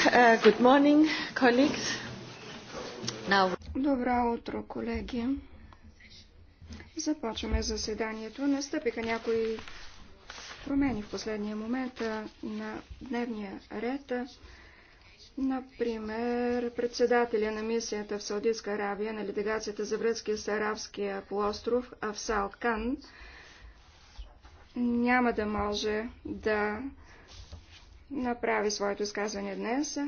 Uh, Добро утро, колеги. Започваме заседанието. Настъпиха някои промени в последния момент на дневния ред. Например, председателя на мисията в Саудитска Аравия на делегацията за връзки с арабския полуостров Афсал Кан няма да може да направи своето изказване днес.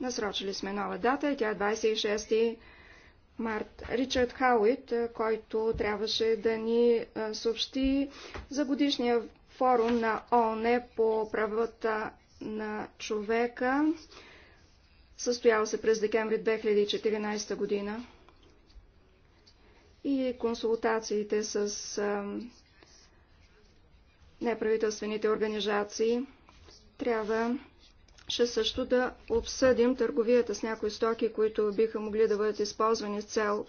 Насрочили сме нова дата и тя е 26 март. Ричард Хауит, който трябваше да ни съобщи за годишния форум на ООН по правата на човека, състоял се през декември 2014 година. И консултациите с неправителствените организации – трябва ще също да обсъдим търговията с някои стоки, които биха могли да бъдат използвани с цел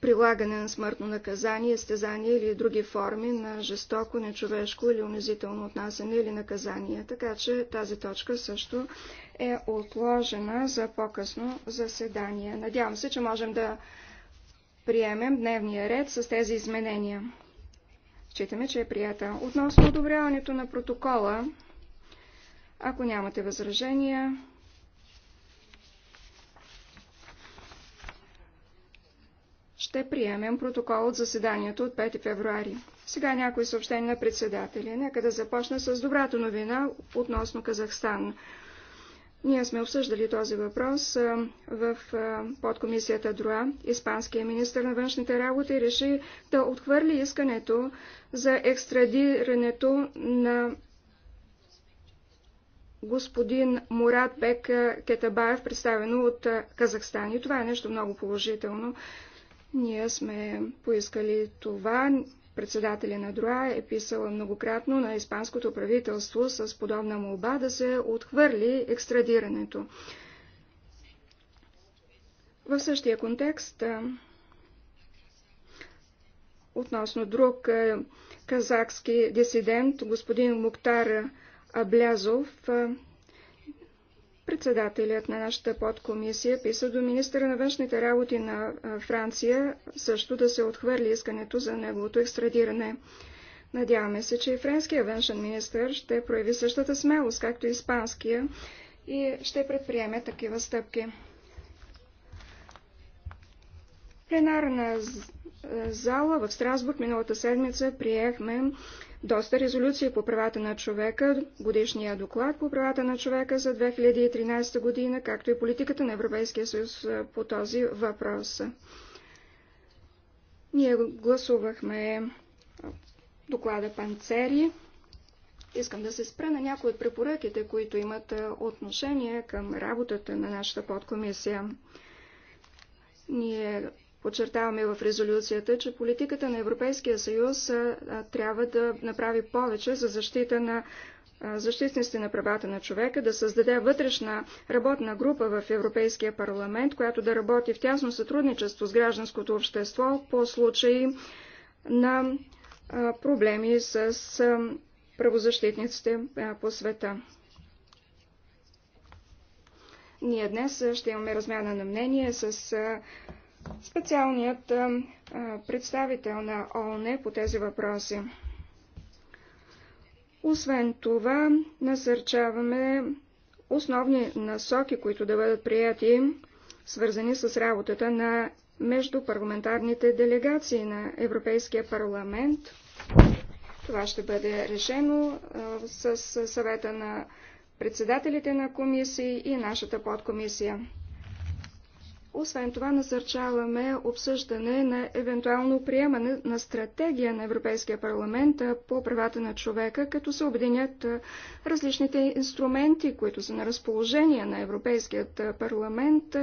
прилагане на смъртно наказание, стезание или други форми на жестоко, нечовешко или унизително отнасяне или наказание. Така че тази точка също е отложена за по-късно заседание. Надявам се, че можем да приемем дневния ред с тези изменения. Считаме, че е прията. Относно одобряването на протокола, ако нямате възражения, ще приемем протокол от заседанието от 5 февруари. Сега някои съобщения на председателя. Нека да започна с добрата новина относно Казахстан. Ние сме обсъждали този въпрос в подкомисията ДРУА. Испанският министр на външните работи реши да отхвърли искането за екстрадирането на господин Мурат Бек Кетабаев, представено от Казахстан. И това е нещо много положително. Ние сме поискали това. Председателя на Друа е писала многократно на испанското правителство с подобна молба да се отхвърли екстрадирането. В същия контекст, относно друг казахски дисидент, господин Муктар Аблязов, Председателят на нашата подкомисия писа до министра на външните работи на Франция също да се отхвърли искането за неговото екстрадиране. Надяваме се, че и френския външен министр ще прояви същата смелост, както и испанския, и ще предприеме такива стъпки. Пленарна зала в Страсбург миналата седмица приехме доста резолюции по правата на човека, годишния доклад по правата на човека за 2013 година, както и политиката на Европейския съюз по този въпрос. Ние гласувахме доклада Панцери. Искам да се спра на някои от препоръките, които имат отношение към работата на нашата подкомисия. Ние Подчертаваме в резолюцията, че политиката на Европейския съюз трябва да направи повече за защита на защитниците на правата на човека, да създаде вътрешна работна група в Европейския парламент, която да работи в тясно сътрудничество с гражданското общество по случаи на проблеми с правозащитниците по света. Ние днес ще имаме размяна на мнение с специалният представител на ООН по тези въпроси. Освен това, насърчаваме основни насоки, които да бъдат прияти, свързани с работата на междупарламентарните делегации на Европейския парламент. Това ще бъде решено с съвета на председателите на комисии и нашата подкомисия. Освен това, насърчаваме обсъждане на евентуално приемане на стратегия на Европейския парламент по правата на човека, като се объединят различните инструменти, които са на разположение на Европейският парламент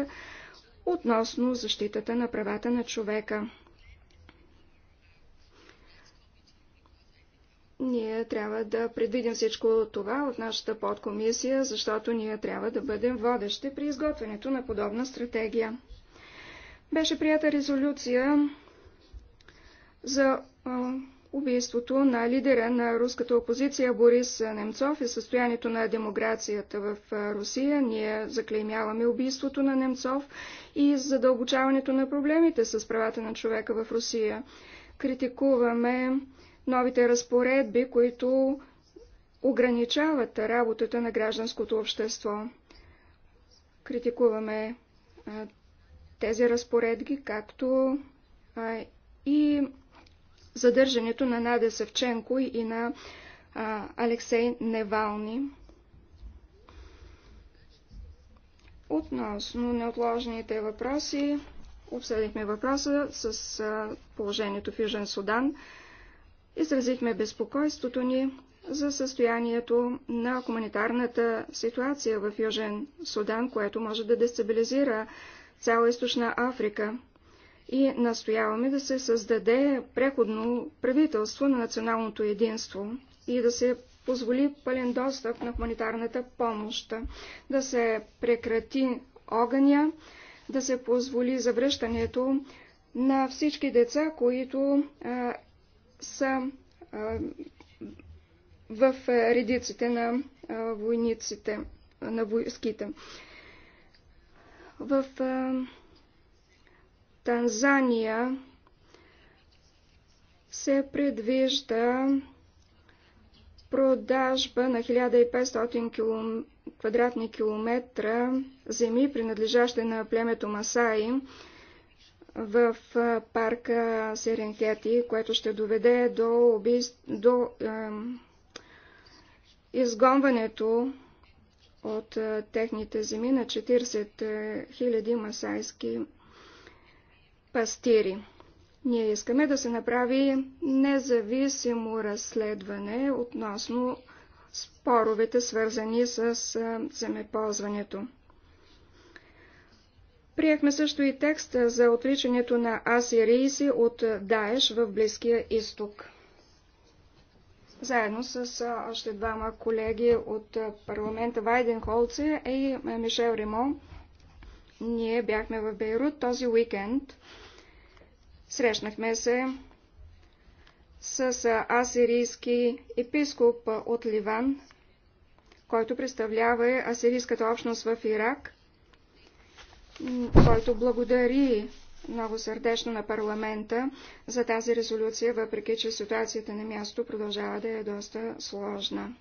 относно защитата на правата на човека. Ние трябва да предвидим всичко това в нашата подкомисия, защото ние трябва да бъдем водещи при изготвянето на подобна стратегия. Беше прията резолюция за убийството на лидера на руската опозиция Борис Немцов и състоянието на демокрацията в Русия. Ние заклеймяваме убийството на Немцов и задълбочаването на проблемите с правата на човека в Русия. Критикуваме новите разпоредби, които ограничават работата на гражданското общество. Критикуваме а, тези разпоредги, както а, и задържането на Надя Севченко и на а, Алексей Невални. Относно неотложните въпроси, обсъдихме въпроса с положението в Южен Судан изразихме безпокойството ни за състоянието на хуманитарната ситуация в Южен Судан, което може да дестабилизира цяла източна Африка. И настояваме да се създаде преходно правителство на националното единство и да се позволи пълен достъп на хуманитарната помощ, да се прекрати огъня, да се позволи завръщането на всички деца, които а, са в е, редиците на войниците, на войските. В е, Танзания се предвижда продажба на 1500 км, квадратни километра земи, принадлежащи на племето Масаи, в парка Серенхети, което ще доведе до, убийств... до е, изгонването от е, техните земи на 40 000 масайски пастири. Ние искаме да се направи независимо разследване относно споровете, свързани с е, земеползването. Приехме също и текст за отричането на асирийци от Даеш в Близкия изток. Заедно с още двама колеги от парламента Вайден Холце и Мишел Римо. ние бяхме в Бейрут този уикенд. Срещнахме се с асирийски епископ от Ливан, който представлява асирийската общност в Ирак – който благодари много сърдечно на парламента за тази резолюция, въпреки че ситуацията на място продължава да е доста сложна.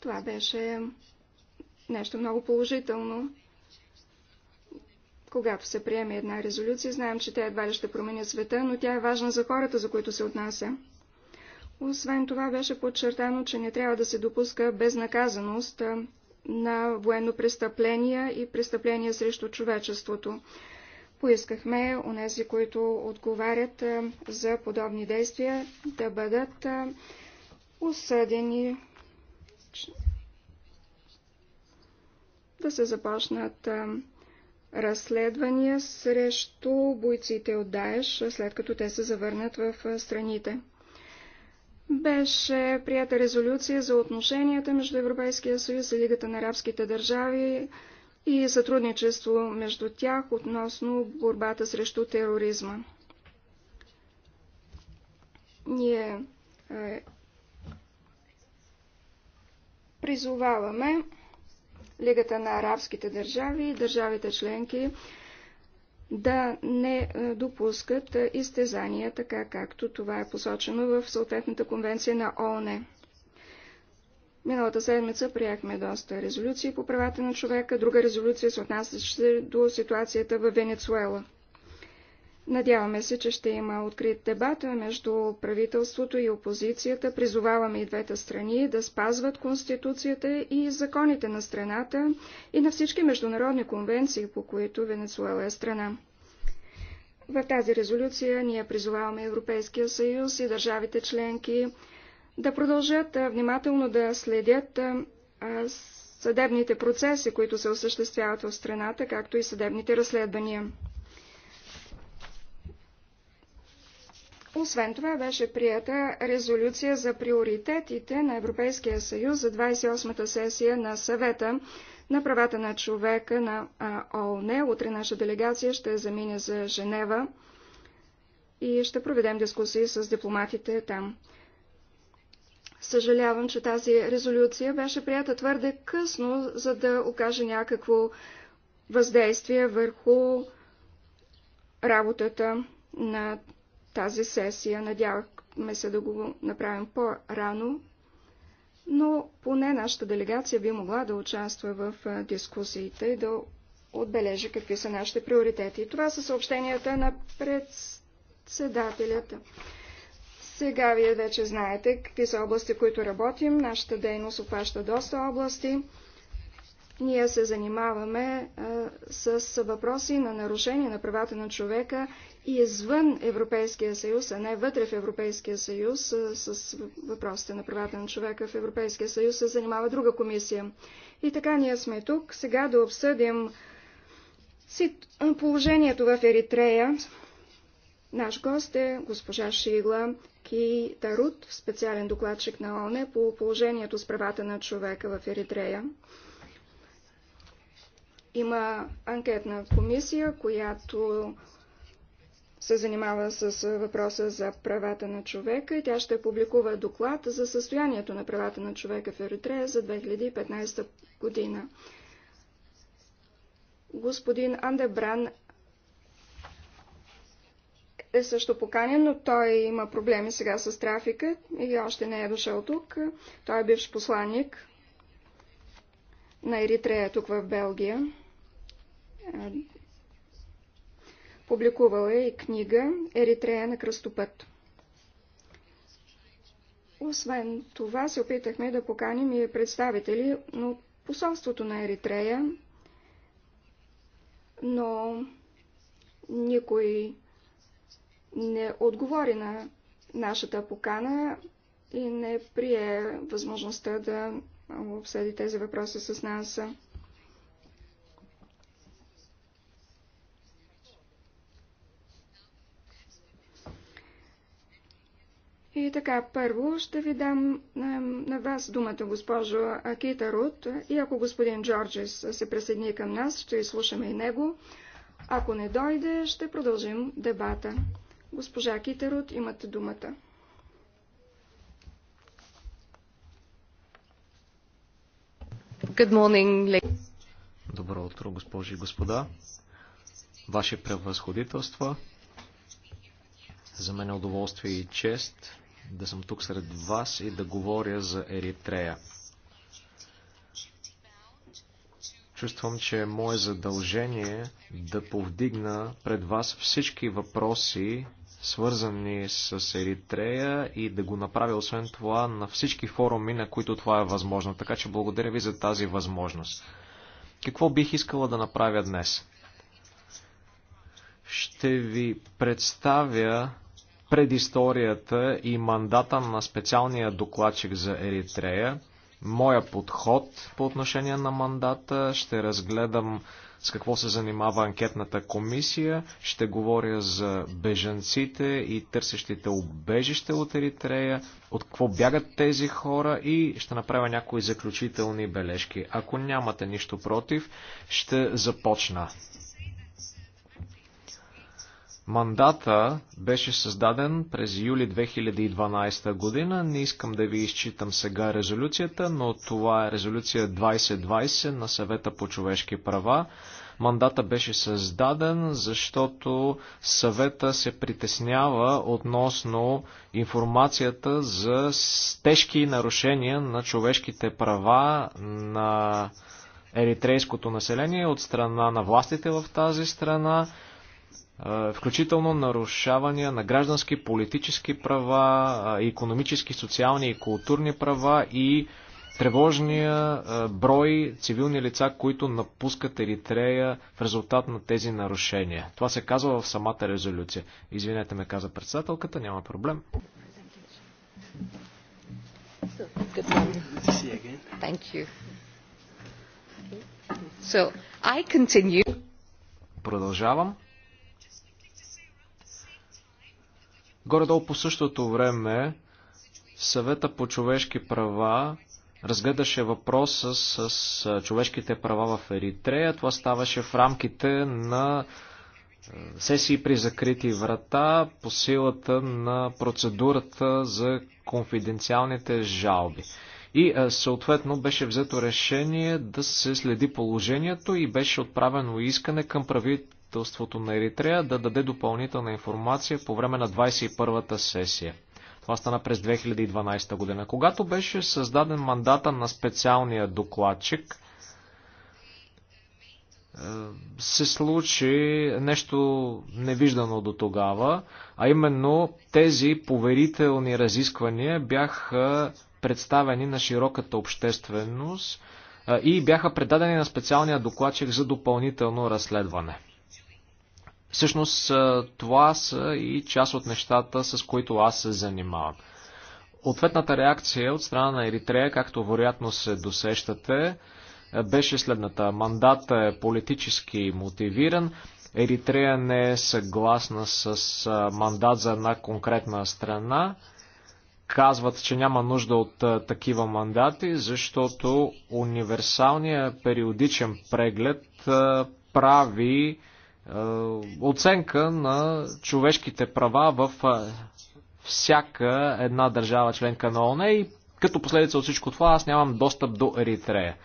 Това беше нещо много положително. Когато се приеме една резолюция, знаем, че тя едва ли ще промени света, но тя е важна за хората, за които се отнася. Освен това беше подчертано, че не трябва да се допуска безнаказаност на военно престъпления и престъпления срещу човечеството. Поискахме нези, които отговарят е, за подобни действия, да бъдат е, осъдени, да се започнат е, разследвания срещу бойците от Даеш, след като те се завърнат в страните беше прията резолюция за отношенията между Европейския съюз и Лигата на арабските държави и сътрудничество между тях относно борбата срещу тероризма. Ние е, призоваваме Лигата на арабските държави и държавите членки да не допускат изтезания, така както това е посочено в съответната конвенция на ООН. Миналата седмица приехме доста резолюции по правата на човека. Друга резолюция се отнася до ситуацията в Венецуела. Надяваме се, че ще има открит дебат между правителството и опозицията. Призоваваме и двете страни да спазват Конституцията и законите на страната и на всички международни конвенции, по които Венецуела е страна. В тази резолюция ние призоваваме Европейския съюз и държавите членки да продължат внимателно да следят съдебните процеси, които се осъществяват в страната, както и съдебните разследвания. Освен това беше прията резолюция за приоритетите на Европейския съюз за 28-та сесия на съвета на правата на човека на ООН. Утре наша делегация ще замине за Женева и ще проведем дискусии с дипломатите там. Съжалявам, че тази резолюция беше прията твърде късно, за да окаже някакво въздействие върху работата на тази сесия. Надявахме се да го направим по-рано, но поне нашата делегация би могла да участва в дискусиите и да отбележи какви са нашите приоритети. Това са съобщенията на председателята. Сега вие вече знаете какви са области, в които работим. Нашата дейност обхваща доста области. Ние се занимаваме а, с въпроси на нарушение на правата на човека и извън Европейския съюз, а не вътре в Европейския съюз, с въпросите на правата на човека в Европейския съюз се занимава друга комисия. И така ние сме тук сега да обсъдим положението в Еритрея. Наш гост е госпожа Шигла Ки Тарут, специален докладчик на ОНЕ по положението с правата на човека в Еритрея. Има анкетна комисия, която се занимава с въпроса за правата на човека и тя ще публикува доклад за състоянието на правата на човека в Еритрея за 2015 година. Господин Андебран е също поканен, но той има проблеми сега с трафика и още не е дошъл тук. Той е бивш посланник на Еритрея тук в Белгия. Публикувала е и книга «Еритрея на кръстопът». Освен това се опитахме да поканим и представители на посолството на Еритрея, но никой не отговори на нашата покана и не прие възможността да обсъди тези въпроси с нас. И така, първо ще ви дам на, на вас думата, госпожо Акита Рут, и ако господин Джорджис се присъедини към нас, ще изслушаме и него. Ако не дойде, ще продължим дебата. Госпожа Акита Рут, имате думата. Good morning, ladies. Добро утро, госпожи и господа. Ваше превъзходителства. За мен е удоволствие и чест да съм тук сред вас и да говоря за Еритрея. Чувствам, че е мое задължение да повдигна пред вас всички въпроси, свързани с Еритрея и да го направя освен това на всички форуми, на които това е възможно. Така че благодаря ви за тази възможност. Какво бих искала да направя днес? Ще ви представя предисторията и мандата на специалния докладчик за Еритрея, моя подход по отношение на мандата, ще разгледам с какво се занимава анкетната комисия, ще говоря за бежанците и търсещите убежище от Еритрея, от какво бягат тези хора и ще направя някои заключителни бележки. Ако нямате нищо против, ще започна. Мандата беше създаден през юли 2012 година. Не искам да ви изчитам сега резолюцията, но това е резолюция 2020 на съвета по човешки права. Мандата беше създаден, защото съвета се притеснява относно информацията за тежки нарушения на човешките права на еритрейското население от страна на властите в тази страна включително нарушавания на граждански, политически права, економически, социални и културни права и тревожния брой цивилни лица, които напускат Еритрея в резултат на тези нарушения. Това се казва в самата резолюция. Извинете ме, каза председателката, няма проблем. Продължавам. Горе-долу по същото време съвета по човешки права разгледаше въпроса с, с човешките права в Еритрея. Това ставаше в рамките на сесии при закрити врата по силата на процедурата за конфиденциалните жалби. И съответно беше взето решение да се следи положението и беше отправено искане към правителството правителството на Еритрея да даде допълнителна информация по време на 21-та сесия. Това стана през 2012 година. Когато беше създаден мандата на специалния докладчик, е, се случи нещо невиждано до тогава, а именно тези поверителни разисквания бяха представени на широката общественост е, и бяха предадени на специалния докладчик за допълнително разследване. Всъщност това са и част от нещата, с които аз се занимавам. Ответната реакция от страна на Еритрея, както вероятно се досещате, беше следната. Мандат е политически мотивиран. Еритрея не е съгласна с мандат за една конкретна страна. Казват, че няма нужда от такива мандати, защото универсалният периодичен преглед прави е, оценка на човешките права в е, всяка една държава членка на ОНЕ и като последица от всичко това аз нямам достъп до Еритрея.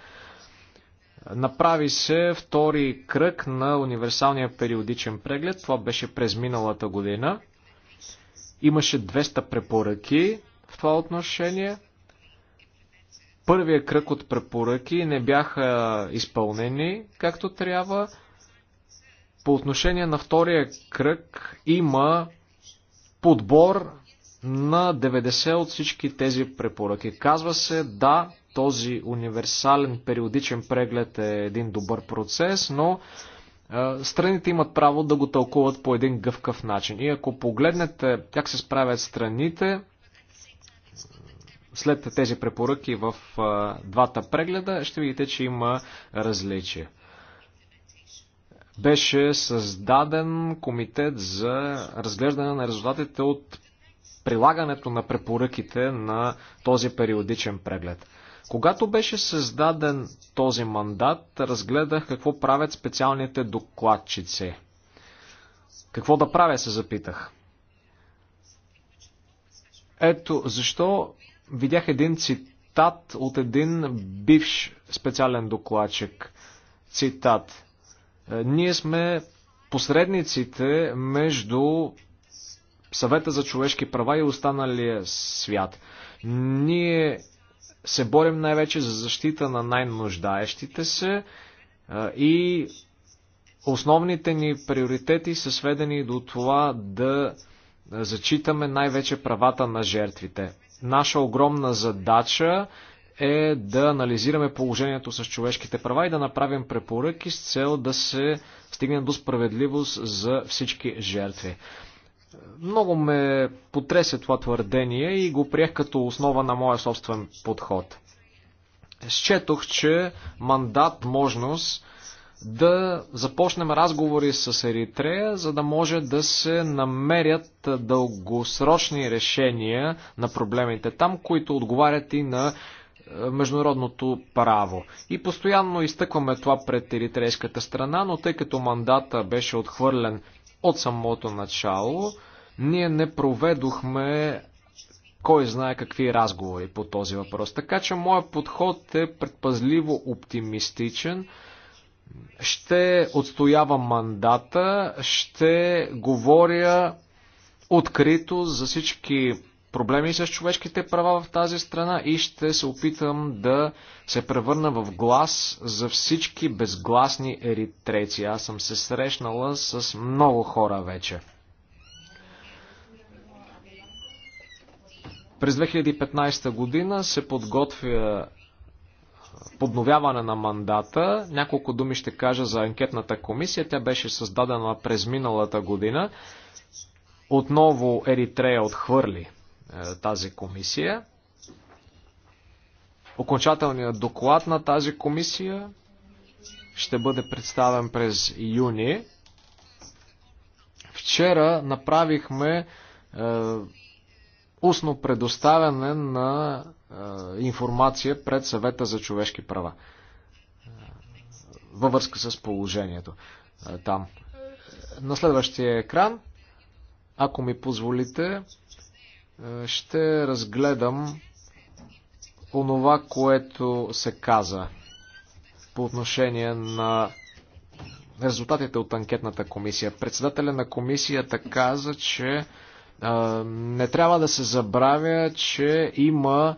Направи се втори кръг на универсалния периодичен преглед. Това беше през миналата година. Имаше 200 препоръки в това отношение. Първият кръг от препоръки не бяха изпълнени както трябва. По отношение на втория кръг има подбор на 90 от всички тези препоръки. Казва се, да, този универсален периодичен преглед е един добър процес, но е, страните имат право да го тълкуват по един гъвкав начин. И ако погледнете как се справят страните след тези препоръки в е, двата прегледа, ще видите, че има различия. Беше създаден комитет за разглеждане на резултатите от прилагането на препоръките на този периодичен преглед. Когато беше създаден този мандат, разгледах какво правят специалните докладчици. Какво да правя, се запитах. Ето защо видях един цитат от един бивш специален докладчик. Цитат. Е, ние сме посредниците между съвета за човешки права и останалия свят. Ние се борим най-вече за защита на най-нуждаещите се е, и основните ни приоритети са сведени до това да зачитаме най-вече правата на жертвите. Наша огромна задача е да анализираме положението с човешките права и да направим препоръки с цел да се стигне до справедливост за всички жертви. Много ме потресе това твърдение и го приех като основа на моя собствен подход. Счетох, че мандат, можност да започнем разговори с Еритрея, за да може да се намерят дългосрочни решения на проблемите там, които отговарят и на международното право. И постоянно изтъкваме това пред еритрейската страна, но тъй като мандата беше отхвърлен от самото начало, ние не проведохме кой знае какви разговори по този въпрос. Така че моят подход е предпазливо оптимистичен. Ще отстоява мандата, ще говоря открито за всички проблеми с човешките права в тази страна и ще се опитам да се превърна в глас за всички безгласни еритреци. Аз съм се срещнала с много хора вече. През 2015 година се подготвя подновяване на мандата. Няколко думи ще кажа за анкетната комисия. Тя беше създадена през миналата година. Отново Еритрея отхвърли е, тази комисия. Окончателният доклад на тази комисия ще бъде представен през юни. Вчера направихме е, устно предоставяне на е, информация пред съвета за човешки права е, във връзка с положението е, там. На следващия екран, ако ми позволите, е, ще разгледам онова, което се каза по отношение на резултатите от анкетната комисия. Председателя на комисията каза, че е, не трябва да се забравя, че има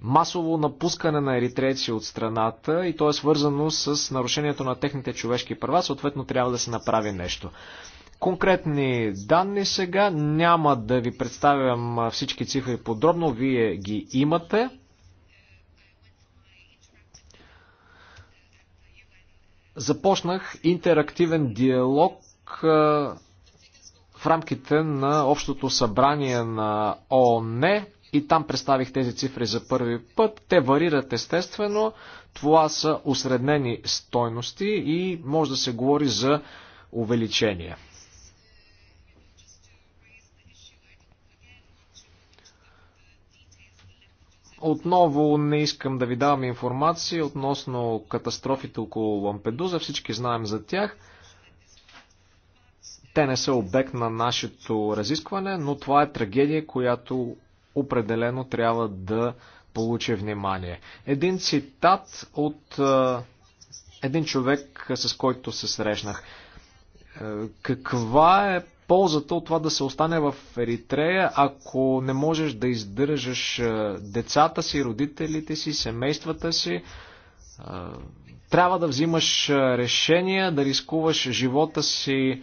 масово напускане на еритрейци от страната и то е свързано с нарушението на техните човешки права, съответно трябва да се направи нещо конкретни данни сега. Няма да ви представям всички цифри подробно, вие ги имате. Започнах интерактивен диалог в рамките на Общото събрание на ООН и там представих тези цифри за първи път. Те варират естествено. Това са осреднени стойности и може да се говори за увеличение. Отново не искам да ви давам информация относно катастрофите около Лампедуза. Всички знаем за тях. Те не са обект на нашето разискване, но това е трагедия, която определено трябва да получи внимание. Един цитат от е, един човек, с който се срещнах. Е, каква е ползата от това да се остане в Еритрея, ако не можеш да издържаш децата си, родителите си, семействата си? Трябва да взимаш решения, да рискуваш живота си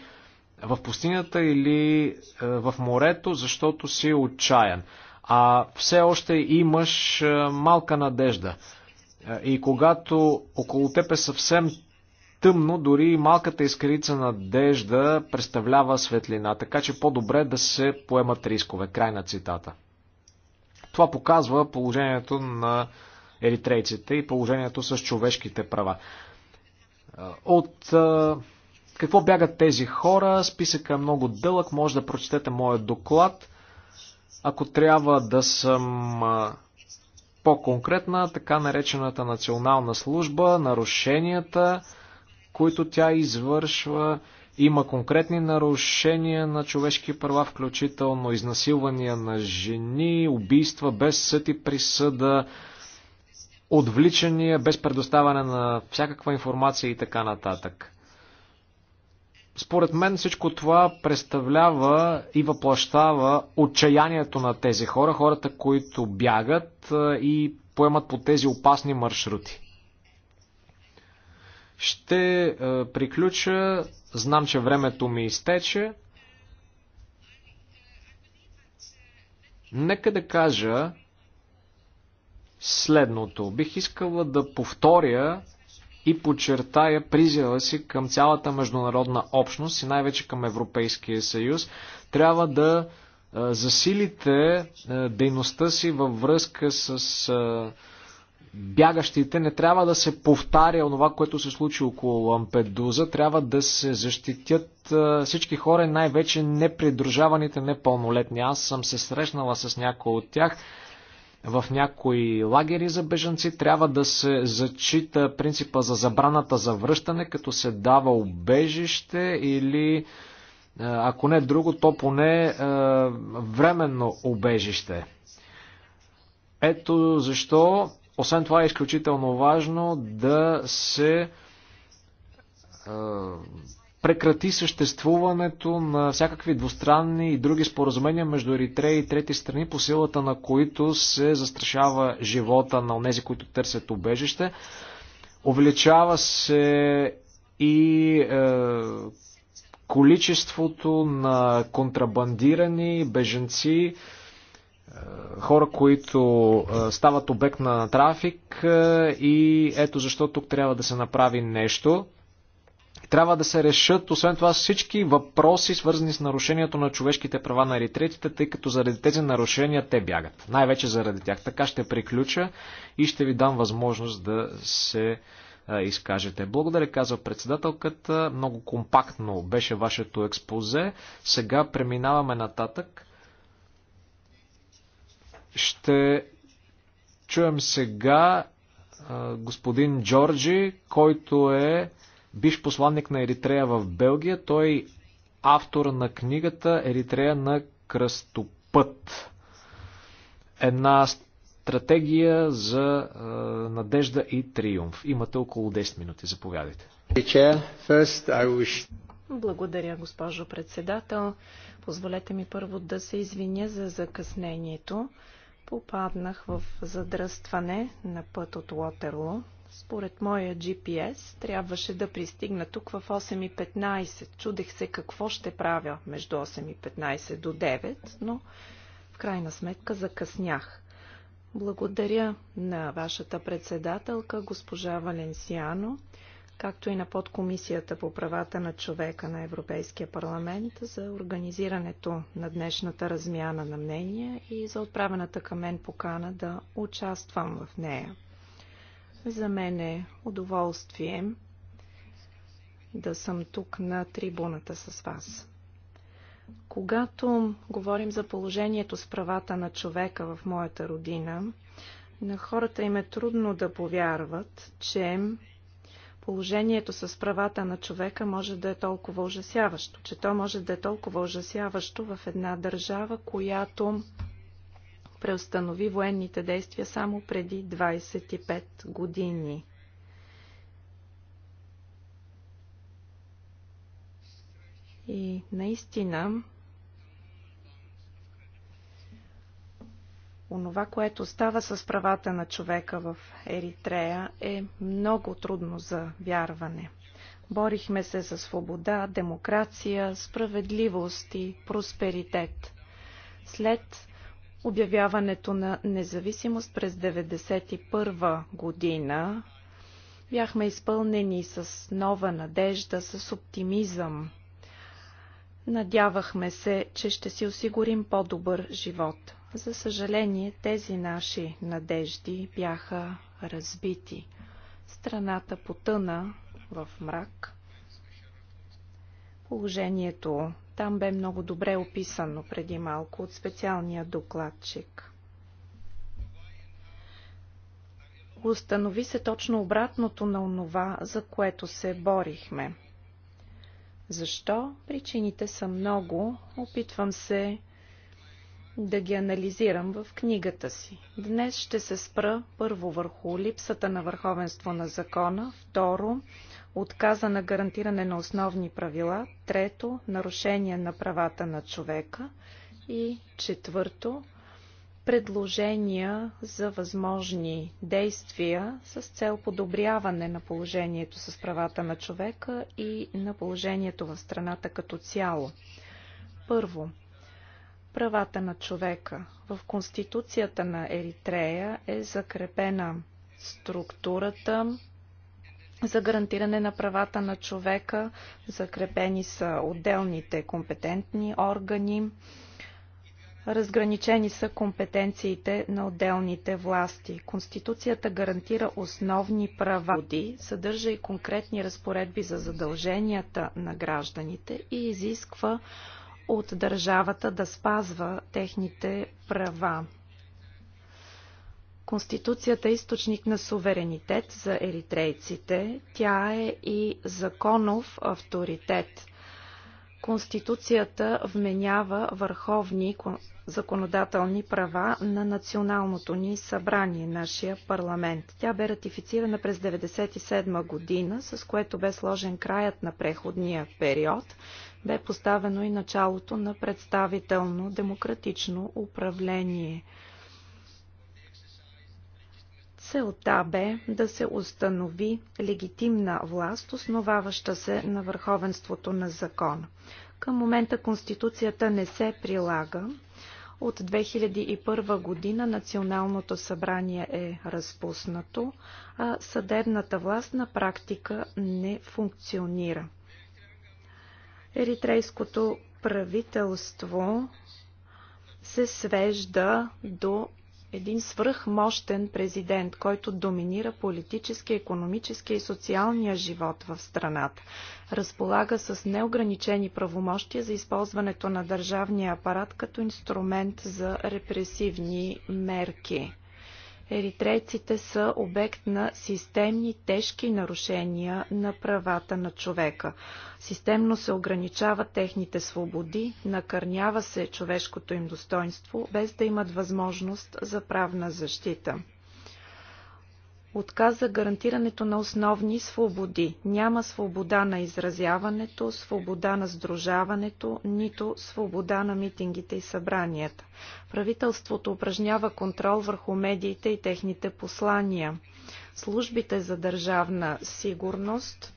в пустинята или в морето, защото си отчаян. А все още имаш малка надежда. И когато около теб е съвсем тъмно, дори и малката искрица надежда представлява светлина, така че по-добре да се поемат рискове. Край на цитата. Това показва положението на еритрейците и положението с човешките права. От какво бягат тези хора? Списъка е много дълъг, може да прочетете моят доклад. Ако трябва да съм по-конкретна, така наречената национална служба, нарушенията, които тя извършва. Има конкретни нарушения на човешки права, включително изнасилвания на жени, убийства без съд и присъда, отвличания без предоставяне на всякаква информация и така нататък. Според мен всичко това представлява и въплащава отчаянието на тези хора, хората, които бягат и поемат по тези опасни маршрути. Ще е, приключа. Знам, че времето ми изтече. Нека да кажа следното. Бих искала да повторя и подчертая призива си към цялата международна общност и най-вече към Европейския съюз. Трябва да е, засилите е, дейността си във връзка с бягащите, не трябва да се повтаря онова, което се случи около Лампедуза. Трябва да се защитят всички хора, най-вече непридружаваните, непълнолетни. Аз съм се срещнала с някои от тях в някои лагери за бежанци. Трябва да се зачита принципа за забраната за връщане, като се дава обежище или ако не друго, то поне временно обежище. Ето защо освен това е изключително важно да се е, прекрати съществуването на всякакви двустранни и други споразумения между Еритрея и трети страни, по силата на които се застрашава живота на тези, които търсят убежище. Увеличава се и е, количеството на контрабандирани беженци, хора, които стават обект на трафик и ето защо тук трябва да се направи нещо. Трябва да се решат, освен това, всички въпроси, свързани с нарушението на човешките права на еритретите, тъй като заради тези нарушения те бягат. Най-вече заради тях. Така ще приключа и ще ви дам възможност да се изкажете. Благодаря, казва председателката. Много компактно беше вашето експозе. Сега преминаваме нататък ще чуем сега господин Джорджи, който е биш посланник на Еритрея в Белгия. Той е автор на книгата Еритрея на кръстопът. Една стратегия за а, надежда и триумф. Имате около 10 минути. Заповядайте. Благодаря, госпожо председател. Позволете ми първо да се извиня за закъснението попаднах в задръстване на път от Лотерло. Според моя GPS трябваше да пристигна тук в 8.15. Чудех се какво ще правя между 8.15 до 9, но в крайна сметка закъснях. Благодаря на вашата председателка, госпожа Валенсиано, както и на подкомисията по правата на човека на Европейския парламент за организирането на днешната размяна на мнения и за отправената към мен покана да участвам в нея. За мен е удоволствие да съм тук на трибуната с вас. Когато говорим за положението с правата на човека в моята родина, на хората им е трудно да повярват, че Положението с правата на човека може да е толкова ужасяващо, че то може да е толкова ужасяващо в една държава, която преустанови военните действия само преди 25 години. И наистина Онова, което става с правата на човека в Еритрея е много трудно за вярване. Борихме се за свобода, демокрация, справедливост и просперитет. След обявяването на независимост през 1991 година бяхме изпълнени с нова надежда, с оптимизъм. Надявахме се, че ще си осигурим по-добър живот. За съжаление, тези наши надежди бяха разбити. Страната потъна в мрак. Положението там бе много добре описано преди малко от специалния докладчик. Установи се точно обратното на онова, за което се борихме. Защо? Причините са много. Опитвам се да ги анализирам в книгата си. Днес ще се спра първо върху липсата на върховенство на закона, второ отказа на гарантиране на основни правила, трето нарушение на правата на човека и четвърто предложения за възможни действия с цел подобряване на положението с правата на човека и на положението в страната като цяло. Първо, правата на човека. В Конституцията на Еритрея е закрепена структурата за гарантиране на правата на човека. Закрепени са отделните компетентни органи. Разграничени са компетенциите на отделните власти. Конституцията гарантира основни права, съдържа и конкретни разпоредби за задълженията на гражданите и изисква от държавата да спазва техните права. Конституцията е източник на суверенитет за еритрейците. Тя е и законов авторитет. Конституцията вменява върховни законодателни права на националното ни събрание, нашия парламент. Тя бе ратифицирана през 1997 година, с което бе сложен краят на преходния период бе поставено и началото на представително демократично управление. Целта бе да се установи легитимна власт, основаваща се на върховенството на закон. Към момента Конституцията не се прилага. От 2001 година Националното събрание е разпуснато, а съдебната власт на практика не функционира. Еритрейското правителство се свежда до един свръхмощен президент, който доминира политически, економически и социалния живот в страната. Разполага с неограничени правомощия за използването на държавния апарат като инструмент за репресивни мерки. Еритрейците са обект на системни тежки нарушения на правата на човека. Системно се ограничават техните свободи, накърнява се човешкото им достоинство, без да имат възможност за правна защита отказа гарантирането на основни свободи. Няма свобода на изразяването, свобода на сдружаването, нито свобода на митингите и събранията. Правителството упражнява контрол върху медиите и техните послания. Службите за държавна сигурност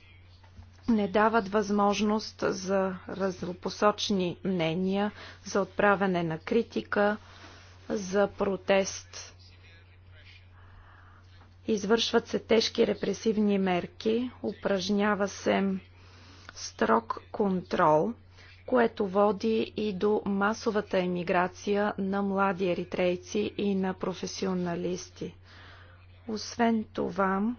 не дават възможност за разнопосочни мнения, за отправяне на критика, за протест Извършват се тежки репресивни мерки, упражнява се строг контрол, което води и до масовата емиграция на млади еритрейци и на професионалисти. Освен това,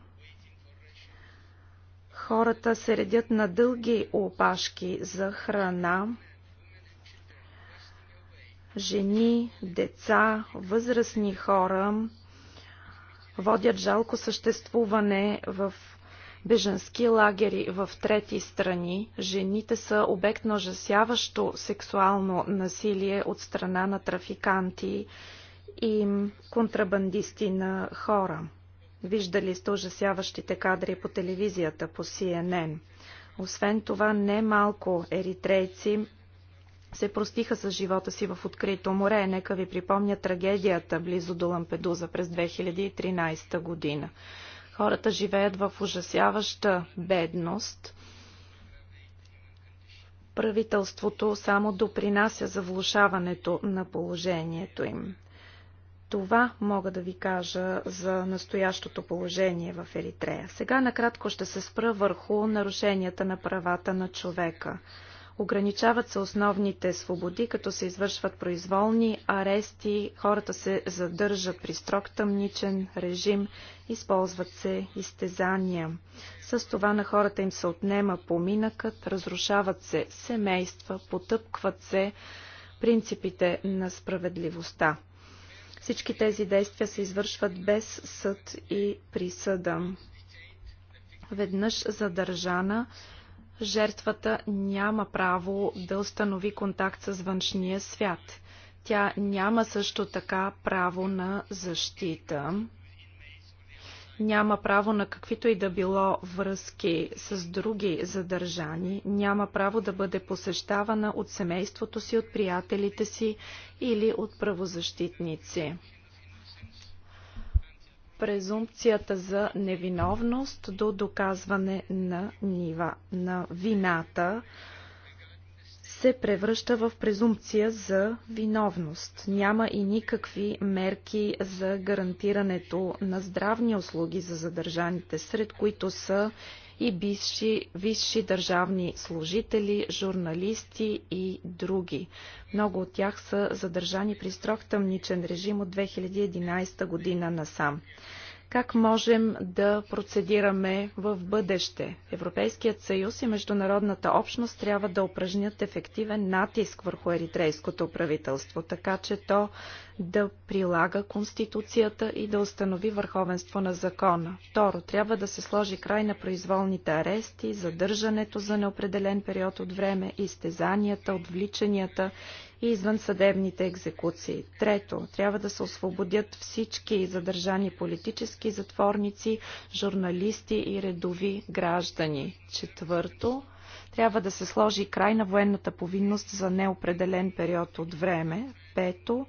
хората се редят на дълги опашки за храна. Жени, деца, възрастни хора водят жалко съществуване в беженски лагери в трети страни. Жените са обект на ужасяващо сексуално насилие от страна на трафиканти и контрабандисти на хора. Виждали сте ужасяващите кадри по телевизията, по CNN. Освен това, немалко еритрейци се простиха с живота си в открито море. Нека ви припомня трагедията близо до Лампедуза през 2013 година. Хората живеят в ужасяваща бедност. Правителството само допринася за влушаването на положението им. Това мога да ви кажа за настоящото положение в Еритрея. Сега накратко ще се спра върху нарушенията на правата на човека. Ограничават се основните свободи, като се извършват произволни арести, хората се задържат при строг тъмничен режим, използват се изтезания. С това на хората им се отнема поминъкът, разрушават се семейства, потъпкват се принципите на справедливостта. Всички тези действия се извършват без съд и присъда. Веднъж задържана, жертвата няма право да установи контакт с външния свят. Тя няма също така право на защита. Няма право на каквито и да било връзки с други задържани. Няма право да бъде посещавана от семейството си, от приятелите си или от правозащитници презумпцията за невиновност до доказване на нива на вината се превръща в презумпция за виновност. Няма и никакви мерки за гарантирането на здравни услуги за задържаните, сред които са и висши, висши държавни служители, журналисти и други. Много от тях са задържани при строг тъмничен режим от 2011 година насам как можем да процедираме в бъдеще. Европейският съюз и международната общност трябва да упражнят ефективен натиск върху еритрейското правителство, така че то да прилага Конституцията и да установи върховенство на закона. Второ, трябва да се сложи край на произволните арести, задържането за неопределен период от време, изтезанията, отвличанията и съдебните екзекуции. Трето, трябва да се освободят всички задържани политически затворници, журналисти и редови граждани. Четвърто, трябва да се сложи край на военната повинност за неопределен период от време. Пето,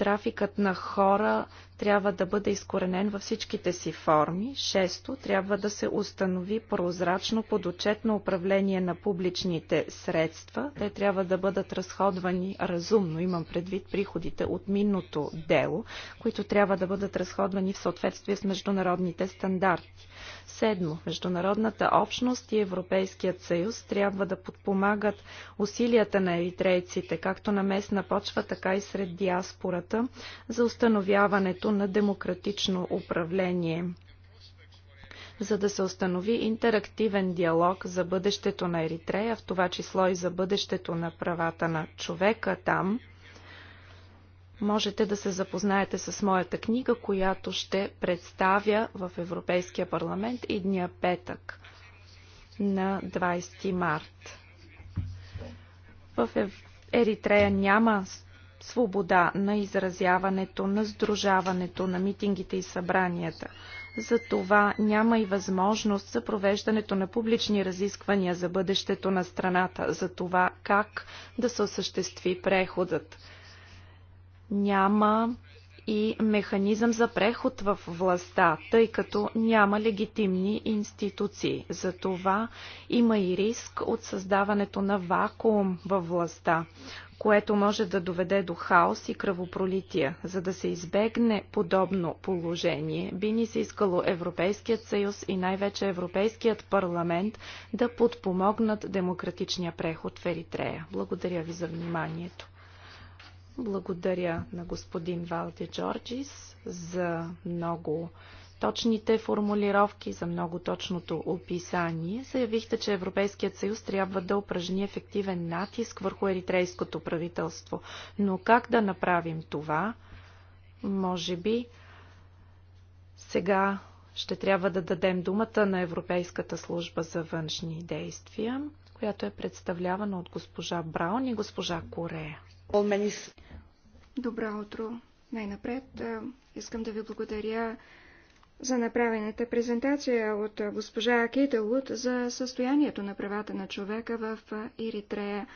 Трафикът на хора трябва да бъде изкоренен във всичките си форми. Шесто, трябва да се установи прозрачно подочетно управление на публичните средства. Те трябва да бъдат разходвани разумно. Имам предвид приходите от минното дело, които трябва да бъдат разходвани в съответствие с международните стандарти. Седмо, международната общност и Европейският съюз трябва да подпомагат усилията на еритрейците, както на местна почва, така и сред диаспората, за установяването на демократично управление за да се установи интерактивен диалог за бъдещето на Еритрея, в това число и за бъдещето на правата на човека там, можете да се запознаете с моята книга, която ще представя в Европейския парламент и дния петък на 20 март. В Еритрея няма свобода на изразяването, на сдружаването, на митингите и събранията. Затова няма и възможност за провеждането на публични разисквания за бъдещето на страната, за това как да се осъществи преходът няма и механизъм за преход в властта, тъй като няма легитимни институции. Затова има и риск от създаването на вакуум във властта, което може да доведе до хаос и кръвопролитие. За да се избегне подобно положение, би ни се искало Европейският съюз и най-вече Европейският парламент да подпомогнат демократичния преход в Еритрея. Благодаря ви за вниманието. Благодаря на господин Валди Джорджис за много точните формулировки, за много точното описание. Заявихте, че Европейският съюз трябва да упражни ефективен натиск върху еритрейското правителство. Но как да направим това? Може би сега ще трябва да дадем думата на Европейската служба за външни действия, която е представлявана от госпожа Браун и госпожа Корея. Добро утро! Най-напред е, искам да ви благодаря за направената презентация от госпожа Кейтелут за състоянието на правата на човека в Иритрея.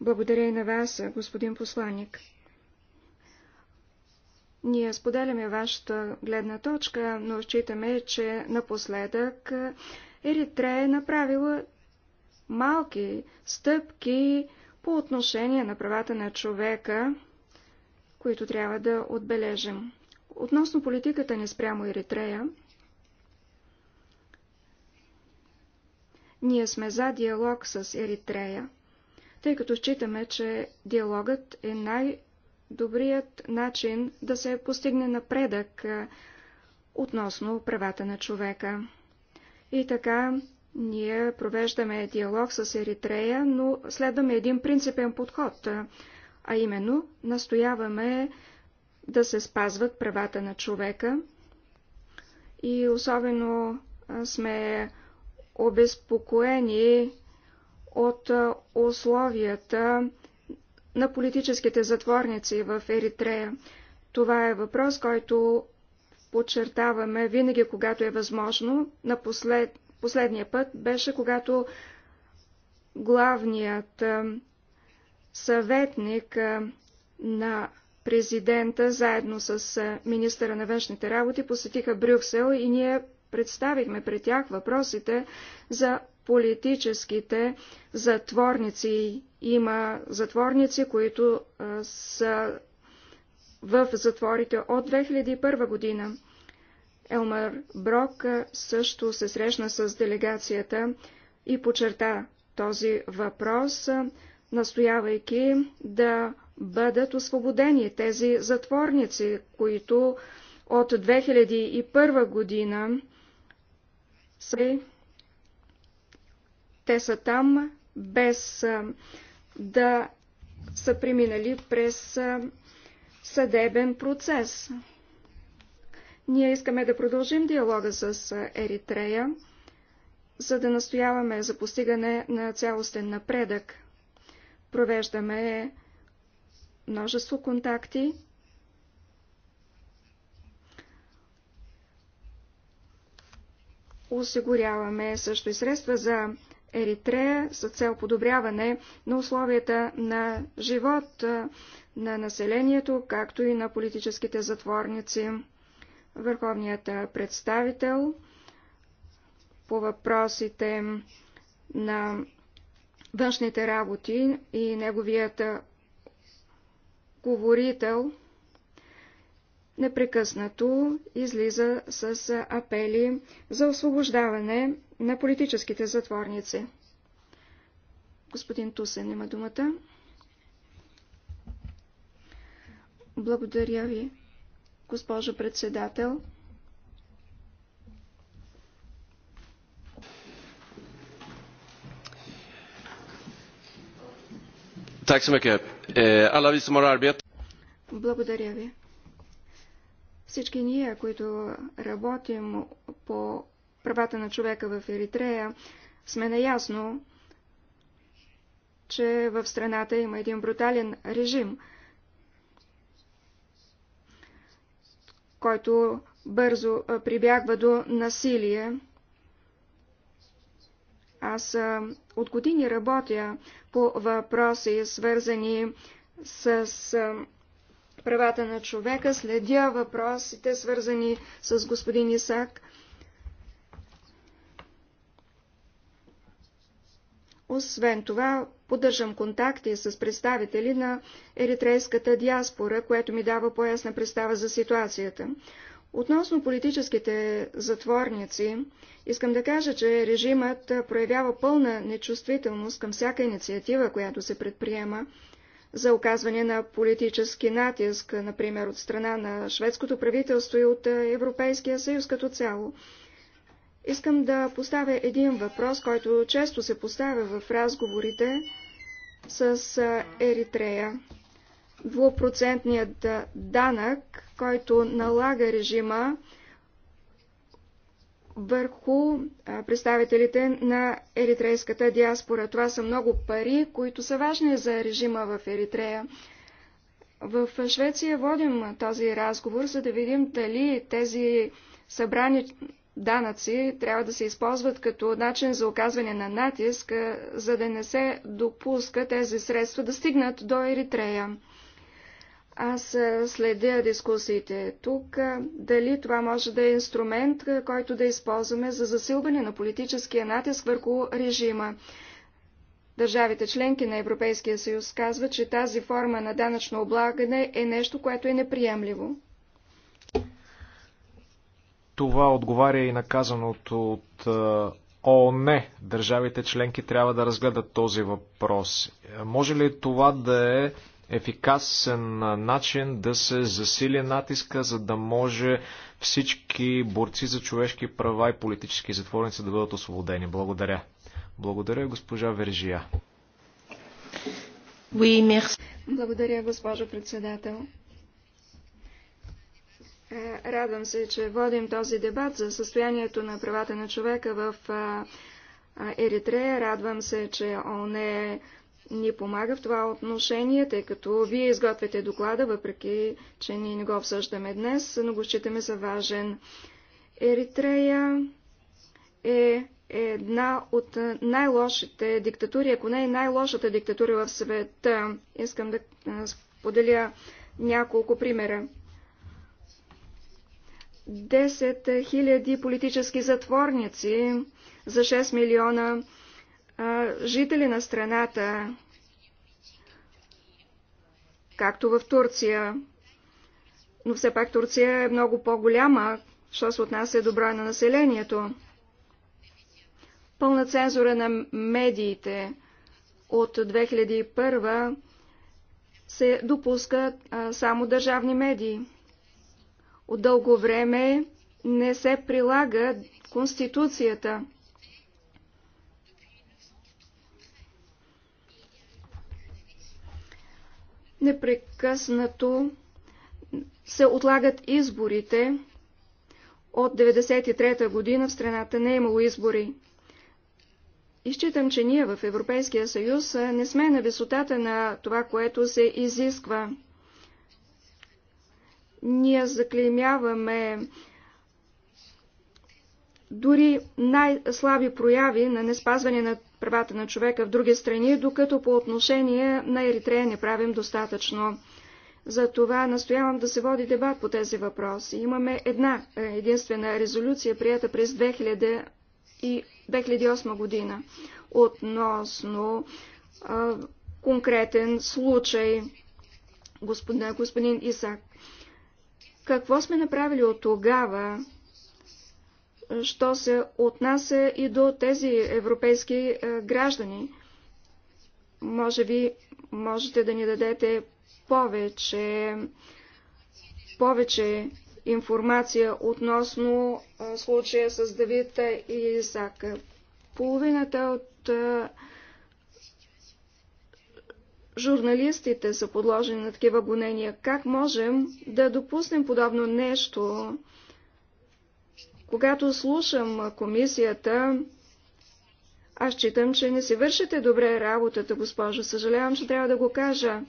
Благодаря и на вас, господин посланник. Ние споделяме вашата гледна точка, но считаме, че напоследък Еритрея е направила малки стъпки по отношение на правата на човека, които трябва да отбележим. Относно политиката ни спрямо Еритрея, ние сме за диалог с Еритрея, тъй като считаме, че диалогът е най-добрият начин да се постигне напредък относно правата на човека. И така ние провеждаме диалог с Еритрея, но следваме един принципен подход, а именно настояваме да се спазват правата на човека и особено сме обезпокоени от условията на политическите затворници в Еритрея. Това е въпрос, който подчертаваме винаги, когато е възможно. Напослед... Последния път беше, когато главният съветник на президента, заедно с министъра на външните работи, посетиха Брюксел и ние представихме пред тях въпросите за политическите затворници. Има затворници, които са в затворите от 2001 година. Елмар Брок също се срещна с делегацията и почерта този въпрос, настоявайки да бъдат освободени тези затворници, които от 2001 година са... те са там без да са преминали през съдебен процес. Ние искаме да продължим диалога с Еритрея, за да настояваме за постигане на цялостен напредък. Провеждаме множество контакти. Осигуряваме също и средства за Еритрея с цел подобряване на условията на живот на населението, както и на политическите затворници върховният представител по въпросите на външните работи и неговият говорител непрекъснато излиза с апели за освобождаване на политическите затворници. Господин Тусен има думата. Благодаря ви госпожо председател. Eh, Благодаря ви. Всички ние, които работим по правата на човека в Еритрея, сме наясно, че в страната има един брутален режим – който бързо прибягва до насилие. Аз от години работя по въпроси, свързани с правата на човека, следя въпросите, свързани с господин Исак. Освен това, поддържам контакти с представители на еритрейската диаспора, което ми дава по-ясна представа за ситуацията. Относно политическите затворници, искам да кажа, че режимът проявява пълна нечувствителност към всяка инициатива, която се предприема за оказване на политически натиск, например от страна на шведското правителство и от Европейския съюз като цяло. Искам да поставя един въпрос, който често се поставя в разговорите с Еритрея. Двупроцентният данък, който налага режима върху представителите на еритрейската диаспора. Това са много пари, които са важни за режима в Еритрея. В Швеция водим този разговор, за да видим дали тези събрани данъци трябва да се използват като начин за оказване на натиск, за да не се допуска тези средства да стигнат до Еритрея. Аз следя дискусиите тук, дали това може да е инструмент, който да използваме за засилване на политическия натиск върху режима. Държавите членки на Европейския съюз казват, че тази форма на данъчно облагане е нещо, което е неприемливо. Това отговаря и наказаното от е, ООН. Държавите членки трябва да разгледат този въпрос. Може ли това да е ефикасен начин да се засили натиска, за да може всички борци за човешки права и политически затворници да бъдат освободени? Благодаря. Благодаря, госпожа Вержия. Благодаря, госпожо председател. Е, радвам се, че водим този дебат за състоянието на правата на човека в Еритрея. Радвам се, че ООН ни помага в това отношение, тъй като вие изготвяте доклада, въпреки че ние не го обсъждаме днес, но го считаме за важен. Еритрея е една от най-лошите диктатури, ако не е най-лошата диктатура в света. Искам да споделя няколко примера. 10 000 политически затворници за 6 милиона а, жители на страната, както в Турция. Но все пак Турция е много по-голяма, що се отнася до броя на населението. Пълна цензура на медиите от 2001 се допуска а, само държавни медии. От дълго време не се прилага Конституцията. Непрекъснато се отлагат изборите. От 1993 година в страната не е имало избори. Изчитам, че ние в Европейския съюз не сме на висотата на това, което се изисква. Ние заклеймяваме дори най-слаби прояви на неспазване на правата на човека в други страни, докато по отношение на Еритрея не правим достатъчно. За това настоявам да се води дебат по тези въпроси. Имаме една е, единствена резолюция, прията през 2000 и 2008 година, относно а, конкретен случай господин, господин Исак. Какво сме направили от тогава, що се отнася и до тези европейски е, граждани? Може би можете да ни дадете повече, повече информация относно е, случая с Давид и Исака. Половината от е, журналистите са подложени на такива гонения. Как можем да допуснем подобно нещо? Когато слушам комисията, аз считам, че не си вършите добре работата, госпожо. Съжалявам, че трябва да го кажа.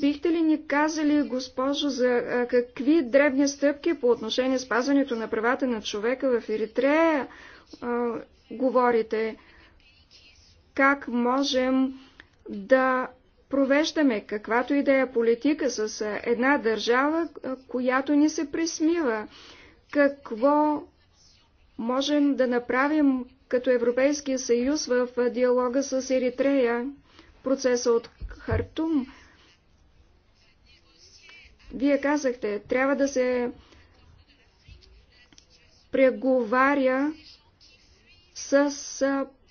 Бихте ли ни казали, госпожо, за какви дребни стъпки по отношение спазването на правата на човека в Еритрея говорите? как можем да провеждаме каквато и да е политика с една държава, която ни се присмива. Какво можем да направим като Европейския съюз в диалога с Еритрея, процеса от Хартум. Вие казахте, трябва да се преговаря с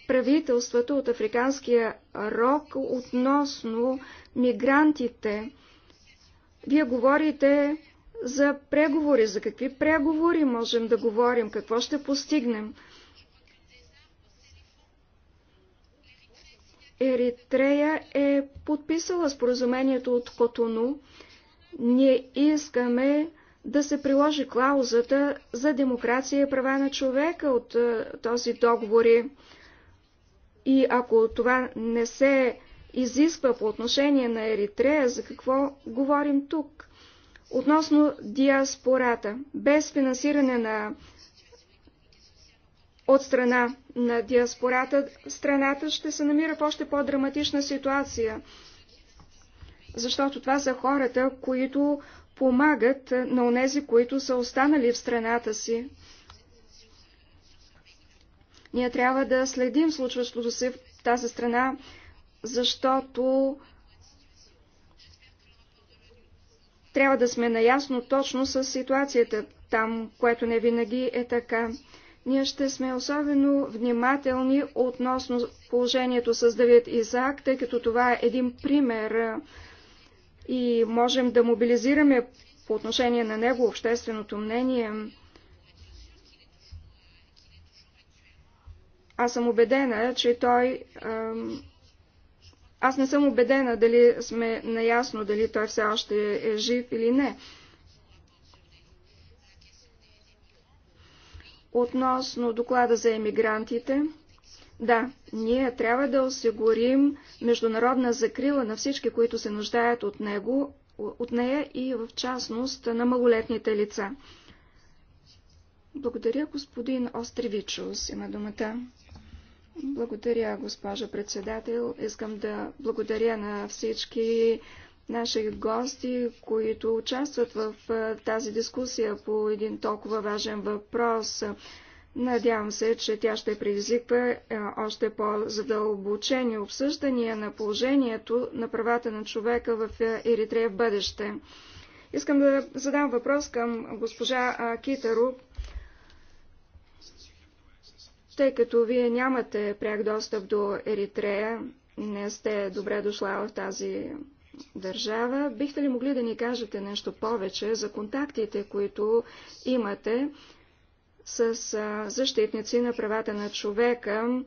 правителствата от Африканския рок относно мигрантите. Вие говорите за преговори. За какви преговори можем да говорим? Какво ще постигнем? Еритрея е подписала споразумението от Котону. Ние искаме да се приложи клаузата за демокрация и права на човека от този договори. И ако това не се изисква по отношение на Еритрея, за какво говорим тук? Относно диаспората, без финансиране на от страна на диаспората, страната ще се намира в още по-драматична ситуация, защото това са хората, които помагат на онези, които са останали в страната си. Ние трябва да следим случващото се в тази страна, защото трябва да сме наясно точно с ситуацията там, което не винаги е така. Ние ще сме особено внимателни относно положението с Давид Изак, тъй като това е един пример и можем да мобилизираме по отношение на него общественото мнение. Аз съм убедена, че той... Аз не съм убедена дали сме наясно, дали той все още е жив или не. Относно доклада за емигрантите, да, ние трябва да осигурим международна закрила на всички, които се нуждаят от него, от нея и в частност на малолетните лица. Благодаря, господин Остревичус. Има думата. Благодаря, госпожа председател. Искам да благодаря на всички наши гости, които участват в тази дискусия по един толкова важен въпрос. Надявам се, че тя ще предизвиква още по-задълбочени обсъждания на положението на правата на човека в Еритрея в бъдеще. Искам да задам въпрос към госпожа Китаро тъй като вие нямате пряк достъп до Еритрея, не сте добре дошла в тази държава, бихте ли могли да ни кажете нещо повече за контактите, които имате с защитници на правата на човека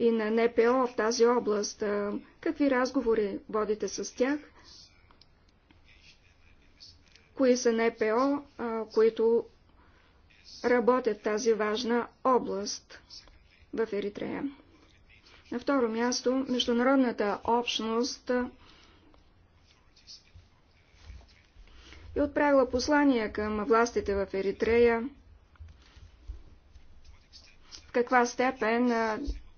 и на НПО в тази област? Какви разговори водите с тях? Кои са НПО, които работят тази важна област в Еритрея. На второ място, международната общност е отправила послания към властите в Еритрея, в каква степен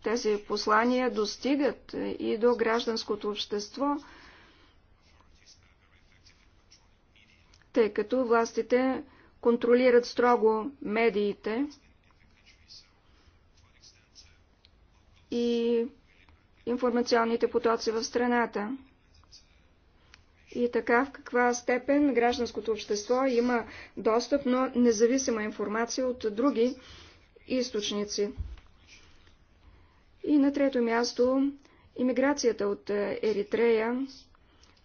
тези послания достигат и до гражданското общество, тъй като властите контролират строго медиите и информационните потоци в страната. И така в каква степен гражданското общество има достъп, но независима информация от други източници. И на трето място, иммиграцията от Еритрея.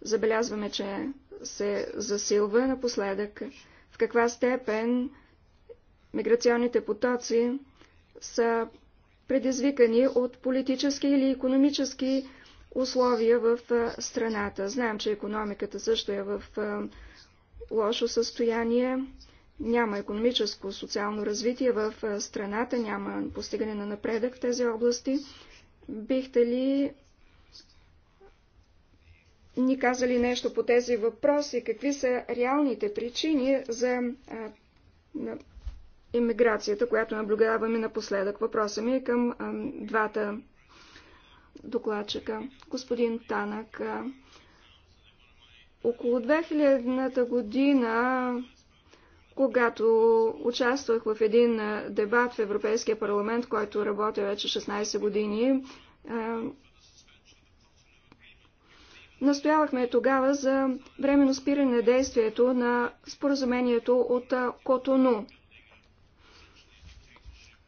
Забелязваме, че се засилва напоследък каква степен миграционните потоци са предизвикани от политически или економически условия в страната. Знаем, че економиката също е в лошо състояние. Няма економическо, социално развитие в страната, няма постигане на напредък в тези области. Бихте ли ни казали нещо по тези въпроси, какви са реалните причини за иммиграцията, която наблюдаваме напоследък. Въпроса ми е към а, двата докладчика. Господин Танък, а, около 2000-та година, когато участвах в един дебат в Европейския парламент, който работя вече 16 години, а, Настоявахме тогава за временно спиране на действието на споразумението от Котону.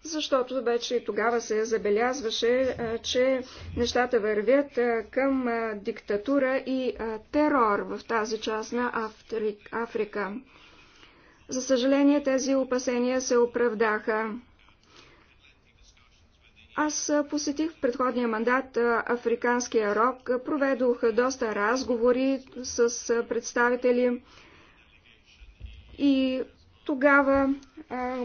Защото вече тогава се забелязваше, че нещата вървят към диктатура и терор в тази част на Африка. За съжаление, тези опасения се оправдаха. Аз посетих в предходния мандат Африканския рок, проведох доста разговори с представители и тогава а,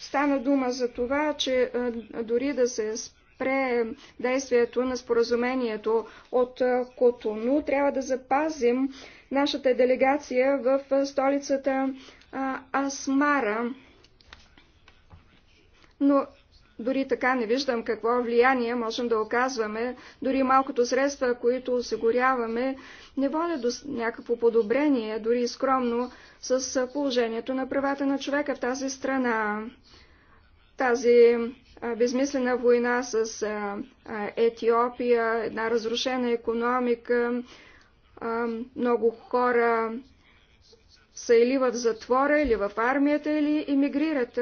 стана дума за това, че а, дори да се спре действието на споразумението от Котону, трябва да запазим нашата делегация в столицата а, Асмара. Но дори така не виждам какво влияние можем да оказваме. Дори малкото средства, които осигуряваме, не водят до някакво подобрение, дори скромно, с положението на правата на човека в тази страна. Тази безмислена война с Етиопия, една разрушена економика, много хора са или в затвора, или в армията, или иммигрират.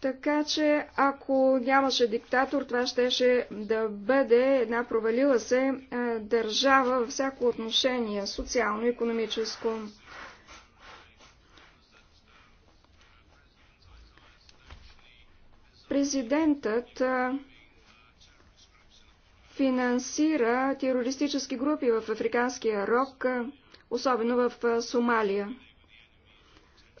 Така че, ако нямаше диктатор, това щеше да бъде една провалила се е, държава във всяко отношение, социално-економическо. Президентът е, финансира терористически групи в Африканския рок, е, особено в Сомалия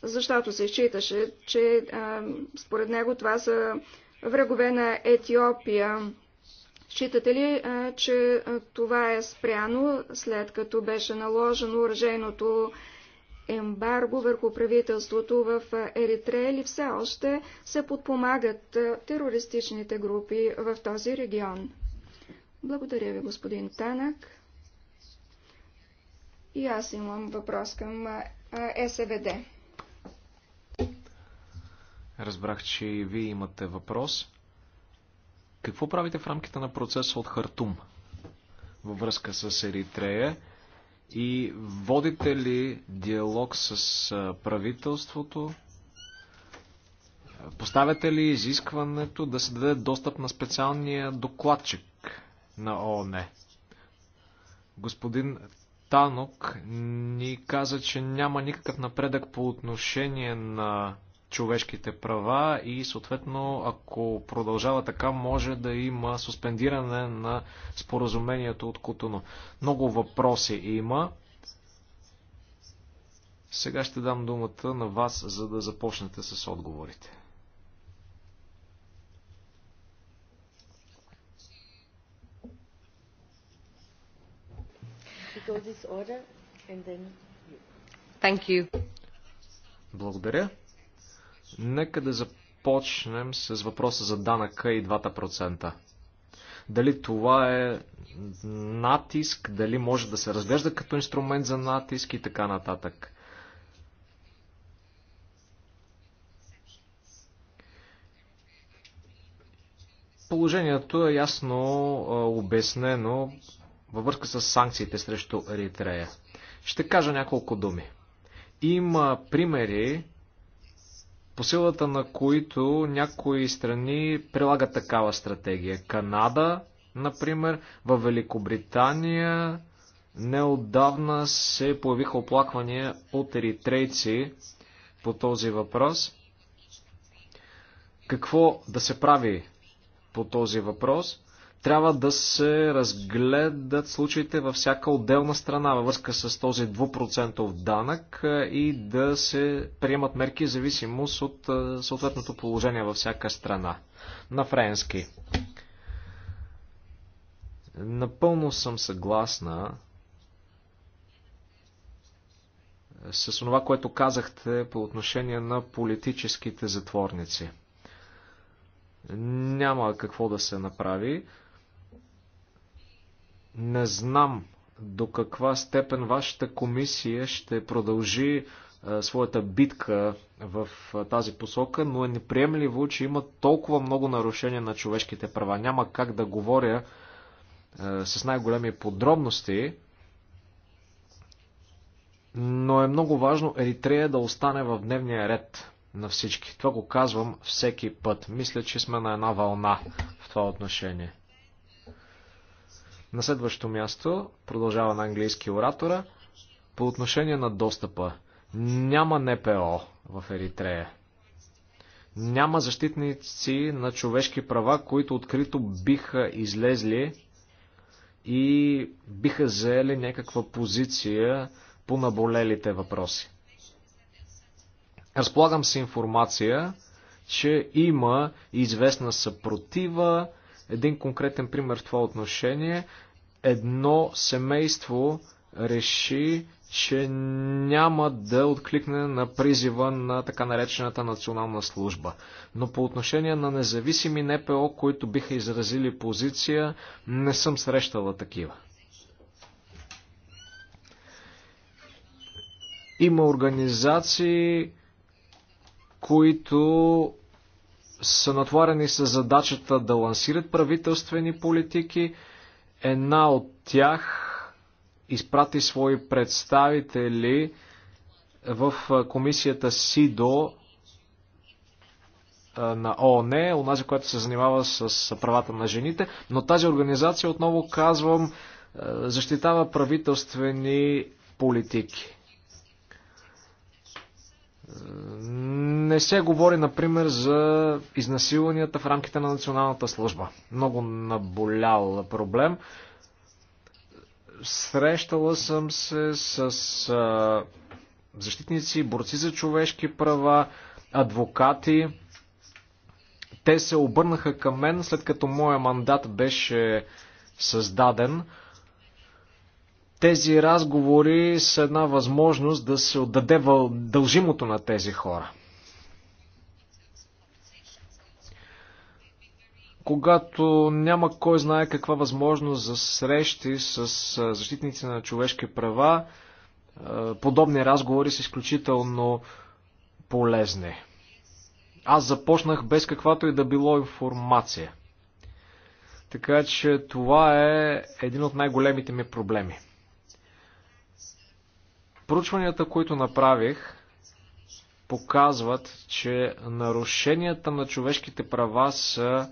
защото се считаше, че а, според него това са врагове на Етиопия. Считате ли, а, че а, това е спряно след като беше наложено оръжейното ембарго върху правителството в Еритрея или все още се подпомагат терористичните групи в този регион? Благодаря ви, господин Танак. И аз имам въпрос към СВД. Разбрах, че и вие имате въпрос. Какво правите в рамките на процеса от Хартум във връзка с Еритрея? И водите ли диалог с правителството? Поставяте ли изискването да се даде достъп на специалния докладчик на ООН? Господин Танок ни каза, че няма никакъв напредък по отношение на човешките права и съответно, ако продължава така, може да има суспендиране на споразумението от Кутуно. Много въпроси има. Сега ще дам думата на вас, за да започнете с отговорите. Благодаря. Нека да започнем с въпроса за данъка и 2%. Дали това е натиск, дали може да се разглежда като инструмент за натиск и така нататък. Положението е ясно обяснено във връзка с санкциите срещу Еритрея. Ще кажа няколко думи. Има примери по силата на които някои страни прилагат такава стратегия. Канада, например, в Великобритания неодавна се появиха оплаквания от еритрейци по този въпрос. Какво да се прави по този въпрос? Трябва да се разгледат случаите във всяка отделна страна във връзка с този 2% данък и да се приемат мерки в зависимост от съответното положение във всяка страна. На френски. Напълно съм съгласна с това, което казахте по отношение на политическите затворници. Няма какво да се направи. Не знам до каква степен вашата комисия ще продължи е, своята битка в е, тази посока, но е неприемливо, че има толкова много нарушения на човешките права. Няма как да говоря е, с най-големи подробности, но е много важно Еритрея да остане в дневния ред на всички. Това го казвам всеки път. Мисля, че сме на една вълна в това отношение. На следващо място, продължава на английски оратора, по отношение на достъпа. Няма НПО в Еритрея. Няма защитници на човешки права, които открито биха излезли и биха заели някаква позиция по наболелите въпроси. Разполагам с информация, че има известна съпротива, един конкретен пример в това отношение. Едно семейство реши, че няма да откликне на призива на така наречената национална служба. Но по отношение на независими НПО, които биха изразили позиция, не съм срещала такива. Има организации, които са натворени с задачата да лансират правителствени политики. Една от тях изпрати свои представители в комисията СИДО на ООН, онази, която се занимава с правата на жените, но тази организация, отново казвам, защитава правителствени политики. Не се говори, например, за изнасилванията в рамките на националната служба. Много наболял проблем. Срещала съм се с а, защитници, борци за човешки права, адвокати. Те се обърнаха към мен, след като моя мандат беше създаден. Тези разговори са една възможност да се отдаде въл... дължимото на тези хора. когато няма кой знае каква възможност за срещи с защитници на човешки права, подобни разговори са изключително полезни. Аз започнах без каквато и да било информация. Така че това е един от най-големите ми проблеми. Проучванията, които направих, показват, че нарушенията на човешките права са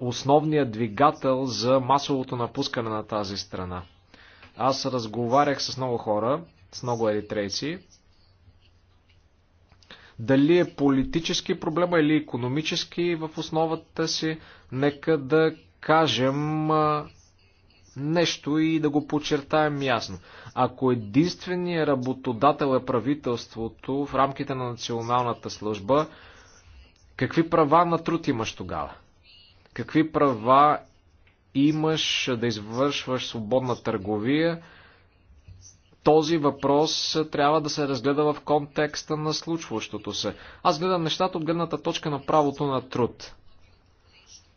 основният двигател за масовото напускане на тази страна. Аз разговарях с много хора, с много еритрейци. Дали е политически проблема или економически в основата си, нека да кажем нещо и да го подчертаем ясно. Ако единственият работодател е правителството в рамките на националната служба, какви права на труд имаш тогава? Какви права имаш да извършваш свободна търговия? Този въпрос трябва да се разгледа в контекста на случващото се. Аз гледам нещата от гледната точка на правото на труд.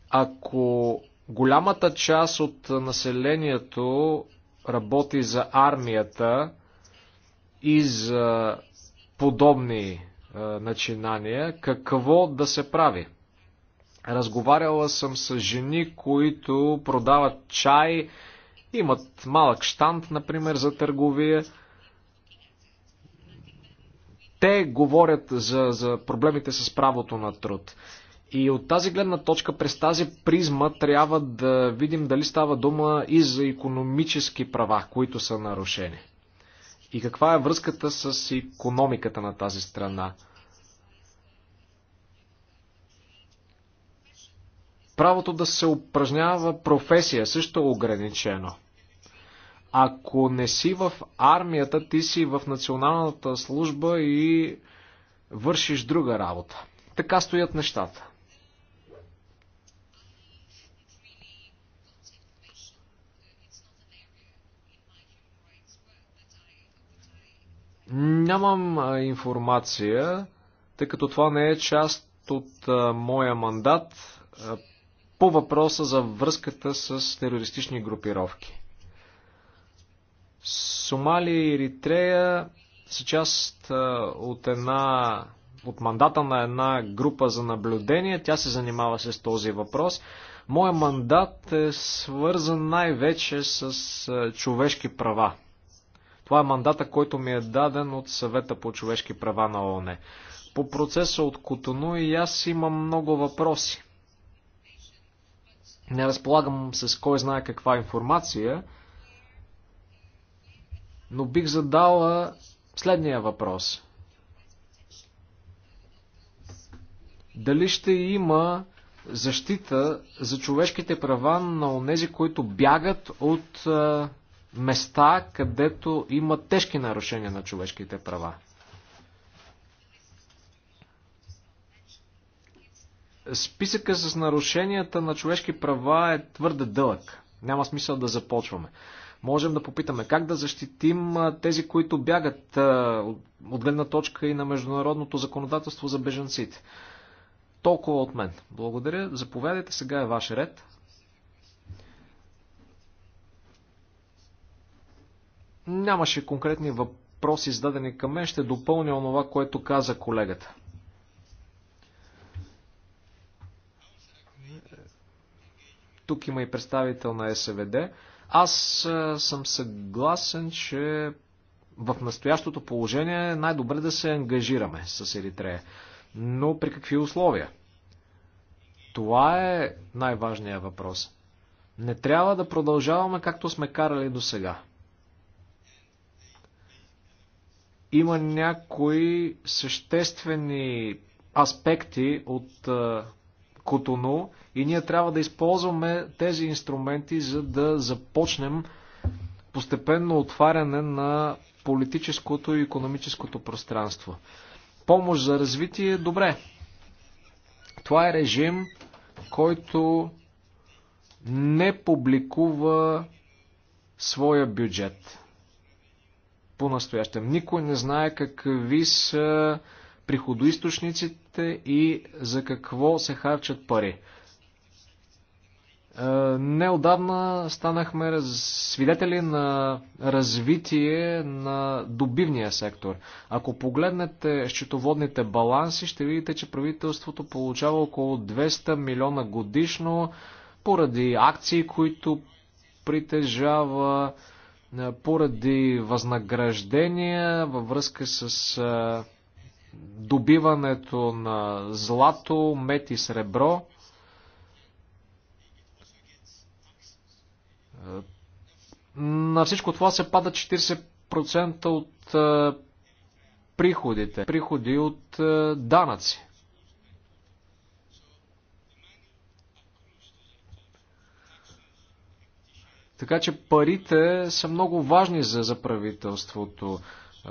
Ако Голямата част от населението работи за армията и за подобни е, начинания. Какво да се прави? Разговаряла съм с жени, които продават чай, имат малък штант, например, за търговия. Те говорят за, за проблемите с правото на труд. И от тази гледна точка, през тази призма, трябва да видим дали става дума и за економически права, които са нарушени. И каква е връзката с економиката на тази страна? Правото да се упражнява професия е също е ограничено. Ако не си в армията, ти си в националната служба и вършиш друга работа. Така стоят нещата. Нямам информация, тъй като това не е част от моя мандат по въпроса за връзката с терористични групировки. Сомалия и Еритрея са част от една от мандата на една група за наблюдение. Тя се занимава с този въпрос. Моя мандат е свързан най-вече с човешки права това е мандата, който ми е даден от съвета по човешки права на ООН. По процеса от Котону и аз имам много въпроси. Не разполагам с кой знае каква информация, но бих задала следния въпрос. Дали ще има защита за човешките права на онези, които бягат от места, където има тежки нарушения на човешките права. Списъка с нарушенията на човешки права е твърде дълъг. Няма смисъл да започваме. Можем да попитаме как да защитим тези, които бягат от гледна точка и на международното законодателство за бежанците. Толкова от мен. Благодаря. Заповядайте, сега е ваш ред. Нямаше конкретни въпроси зададени към мен. Ще допълня онова, което каза колегата. Тук има и представител на СВД. Аз съм съгласен, че в настоящото положение е най-добре да се ангажираме с Еритрея. Но при какви условия? Това е най-важният въпрос. Не трябва да продължаваме както сме карали до сега. Има някои съществени аспекти от Котону и ние трябва да използваме тези инструменти, за да започнем постепенно отваряне на политическото и економическото пространство. Помощ за развитие, добре. Това е режим, който не публикува своя бюджет по-настоящем. Никой не знае какви са приходоисточниците и за какво се харчат пари. Е, неодавна станахме свидетели на развитие на добивния сектор. Ако погледнете счетоводните баланси, ще видите, че правителството получава около 200 милиона годишно поради акции, които притежава, е, поради възнаграждения във връзка с е, добиването на злато, мед и сребро. Е, на всичко това се пада 40% от приходите. Приходи от данъци. Така че парите са много важни за, за правителството. Е,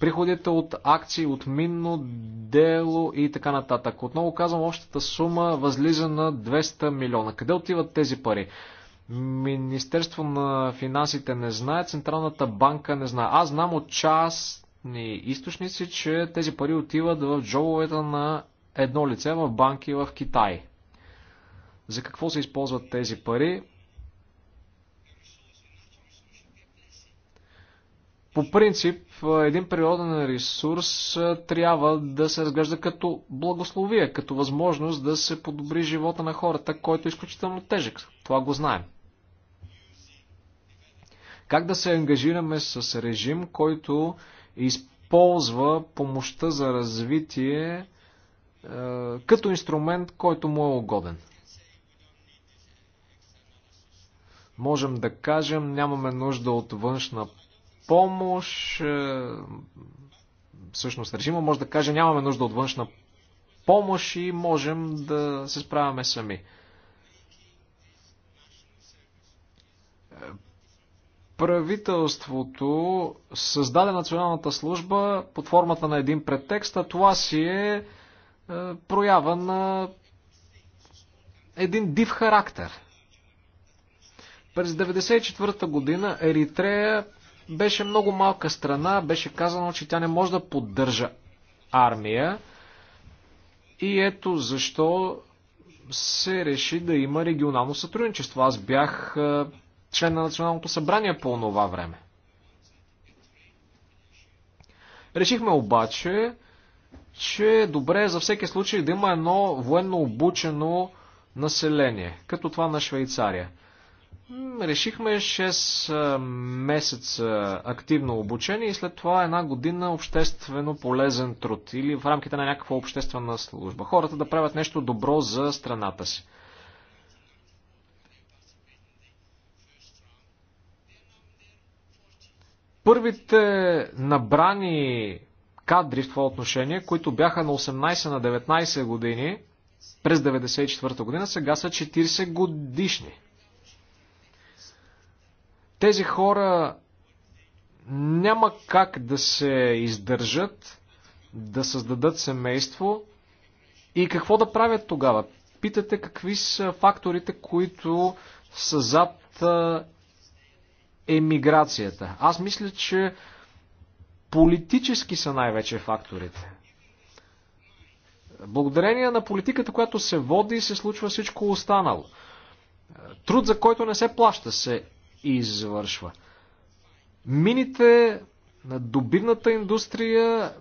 приходите от акции, от минно дело и така нататък. Отново казвам, общата сума възлиза на 200 милиона. Къде отиват тези пари? Министерство на финансите не знае, Централната банка не знае. Аз знам от частни източници, че тези пари отиват в джобовете на едно лице в банки в Китай. За какво се използват тези пари? По принцип, един природен ресурс трябва да се разглежда като благословие, като възможност да се подобри живота на хората, който е изключително тежък. Това го знаем. Как да се ангажираме с режим, който използва помощта за развитие е, като инструмент, който му е угоден? Можем да кажем, нямаме нужда от външна помощ. Е, всъщност режима може да каже нямаме нужда от външна помощ и можем да се справяме сами. правителството създаде националната служба под формата на един претекст, а това си е, е проява на един див характер. През 1994 година Еритрея беше много малка страна, беше казано, че тя не може да поддържа армия. И ето защо се реши да има регионално сътрудничество. Аз бях е, член на Националното събрание по това време. Решихме обаче, че е добре е за всеки случай да има едно военно обучено население, като това на Швейцария. Решихме 6 месеца активно обучение и след това една година обществено полезен труд или в рамките на някаква обществена служба. Хората да правят нещо добро за страната си. Първите набрани кадри в това отношение, които бяха на 18 на 19 години през 1994 година, сега са 40 годишни. Тези хора няма как да се издържат, да създадат семейство. И какво да правят тогава? Питате какви са факторите, които са зад емиграцията. Аз мисля, че политически са най-вече факторите. Благодарение на политиката, която се води, се случва всичко останало. Труд, за който не се плаща, се извършва. Мините на добивната индустрия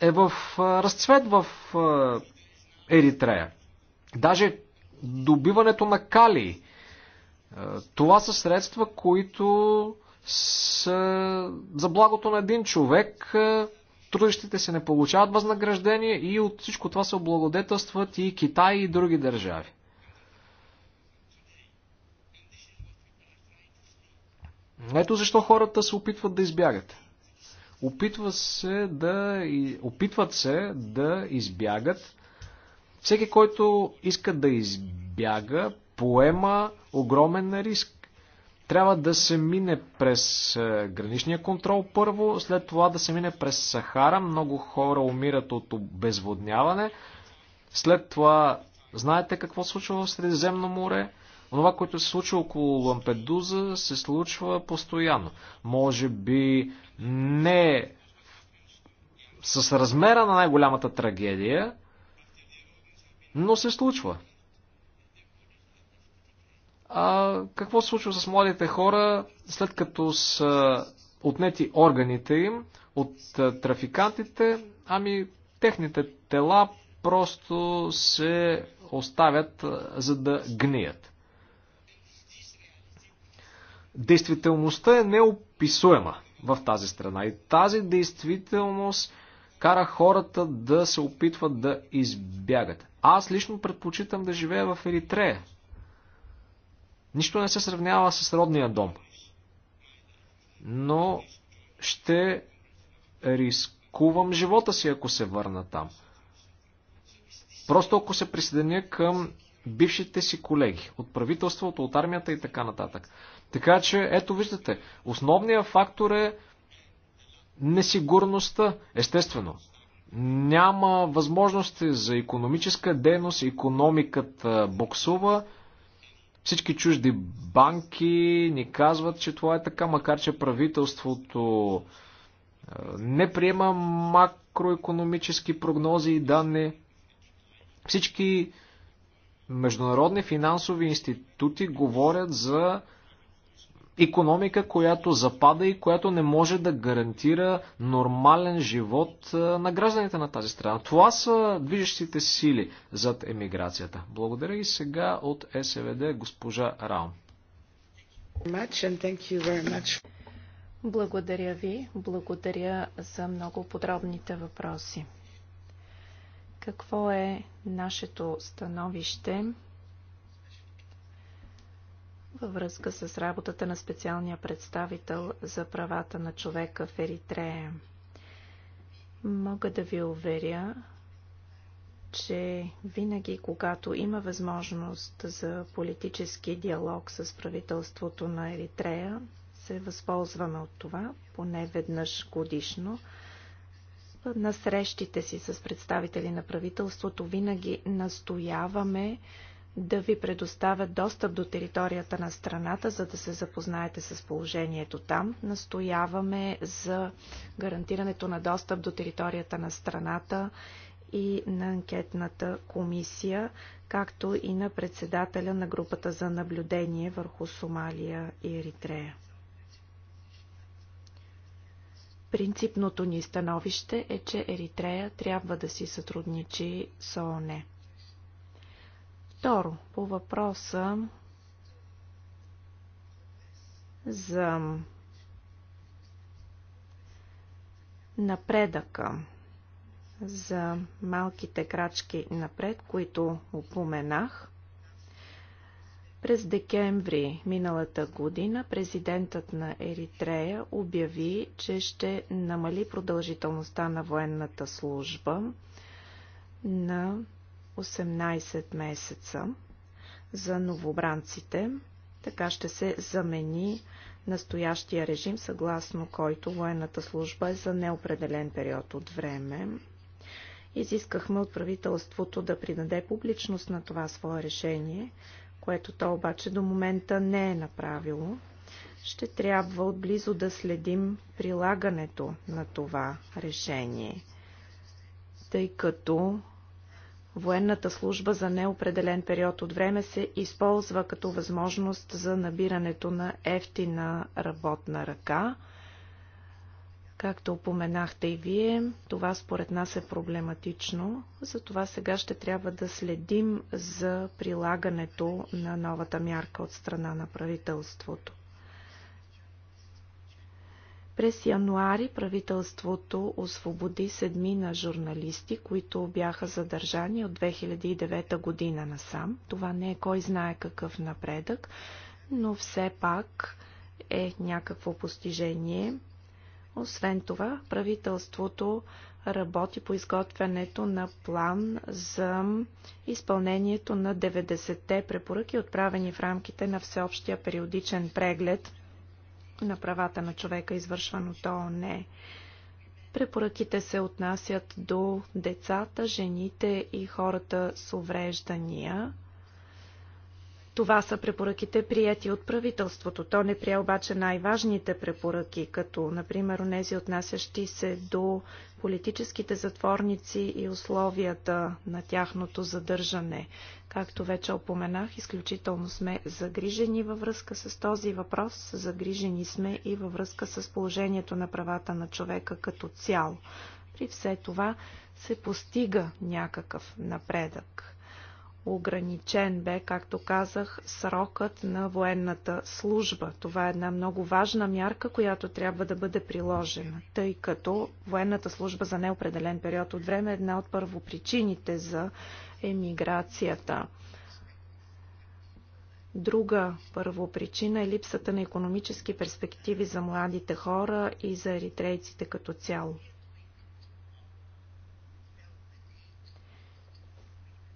е в разцвет в Еритрея. Даже добиването на кали. Това са средства, които са за благото на един човек. Трудещите се не получават възнаграждение и от всичко това се облагодетелстват и Китай и други държави. Ето защо хората се опитват да избягат. Опитва се да, опитват се да избягат. Всеки, който иска да избяга, поема огромен риск. Трябва да се мине през е, граничния контрол първо, след това да се мине през Сахара. Много хора умират от обезводняване. След това, знаете какво случва в Средиземно море? Онова, което се случва около Лампедуза, се случва постоянно. Може би не с размера на най-голямата трагедия, но се случва. А какво се случва с младите хора, след като са отнети органите им от трафикантите? Ами, техните тела просто се оставят за да гният. Действителността е неописуема в тази страна и тази действителност кара хората да се опитват да избягат. Аз лично предпочитам да живея в Еритрея. Нищо не се сравнява с родния дом. Но ще рискувам живота си, ако се върна там. Просто ако се присъединя към бившите си колеги от правителството, от армията и така нататък. Така че, ето виждате, основният фактор е несигурността, естествено. Няма възможности за економическа дейност, економиката боксува, всички чужди банки ни казват, че това е така, макар че правителството е, не приема макроекономически прогнози и данни. Всички международни финансови институти говорят за економика, която запада и която не може да гарантира нормален живот на гражданите на тази страна. Това са движещите сили зад емиграцията. Благодаря и сега от СВД госпожа Раун. Благодаря ви. Благодаря за много подробните въпроси. Какво е нашето становище във връзка с работата на специалния представител за правата на човека в Еритрея. Мога да ви уверя, че винаги, когато има възможност за политически диалог с правителството на Еритрея, се възползваме от това, поне веднъж годишно. На срещите си с представители на правителството винаги настояваме да ви предоставят достъп до територията на страната, за да се запознаете с положението там. Настояваме за гарантирането на достъп до територията на страната и на анкетната комисия, както и на председателя на групата за наблюдение върху Сомалия и Еритрея. Принципното ни становище е, че Еритрея трябва да си сътрудничи с ООН. Второ, по въпроса за напредъка, за малките крачки напред, които упоменах. През декември миналата година президентът на Еритрея обяви, че ще намали продължителността на военната служба на 18 месеца за новобранците. Така ще се замени настоящия режим, съгласно който военната служба е за неопределен период от време. Изискахме от правителството да придаде публичност на това свое решение, което то обаче до момента не е направило. Ще трябва отблизо да следим прилагането на това решение, тъй като военната служба за неопределен период от време се използва като възможност за набирането на ефтина работна ръка. Както упоменахте и вие, това според нас е проблематично, затова сега ще трябва да следим за прилагането на новата мярка от страна на правителството. През януари правителството освободи седмина журналисти, които бяха задържани от 2009 година насам. Това не е кой знае какъв напредък, но все пак е някакво постижение. Освен това, правителството работи по изготвянето на план за изпълнението на 90-те препоръки, отправени в рамките на всеобщия периодичен преглед на правата на човека, извършваното не. Препоръките се отнасят до децата, жените и хората с увреждания. Това са препоръките, прияти от правителството. То не прие обаче най-важните препоръки, като, например, онези отнасящи се до политическите затворници и условията на тяхното задържане. Както вече опоменах, изключително сме загрижени във връзка с този въпрос, загрижени сме и във връзка с положението на правата на човека като цяло. При все това се постига някакъв напредък. Ограничен бе, както казах, срокът на военната служба. Това е една много важна мярка, която трябва да бъде приложена, тъй като военната служба за неопределен период от време е една от първопричините за емиграцията. Друга първопричина е липсата на економически перспективи за младите хора и за еритрейците като цяло.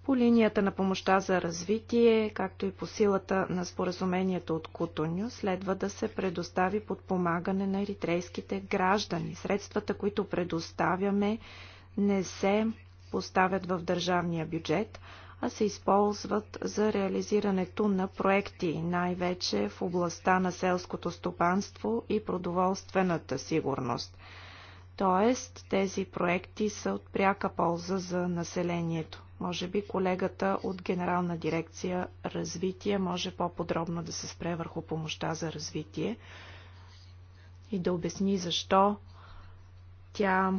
по линията на помощта за развитие, както и по силата на споразумението от Кутоню, следва да се предостави подпомагане на еритрейските граждани. Средствата, които предоставяме, не се поставят в държавния бюджет, а се използват за реализирането на проекти, най-вече в областта на селското стопанство и продоволствената сигурност. Тоест, тези проекти са от пряка полза за населението. Може би колегата от Генерална дирекция развитие може по-подробно да се спре върху помощта за развитие и да обясни защо тя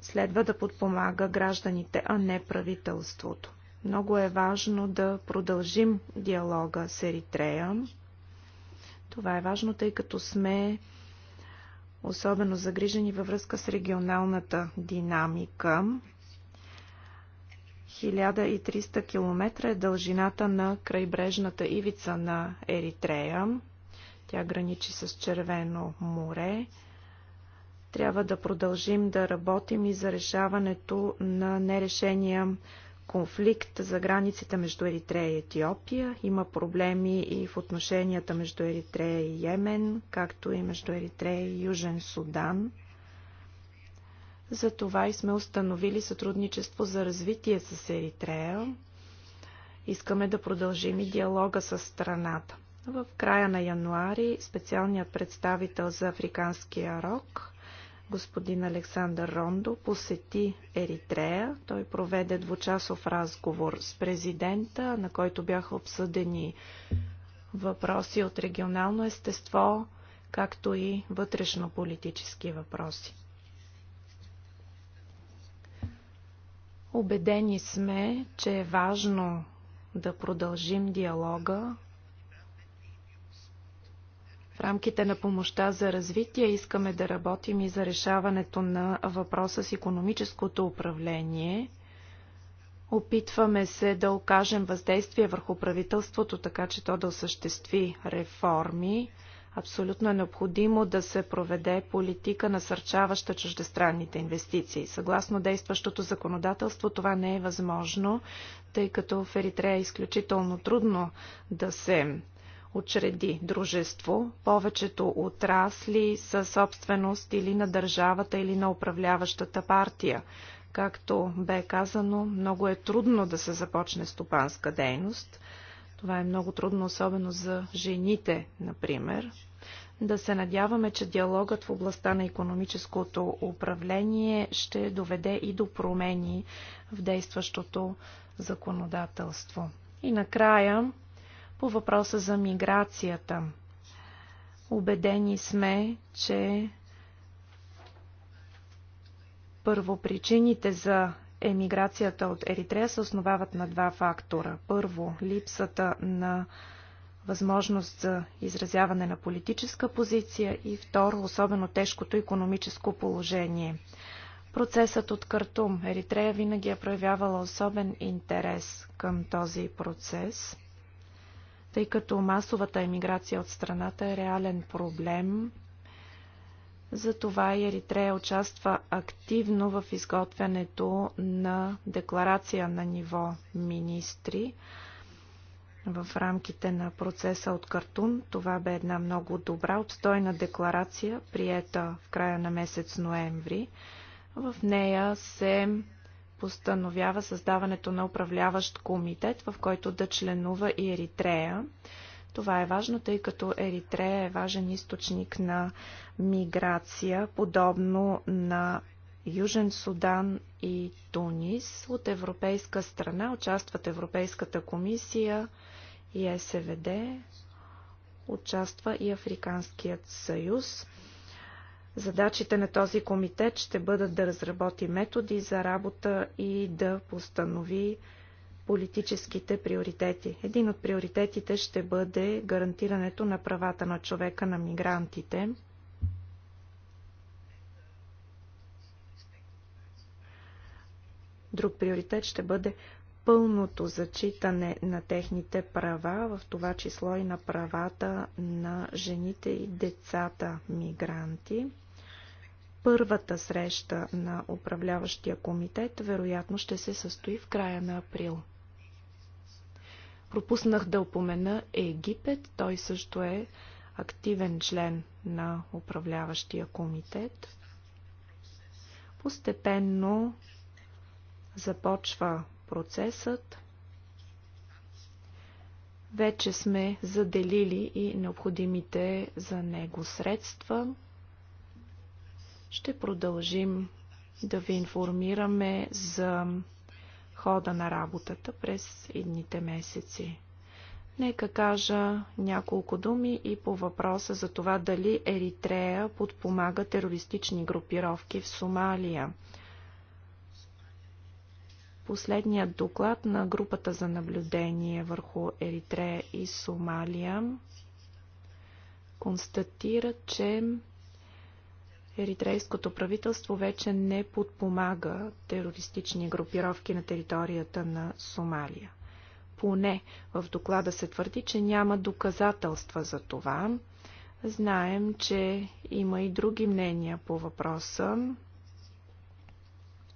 следва да подпомага гражданите, а не правителството. Много е важно да продължим диалога с Еритрея. Това е важно, тъй като сме особено загрижени във връзка с регионалната динамика. 1300 км е дължината на крайбрежната ивица на Еритрея. Тя граничи с Червено море. Трябва да продължим да работим и за решаването на нерешения конфликт за границите между Еритрея и Етиопия. Има проблеми и в отношенията между Еритрея и Йемен, както и между Еритрея и Южен Судан. Затова и сме установили сътрудничество за развитие с Еритрея. Искаме да продължим и диалога с страната. В края на януари специалният представител за Африканския рок господин Александър Рондо посети Еритрея. Той проведе двучасов разговор с президента, на който бяха обсъдени въпроси от регионално естество, както и вътрешно-политически въпроси. Обедени сме, че е важно да продължим диалога, в рамките на помощта за развитие искаме да работим и за решаването на въпроса с економическото управление. Опитваме се да окажем въздействие върху правителството, така че то да осъществи реформи. Абсолютно е необходимо да се проведе политика насърчаваща чуждестранните инвестиции. Съгласно действащото законодателство това не е възможно, тъй като в Еритрея е изключително трудно да се учреди дружество. Повечето отрасли са собственост или на държавата, или на управляващата партия. Както бе казано, много е трудно да се започне стопанска дейност. Това е много трудно, особено за жените, например. Да се надяваме, че диалогът в областта на економическото управление ще доведе и до промени в действащото законодателство. И накрая по въпроса за миграцията. Убедени сме, че първопричините за емиграцията от Еритрея се основават на два фактора. Първо, липсата на възможност за изразяване на политическа позиция и второ, особено тежкото економическо положение. Процесът от Картум. Еритрея винаги е проявявала особен интерес към този процес. Тъй като масовата емиграция от страната е реален проблем, затова и Еритрея участва активно в изготвянето на декларация на ниво министри в рамките на процеса от Картун. Това бе една много добра обстойна декларация, приета в края на месец ноември. В нея се постановява създаването на управляващ комитет, в който да членува и Еритрея. Това е важно, тъй като Еритрея е важен източник на миграция, подобно на Южен Судан и Тунис. От европейска страна участват Европейската комисия и СВД, участва и Африканският съюз. Задачите на този комитет ще бъдат да разработи методи за работа и да постанови политическите приоритети. Един от приоритетите ще бъде гарантирането на правата на човека на мигрантите. Друг приоритет ще бъде пълното зачитане на техните права, в това число и на правата на жените и децата мигранти. Първата среща на управляващия комитет вероятно ще се състои в края на април. Пропуснах да упомена Египет. Той също е активен член на управляващия комитет. Постепенно започва процесът. Вече сме заделили и необходимите за него средства. Ще продължим да ви информираме за хода на работата през едните месеци. Нека кажа няколко думи и по въпроса за това дали Еритрея подпомага терористични групировки в Сомалия. Последният доклад на групата за наблюдение върху Еритрея и Сомалия констатира, че Еритрейското правителство вече не подпомага терористични групировки на територията на Сомалия. Поне в доклада се твърди, че няма доказателства за това. Знаем, че има и други мнения по въпроса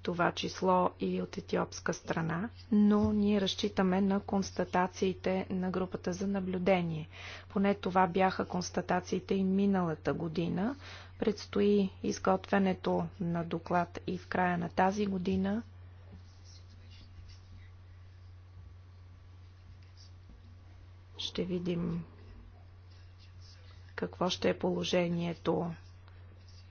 това число и от етиопска страна, но ние разчитаме на констатациите на групата за наблюдение. Поне това бяха констатациите и миналата година. Предстои изготвянето на доклад и в края на тази година. Ще видим какво ще е положението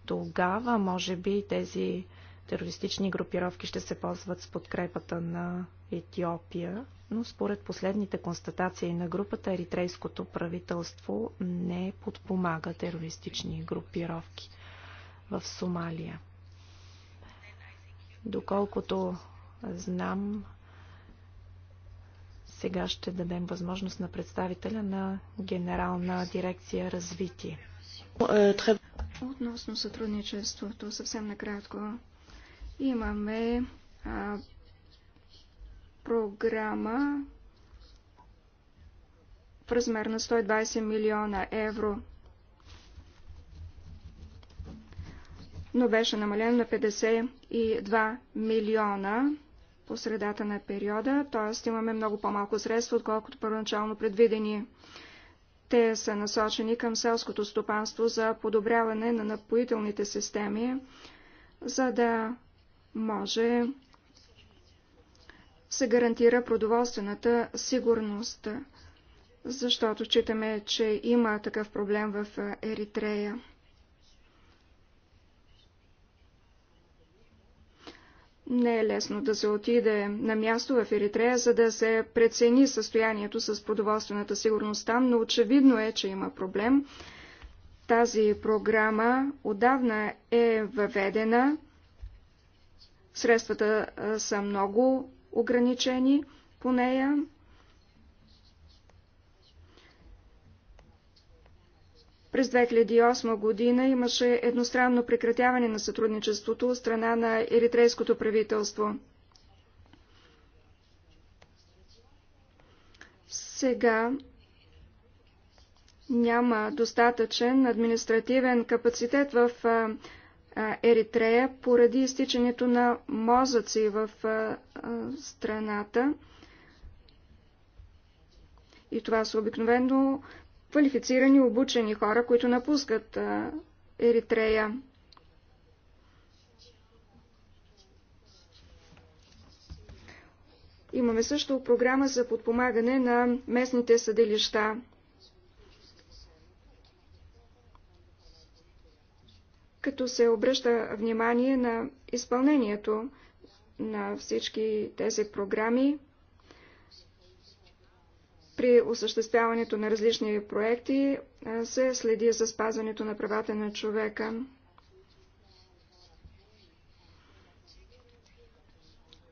тогава. Може би тези терористични групировки ще се ползват с подкрепата на Етиопия, но според последните констатации на групата еритрейското правителство не подпомага терористични групировки в Сомалия. Доколкото знам, сега ще дадем възможност на представителя на Генерална дирекция развитие. Относно сътрудничеството, съвсем накратко, Имаме а, програма в размер на 120 милиона евро, но беше намален на 52 милиона по средата на периода, т.е. имаме много по-малко средства, отколкото първоначално предвидени. Те са насочени към селското стопанство за подобряване на напоителните системи, за да може се гарантира продоволствената сигурност, защото читаме, че има такъв проблем в Еритрея. Не е лесно да се отиде на място в Еритрея, за да се прецени състоянието с продоволствената сигурност там, но очевидно е, че има проблем. Тази програма отдавна е въведена Средствата са много ограничени по нея. През 2008 година имаше едностранно прекратяване на сътрудничеството от страна на еритрейското правителство. Сега няма достатъчен административен капацитет в Еритрея поради изтичането на мозъци в страната. И това са обикновено квалифицирани, обучени хора, които напускат Еритрея. Имаме също програма за подпомагане на местните съдилища. като се обръща внимание на изпълнението на всички тези програми при осъществяването на различни проекти се следи за спазването на правата на човека.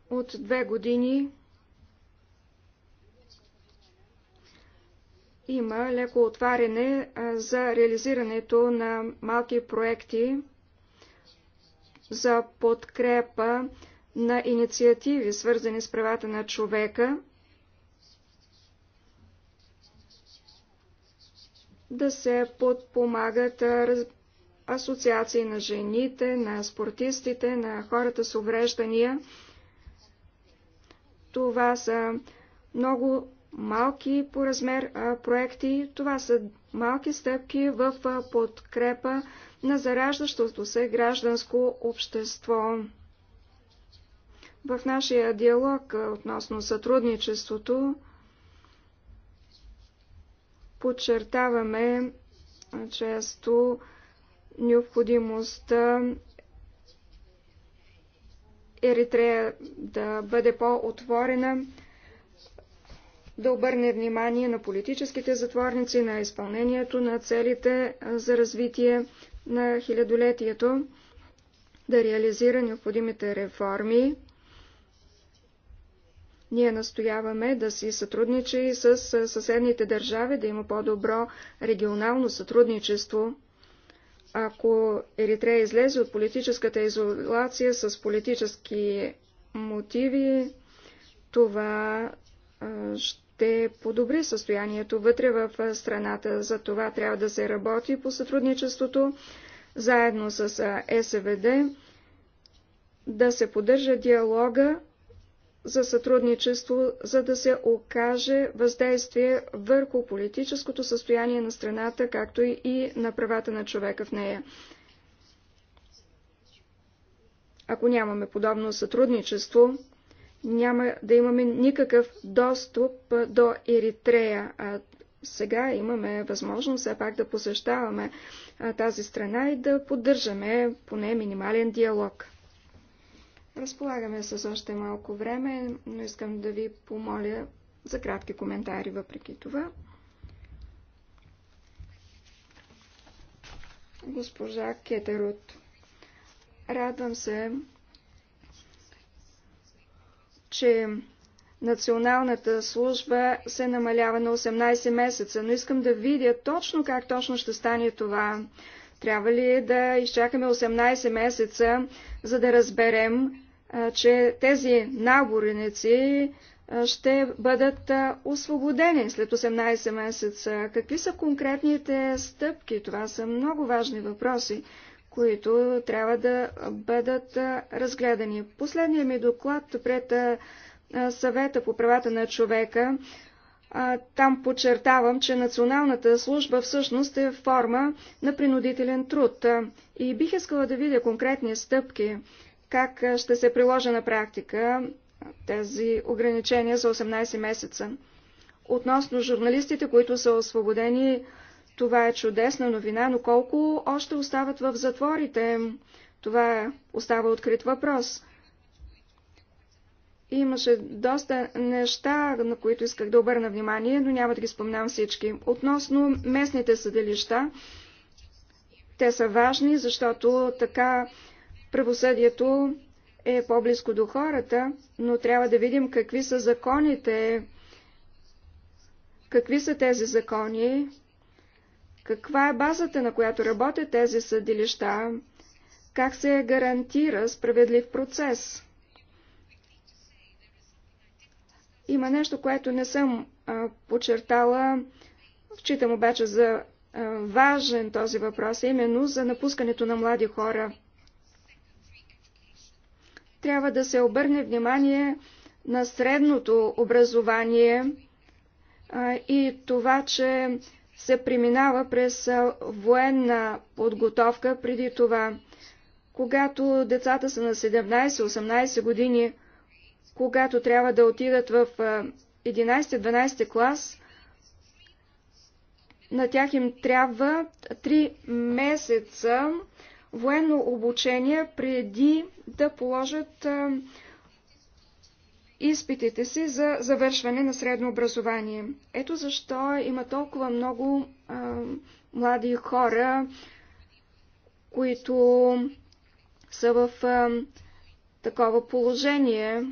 От две години има леко отваряне за реализирането на малки проекти за подкрепа на инициативи, свързани с правата на човека, да се подпомагат асоциации на жените, на спортистите, на хората с увреждания. Това са много малки по размер проекти. Това са малки стъпки в подкрепа на зараждащото се гражданско общество. В нашия диалог относно сътрудничеството подчертаваме често необходимостта Еритрея да бъде по-отворена да обърне внимание на политическите затворници, на изпълнението на целите за развитие на хилядолетието, да реализира необходимите реформи. Ние настояваме да си сътрудничи с съседните държави, да има по-добро регионално сътрудничество. Ако Еритрея излезе от политическата изолация с политически мотиви, това ще ще подобри състоянието вътре в страната. За това трябва да се работи по сътрудничеството заедно с СВД, да се поддържа диалога за сътрудничество, за да се окаже въздействие върху политическото състояние на страната, както и на правата на човека в нея. Ако нямаме подобно сътрудничество, няма да имаме никакъв достъп до Еритрея. А сега имаме възможност все пак да посещаваме тази страна и да поддържаме поне минимален диалог. Разполагаме с още малко време, но искам да ви помоля за кратки коментари въпреки това. Госпожа Кетерот, Радвам се, че националната служба се намалява на 18 месеца, но искам да видя точно как точно ще стане това. Трябва ли да изчакаме 18 месеца, за да разберем, че тези наборници ще бъдат освободени след 18 месеца? Какви са конкретните стъпки? Това са много важни въпроси, които трябва да бъдат разгледани. Последният ми доклад пред съвета по правата на човека. Там подчертавам, че националната служба всъщност е форма на принудителен труд и бих искала да видя конкретни стъпки, как ще се приложи на практика тези ограничения за 18 месеца. Относно журналистите, които са освободени това е чудесна новина, но колко още остават в затворите? Това остава открит въпрос. Имаше доста неща, на които исках да обърна внимание, но няма да ги спомням всички. Относно местните съдилища, те са важни, защото така правосъдието е по-близко до хората, но трябва да видим какви са законите, какви са тези закони, каква е базата, на която работят тези съдилища? Как се гарантира справедлив процес? Има нещо, което не съм а, подчертала, считам обаче за а, важен този въпрос, именно за напускането на млади хора. Трябва да се обърне внимание на средното образование а, и това, че се преминава през военна подготовка преди това. Когато децата са на 17-18 години, когато трябва да отидат в 11-12 клас, на тях им трябва 3 месеца военно обучение преди да положат изпитите си за завършване на средно образование. Ето защо има толкова много а, млади хора, които са в а, такова положение.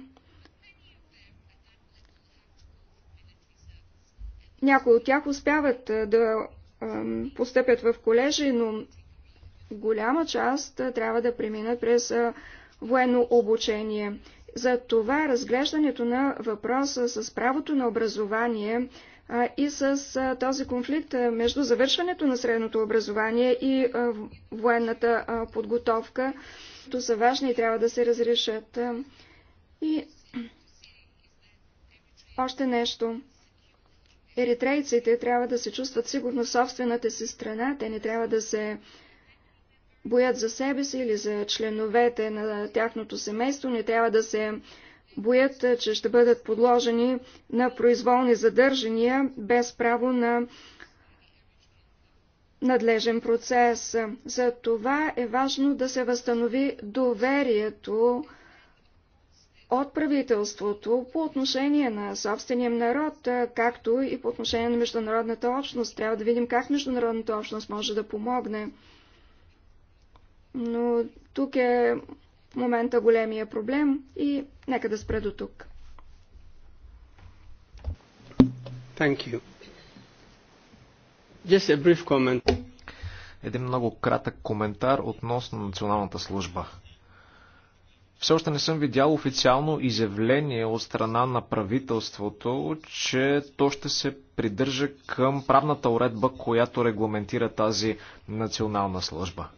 Някои от тях успяват да а, постъпят в колежи, но голяма част трябва да преминат през военно обучение. За това разглеждането на въпроса с правото на образование и с този конфликт между завършването на средното образование и военната подготовка, които са важни и трябва да се разрешат. И още нещо. Еритрейците трябва да се чувстват сигурно в собствената си страна, те не трябва да се боят за себе си или за членовете на тяхното семейство, не трябва да се боят, че ще бъдат подложени на произволни задържания без право на надлежен процес. За това е важно да се възстанови доверието от правителството по отношение на собствения народ, както и по отношение на международната общност. Трябва да видим как международната общност може да помогне но тук е в момента големия проблем и нека да спре до тук. Thank you. Just a brief comment. Един много кратък коментар относно националната служба. Все още не съм видял официално изявление от страна на правителството, че то ще се придържа към правната уредба, която регламентира тази национална служба.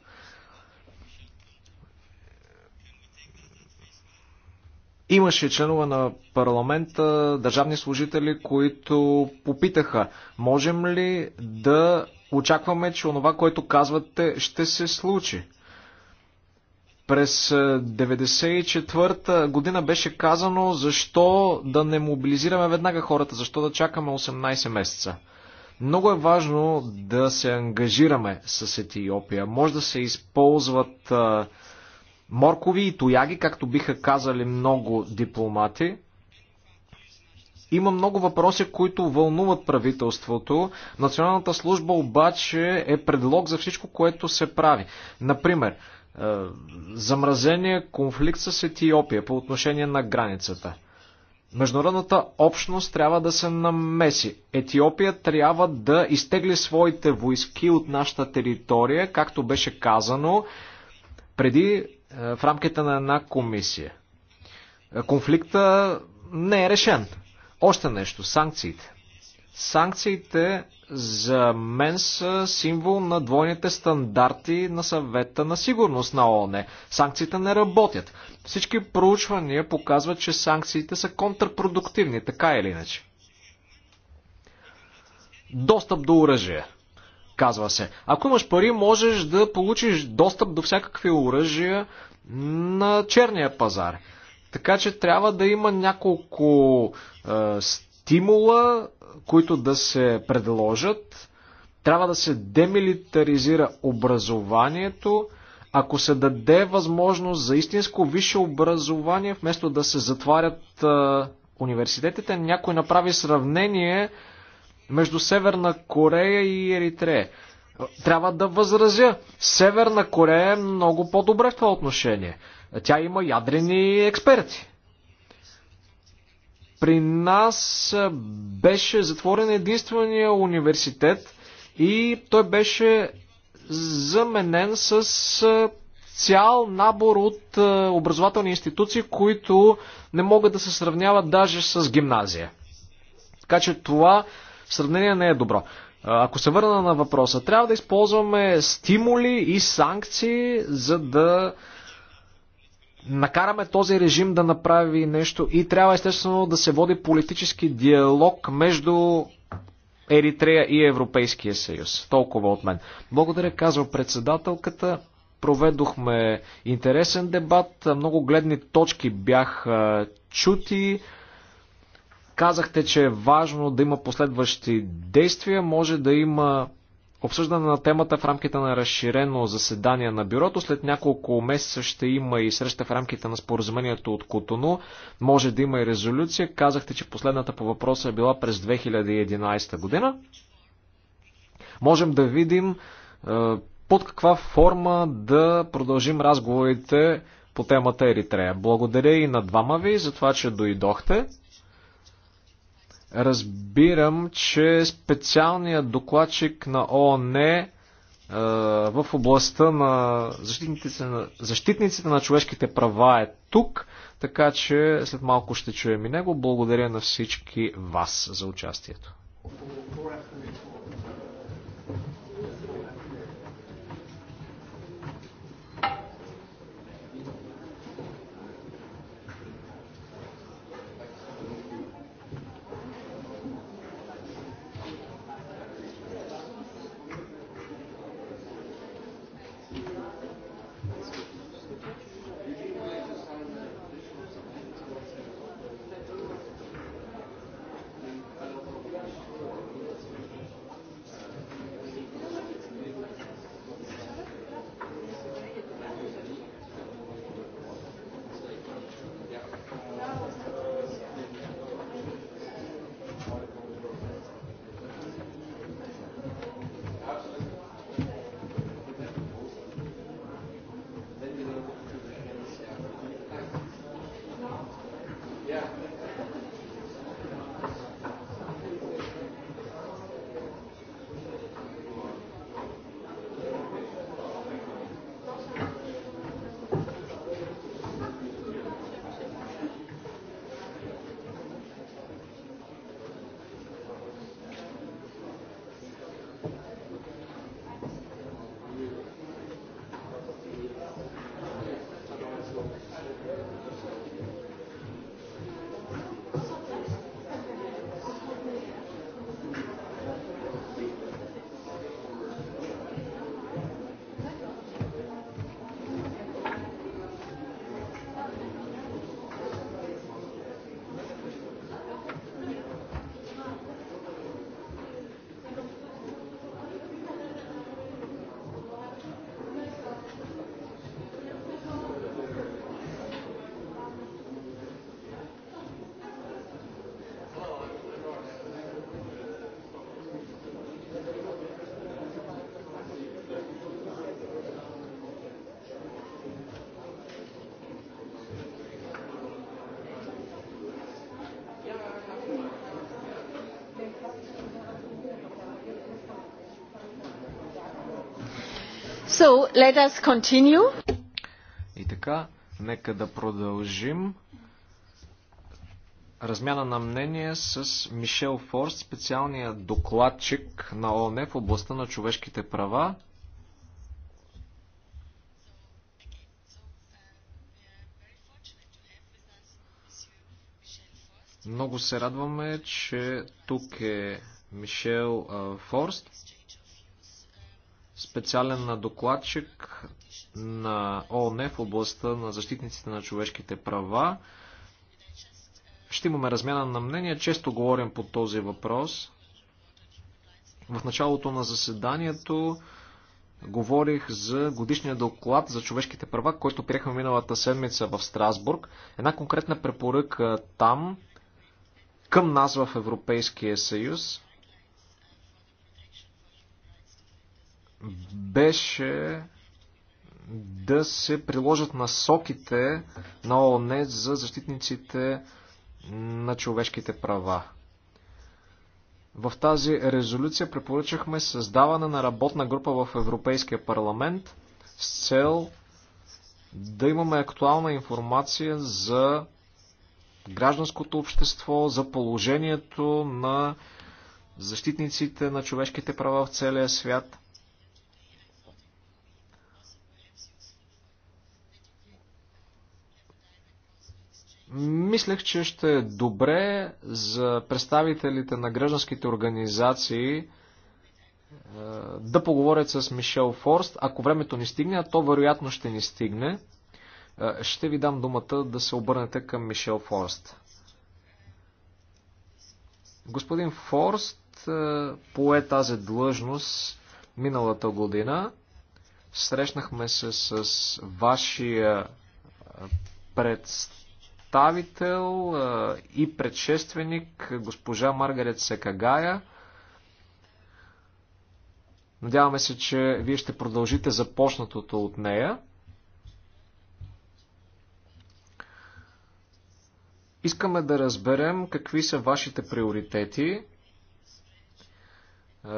Имаше членове на парламента, държавни служители, които попитаха, можем ли да очакваме, че онова, което казвате, ще се случи. През 1994 е, година беше казано, защо да не мобилизираме веднага хората, защо да чакаме 18 месеца. Много е важно да се ангажираме с Етиопия. Може да се използват е, моркови и тояги, както биха казали много дипломати. Има много въпроси, които вълнуват правителството. Националната служба обаче е предлог за всичко, което се прави. Например, е, замразения конфликт с Етиопия по отношение на границата. Международната общност трябва да се намеси. Етиопия трябва да изтегли своите войски от нашата територия, както беше казано, преди е, в рамките на една комисия. Е, конфликта не е решен. Още нещо. Санкциите. Санкциите за мен са символ на двойните стандарти на съвета на сигурност на ООН. Санкциите не работят. Всички проучвания показват, че санкциите са контрпродуктивни, така или иначе. Достъп до оръжие, казва се. Ако имаш пари, можеш да получиш достъп до всякакви оръжия, на черния пазар. Така че трябва да има няколко е, стимула, които да се предложат. Трябва да се демилитаризира образованието. Ако се даде възможност за истинско висше образование, вместо да се затварят е, университетите, някой направи сравнение между Северна Корея и Еритрея. Трябва да възразя. Северна Корея е много по-добре в това отношение. Тя има ядрени експерти. При нас беше затворен единствения университет и той беше заменен с цял набор от образователни институции, които не могат да се сравняват даже с гимназия. Така че това сравнение не е добро. Ако се върна на въпроса, трябва да използваме стимули и санкции, за да накараме този режим да направи нещо и трябва естествено да се води политически диалог между Еритрея и Европейския съюз. Толкова от мен. Благодаря, казва председателката. Проведохме интересен дебат, много гледни точки бяха чути. Казахте, че е важно да има последващи действия, може да има обсъждане на темата в рамките на разширено заседание на бюрото. След няколко месеца ще има и среща в рамките на споразумението от Котону. Може да има и резолюция. Казахте, че последната по въпроса е била през 2011 година. Можем да видим е, под каква форма да продължим разговорите по темата Еритрея. Благодаря и на двама ви за това, че дойдохте. Разбирам, че специалният докладчик на ООН е, в областта на защитниците, на защитниците на човешките права е тук, така че след малко ще чуем и него. Благодаря на всички вас за участието. So, let us continue. И така, нека да продължим. Размяна на мнение с Мишел Форст, специалния докладчик на ООН в областта на човешките права. Много се радваме, че тук е Мишел Форст специален докладчик на ООН в областта на защитниците на човешките права. Ще имаме размяна на мнения. Често говорим по този въпрос. В началото на заседанието говорих за годишния доклад за човешките права, който приехме миналата седмица в Страсбург. Една конкретна препоръка там към нас в Европейския съюз беше да се приложат насоките на ООН за защитниците на човешките права. В тази резолюция препоръчахме създаване на работна група в Европейския парламент с цел да имаме актуална информация за гражданското общество, за положението на защитниците на човешките права в целия свят – Мислех, че ще е добре за представителите на гражданските организации е, да поговорят с Мишел Форст. Ако времето ни стигне, а то вероятно ще ни стигне, е, ще ви дам думата да се обърнете към Мишел Форст. Господин Форст е, пое тази длъжност миналата година. Срещнахме се с вашия представител представител и предшественик госпожа Маргарет Секагая. Надяваме се, че вие ще продължите започнатото от нея. Искаме да разберем какви са вашите приоритети.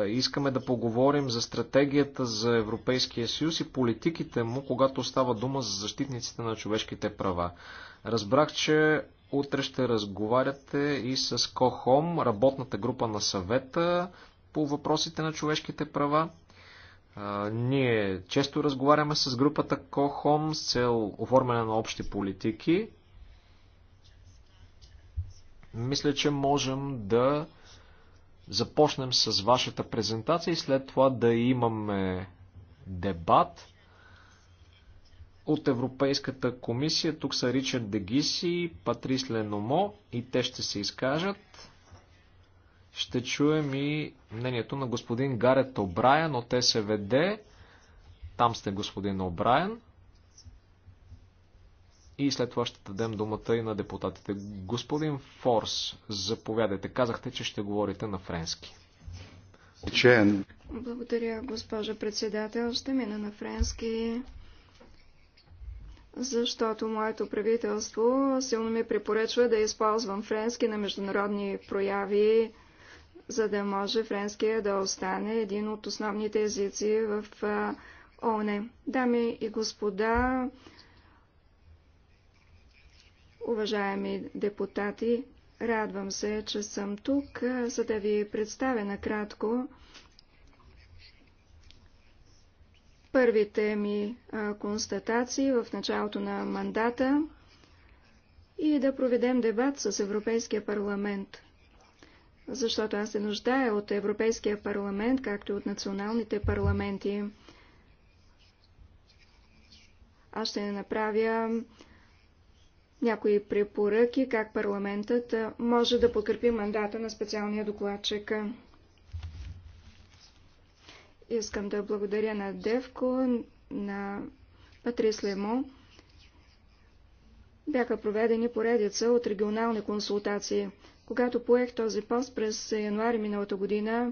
Искаме да поговорим за стратегията за Европейския съюз и политиките му, когато става дума за защитниците на човешките права. Разбрах, че утре ще разговаряте и с КОХОМ, работната група на съвета по въпросите на човешките права. Ние често разговаряме с групата КОХОМ с цел оформяне на общи политики. Мисля, че можем да започнем с вашата презентация и след това да имаме дебат от Европейската комисия. Тук са Ричард Дегиси, Патрис Леномо и те ще се изкажат. Ще чуем и мнението на господин Гарет Обраен от СВД. Там сте господин Обраян. И след това ще дадем думата и на депутатите. Господин Форс, заповядайте. Казахте, че ще говорите на френски. Благодаря, госпожа председател. Ще мина на френски защото моето правителство силно ми препоръчва да използвам френски на международни прояви, за да може френския да остане един от основните езици в ООН. Дами и господа, уважаеми депутати, радвам се, че съм тук, за да ви представя накратко първите ми констатации в началото на мандата и да проведем дебат с Европейския парламент. Защото аз се нуждая от Европейския парламент, както и от националните парламенти. Аз ще направя някои препоръки, как парламентът може да подкрепи мандата на специалния докладчик. Искам да благодаря на Девко, на Патрис Лемо. Бяха проведени поредица от регионални консултации. Когато поех този пост през януари миналата година,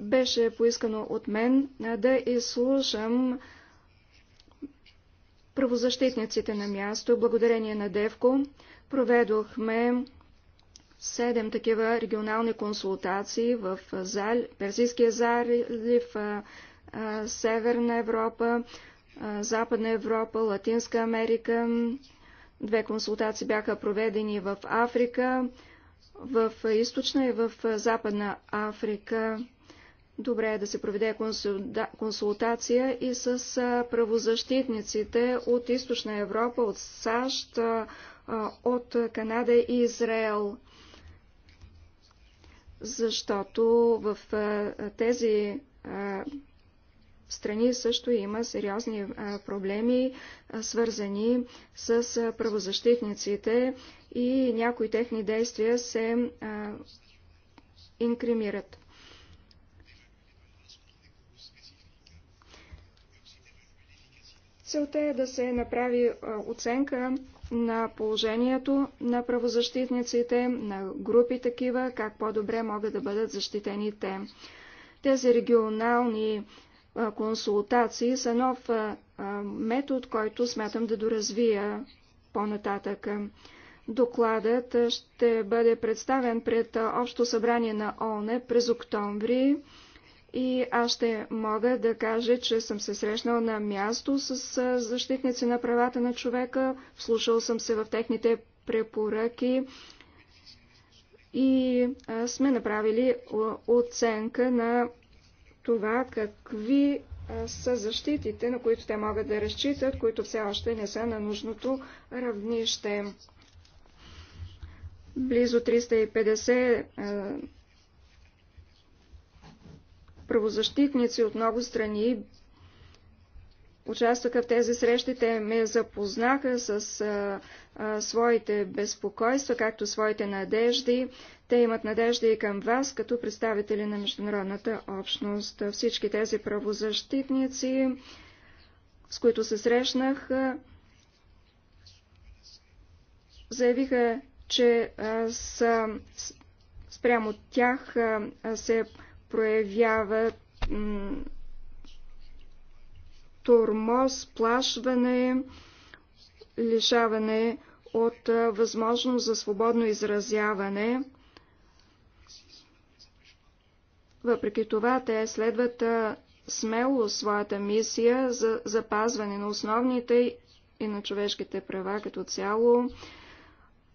беше поискано от мен да изслушам правозащитниците на място. Благодарение на Девко проведохме седем такива регионални консултации в зали, Персийския залив, Северна Европа, Западна Европа, Латинска Америка. Две консултации бяха проведени в Африка, в Източна и в Западна Африка. Добре е да се проведе консултация и с правозащитниците от Източна Европа, от САЩ, от Канада и Израел защото в тези страни също има сериозни проблеми, свързани с правозащитниците и някои техни действия се инкримират. Целта е да се направи оценка на положението на правозащитниците, на групи такива, как по-добре могат да бъдат защитени те. Тези регионални консултации са нов метод, който смятам да доразвия по-нататък. Докладът ще бъде представен пред Общо събрание на ООН през октомври и аз ще мога да кажа, че съм се срещнал на място с защитници на правата на човека, слушал съм се в техните препоръки и сме направили оценка на това какви са защитите, на които те могат да разчитат, които все още не са на нужното равнище. Близо 350 правозащитници от много страни участваха в тези срещи. Те ме запознаха с а, а, своите безпокойства, както своите надежди. Те имат надежда и към вас, като представители на международната общност. Всички тези правозащитници, с които се срещнах, заявиха, че а, с, спрямо тях а, се проявява тормоз, плашване, лишаване от възможност за свободно изразяване. Въпреки това, те следват смело своята мисия за запазване на основните и на човешките права като цяло,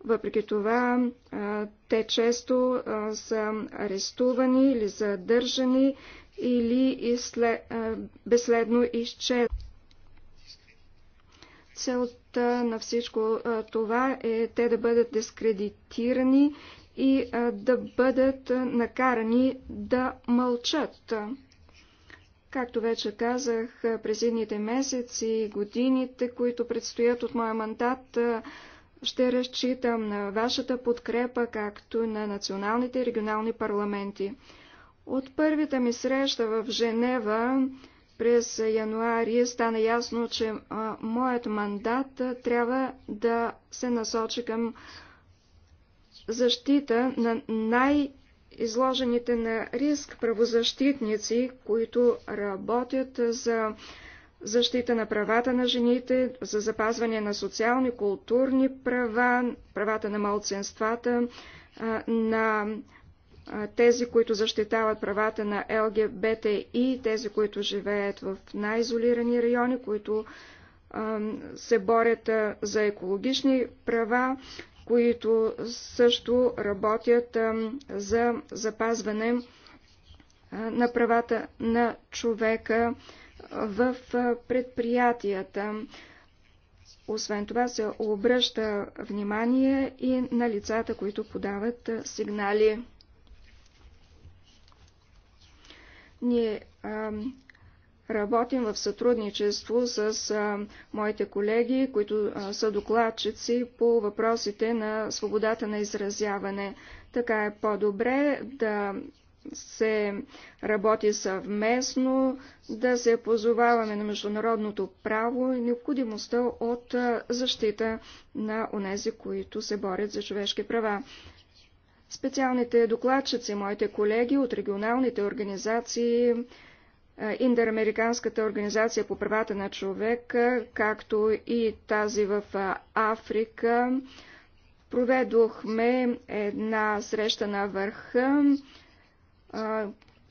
въпреки това, те често са арестувани или задържани или безследно изчезват. Целта на всичко това е те да бъдат дискредитирани и да бъдат накарани да мълчат. Както вече казах, през едните месеци и годините, които предстоят от моя мандат, ще разчитам на вашата подкрепа, както на националните и регионални парламенти. От първата ми среща в Женева през януари стана ясно, че а, моят мандат а, трябва да се насочи към защита на най-изложените на риск правозащитници, които работят за защита на правата на жените, за запазване на социални, културни права, правата на малцинствата, на тези, които защитават правата на ЛГБТИ, тези, които живеят в най-изолирани райони, които се борят за екологични права, които също работят за запазване на правата на човека, в предприятията. Освен това се обръща внимание и на лицата, които подават сигнали. Ние а, работим в сътрудничество с а, моите колеги, които а, са докладчици по въпросите на свободата на изразяване. Така е по-добре да се работи съвместно, да се позоваваме на международното право и необходимостта от защита на онези, които се борят за човешки права. Специалните докладчици, моите колеги от регионалните организации, Индерамериканската организация по правата на човека, както и тази в Африка, проведохме една среща на върха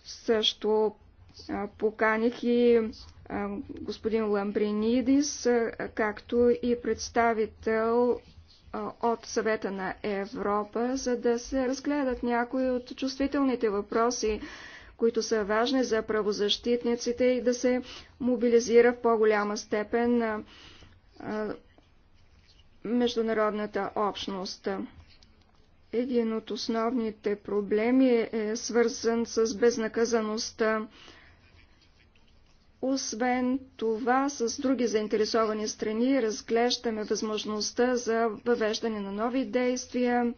също поканих и господин Ламбринидис, както и представител от съвета на Европа, за да се разгледат някои от чувствителните въпроси, които са важни за правозащитниците и да се мобилизира в по-голяма степен международната общност. Един от основните проблеми е свързан с безнаказаността. Освен това, с други заинтересовани страни разглеждаме възможността за въвеждане на нови действия,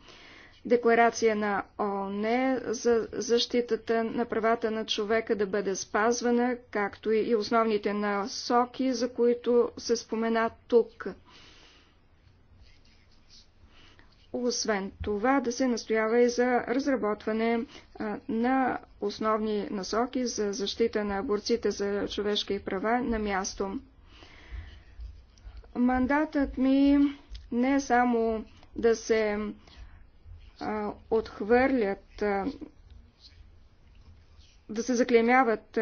декларация на ООН за защитата на правата на човека да бъде спазвана, както и основните насоки, за които се спомена тук. Освен това да се настоява и за разработване на основни насоки за защита на борците за човешки права на място. Мандатът ми не е само да се отхвърлят, да се заклемяват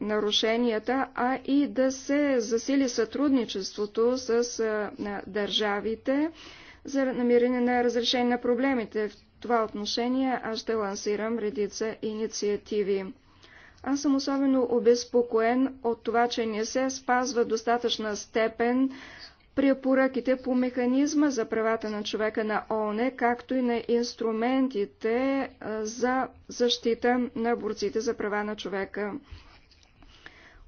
нарушенията, а и да се засили сътрудничеството с държавите, за намиране на разрешение на проблемите. В това отношение аз ще лансирам редица инициативи. Аз съм особено обезпокоен от това, че не се спазва достатъчна степен препоръките по механизма за правата на човека на ООН, както и на инструментите за защита на борците за права на човека.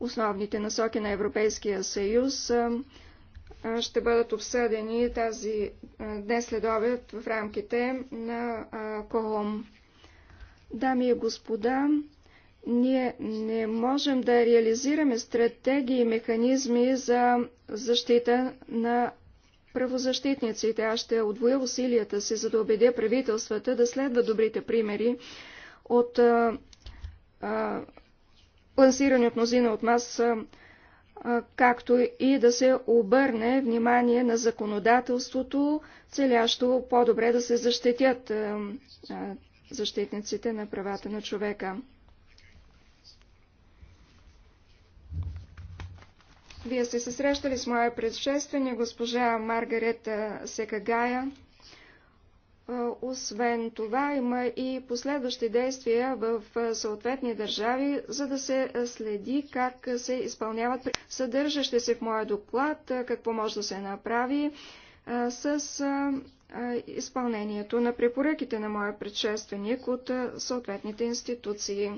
Основните насоки на Европейския съюз ще бъдат обсъдени тази днес след обед в рамките на Колом. Дами и господа, ние не можем да реализираме стратегии и механизми за защита на правозащитниците. Аз ще отвоя усилията си, за да убедя правителствата да следва добрите примери от а, а, лансирани от мнозина от маса както и да се обърне внимание на законодателството, целящо по-добре да се защитят защитниците на правата на човека. Вие сте се срещали с моя предшественик, госпожа Маргарет Секагая. Е, освен това има и последващи действия в е, съответни държави, за да се е, следи как се изпълняват съдържащи се в моя доклад, какво може да се направи с изпълнението на препоръките на моя предшественик от съответните институции.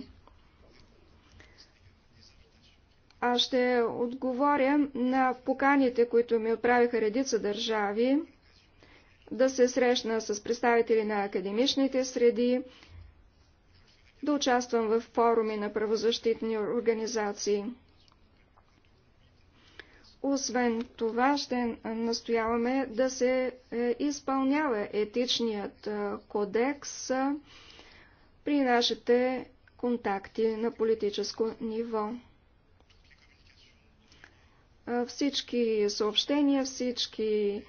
Аз ще отговоря на поканите, които ми отправиха редица държави да се срещна с представители на академичните среди, да участвам в форуми на правозащитни организации. Освен това, ще настояваме да се е, изпълнява етичният е, кодекс е, при нашите контакти на политическо ниво. Всички съобщения, всички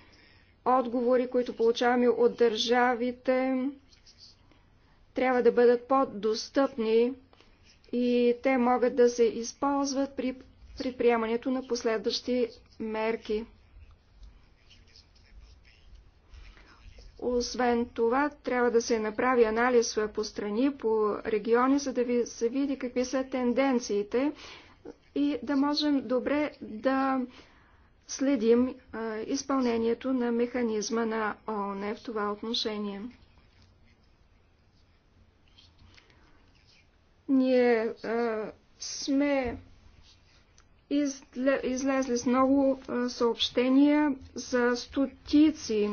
отговори, които получаваме от държавите, трябва да бъдат по-достъпни и те могат да се използват при предприемането на последващи мерки. Освен това, трябва да се направи анализ по страни, по региони, за да ви се види какви са тенденциите и да можем добре да следим изпълнението на механизма на ООН в това отношение. Ние сме излезли с много съобщения за стотици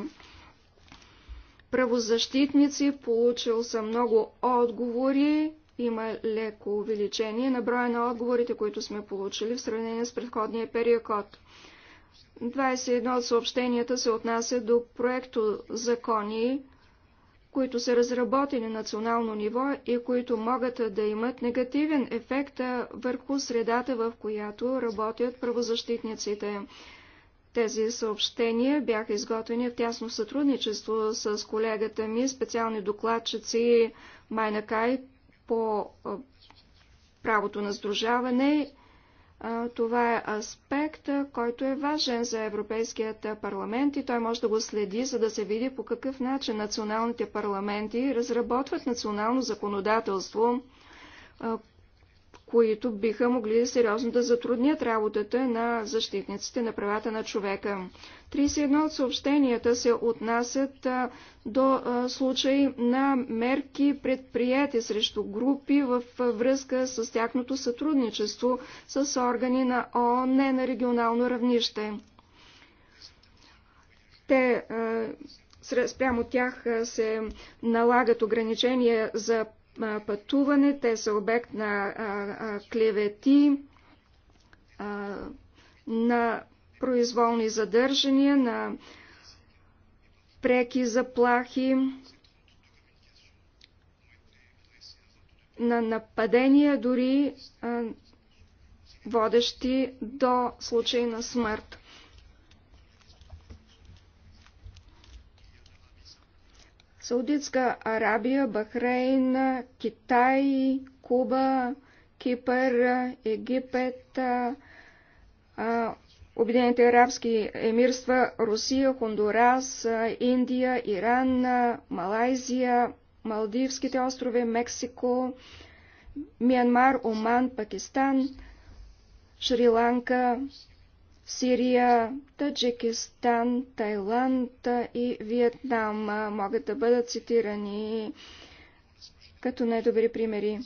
правозащитници. Получил съм много отговори. Има леко увеличение на броя на отговорите, които сме получили в сравнение с предходния период. 21 от съобщенията се отнася до проекто закони, които са разработени на национално ниво и които могат да имат негативен ефект върху средата, в която работят правозащитниците. Тези съобщения бяха изготвени в тясно сътрудничество с колегата ми, специални докладчици Майна Кай по правото на сдружаване това е аспект, който е важен за Европейският парламент и той може да го следи, за да се види по какъв начин националните парламенти разработват национално законодателство, които биха могли сериозно да затруднят работата на защитниците на правата на човека. 31 от съобщенията се отнасят до случаи на мерки предприяти срещу групи в връзка с тяхното сътрудничество с органи на ООН на регионално равнище. Те спрямо тях се налагат ограничения за пътуване, те са обект на клевети, на произволни задържания, на преки заплахи, на нападения, дори водещи до случай на смърт. Саудитска Арабия, Бахрейн, Китай, Куба, Кипър, Египет, Обединените арабски емирства, Русия, Хондурас, Индия, Иран, Малайзия, Малдивските острови, Мексико, Миянмар, Оман, Пакистан, Шри-Ланка, Сирия, Таджикистан, Тайланд и Виетнам могат да бъдат цитирани като най-добри примери.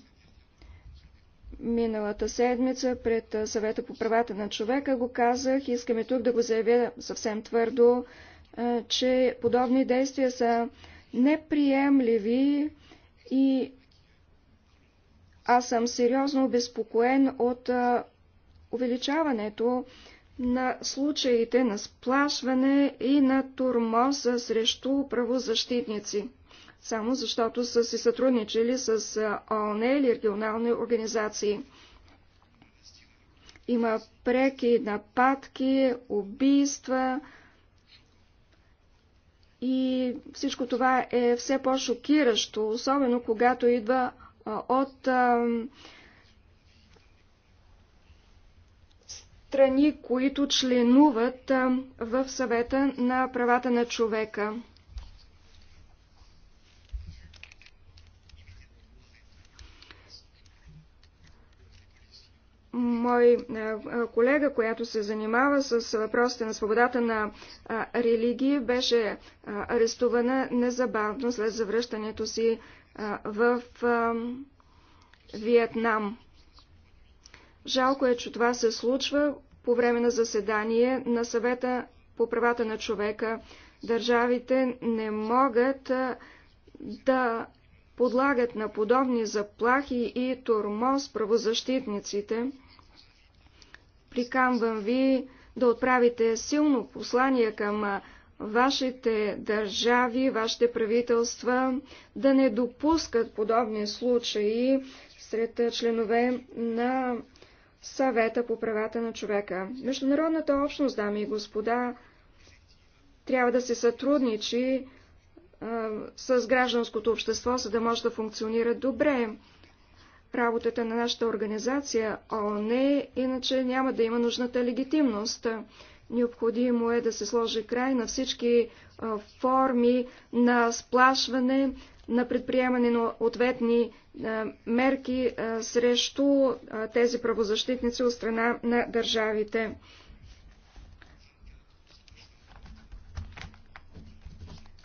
Миналата седмица пред съвета по правата на човека го казах, искаме тук да го заявя съвсем твърдо, че подобни действия са неприемливи и аз съм сериозно обезпокоен от увеличаването на случаите на сплашване и на турмоза срещу правозащитници, само защото са си сътрудничили с ООН или регионални организации. Има преки нападки, убийства и всичко това е все по-шокиращо, особено когато идва от страни, които членуват в съвета на правата на човека. мой колега, която се занимава с въпросите на свободата на религии, беше арестувана незабавно след завръщането си в Виетнам. Жалко е, че това се случва по време на заседание на съвета по правата на човека. Държавите не могат да подлагат на подобни заплахи и тормоз правозащитниците. Приканвам ви да отправите силно послание към вашите държави, вашите правителства да не допускат подобни случаи сред членове на съвета по правата на човека. Международната общност, дами и господа, трябва да се сътрудничи а, с гражданското общество, за да може да функционира добре. Работата на нашата организация ООН, иначе няма да има нужната легитимност. Необходимо е да се сложи край на всички форми на сплашване, на предприемане на ответни мерки срещу тези правозащитници от страна на държавите.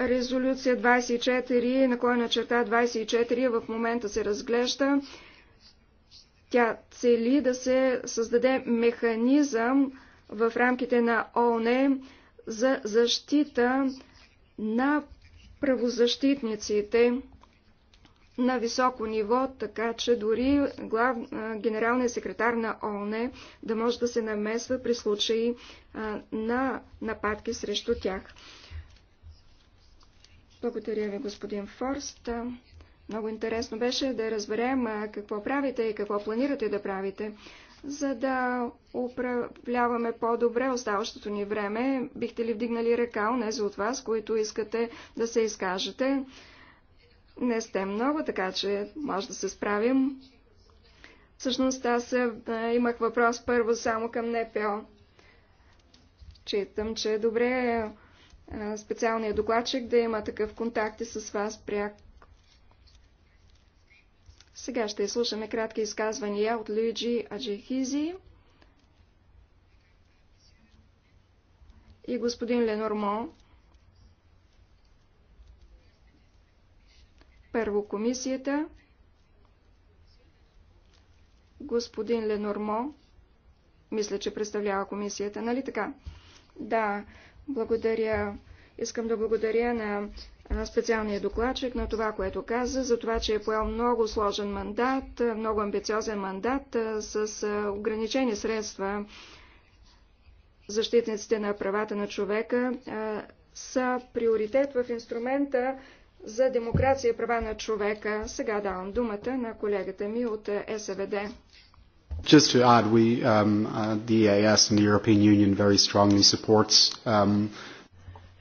Резолюция 24, на кой начерта 24, в момента се разглежда. Тя цели да се създаде механизъм в рамките на ООН за защита на правозащитниците на високо ниво, така че дори глав... генералният секретар на ООН да може да се намесва при случаи на нападки срещу тях. Благодаря ви, господин Форст. Много интересно беше да разберем какво правите и какво планирате да правите за да управляваме по-добре оставащото ни време. Бихте ли вдигнали ръка у нези от вас, които искате да се изкажете? Не сте много, така че може да се справим. Всъщност аз е, имах въпрос първо само към НПО. Читам, че е добре специалният докладчик да има такъв контакт и с вас пряк сега ще изслушаме кратки изказвания от Луиджи Аджехизи и господин Ленормо. Първо комисията, господин Ленормо, мисля, че представлява комисията, нали така? Да, благодаря. Искам да благодаря на специалния докладчик на това, което каза, за това, че е поел много сложен мандат, много амбициозен мандат с ограничени средства. Защитниците на правата на човека са приоритет в инструмента за демокрация и права на човека. Сега давам думата на колегата ми от СВД. Just to add, we, um, uh, the EAS and the European Union very strongly supports um, uh,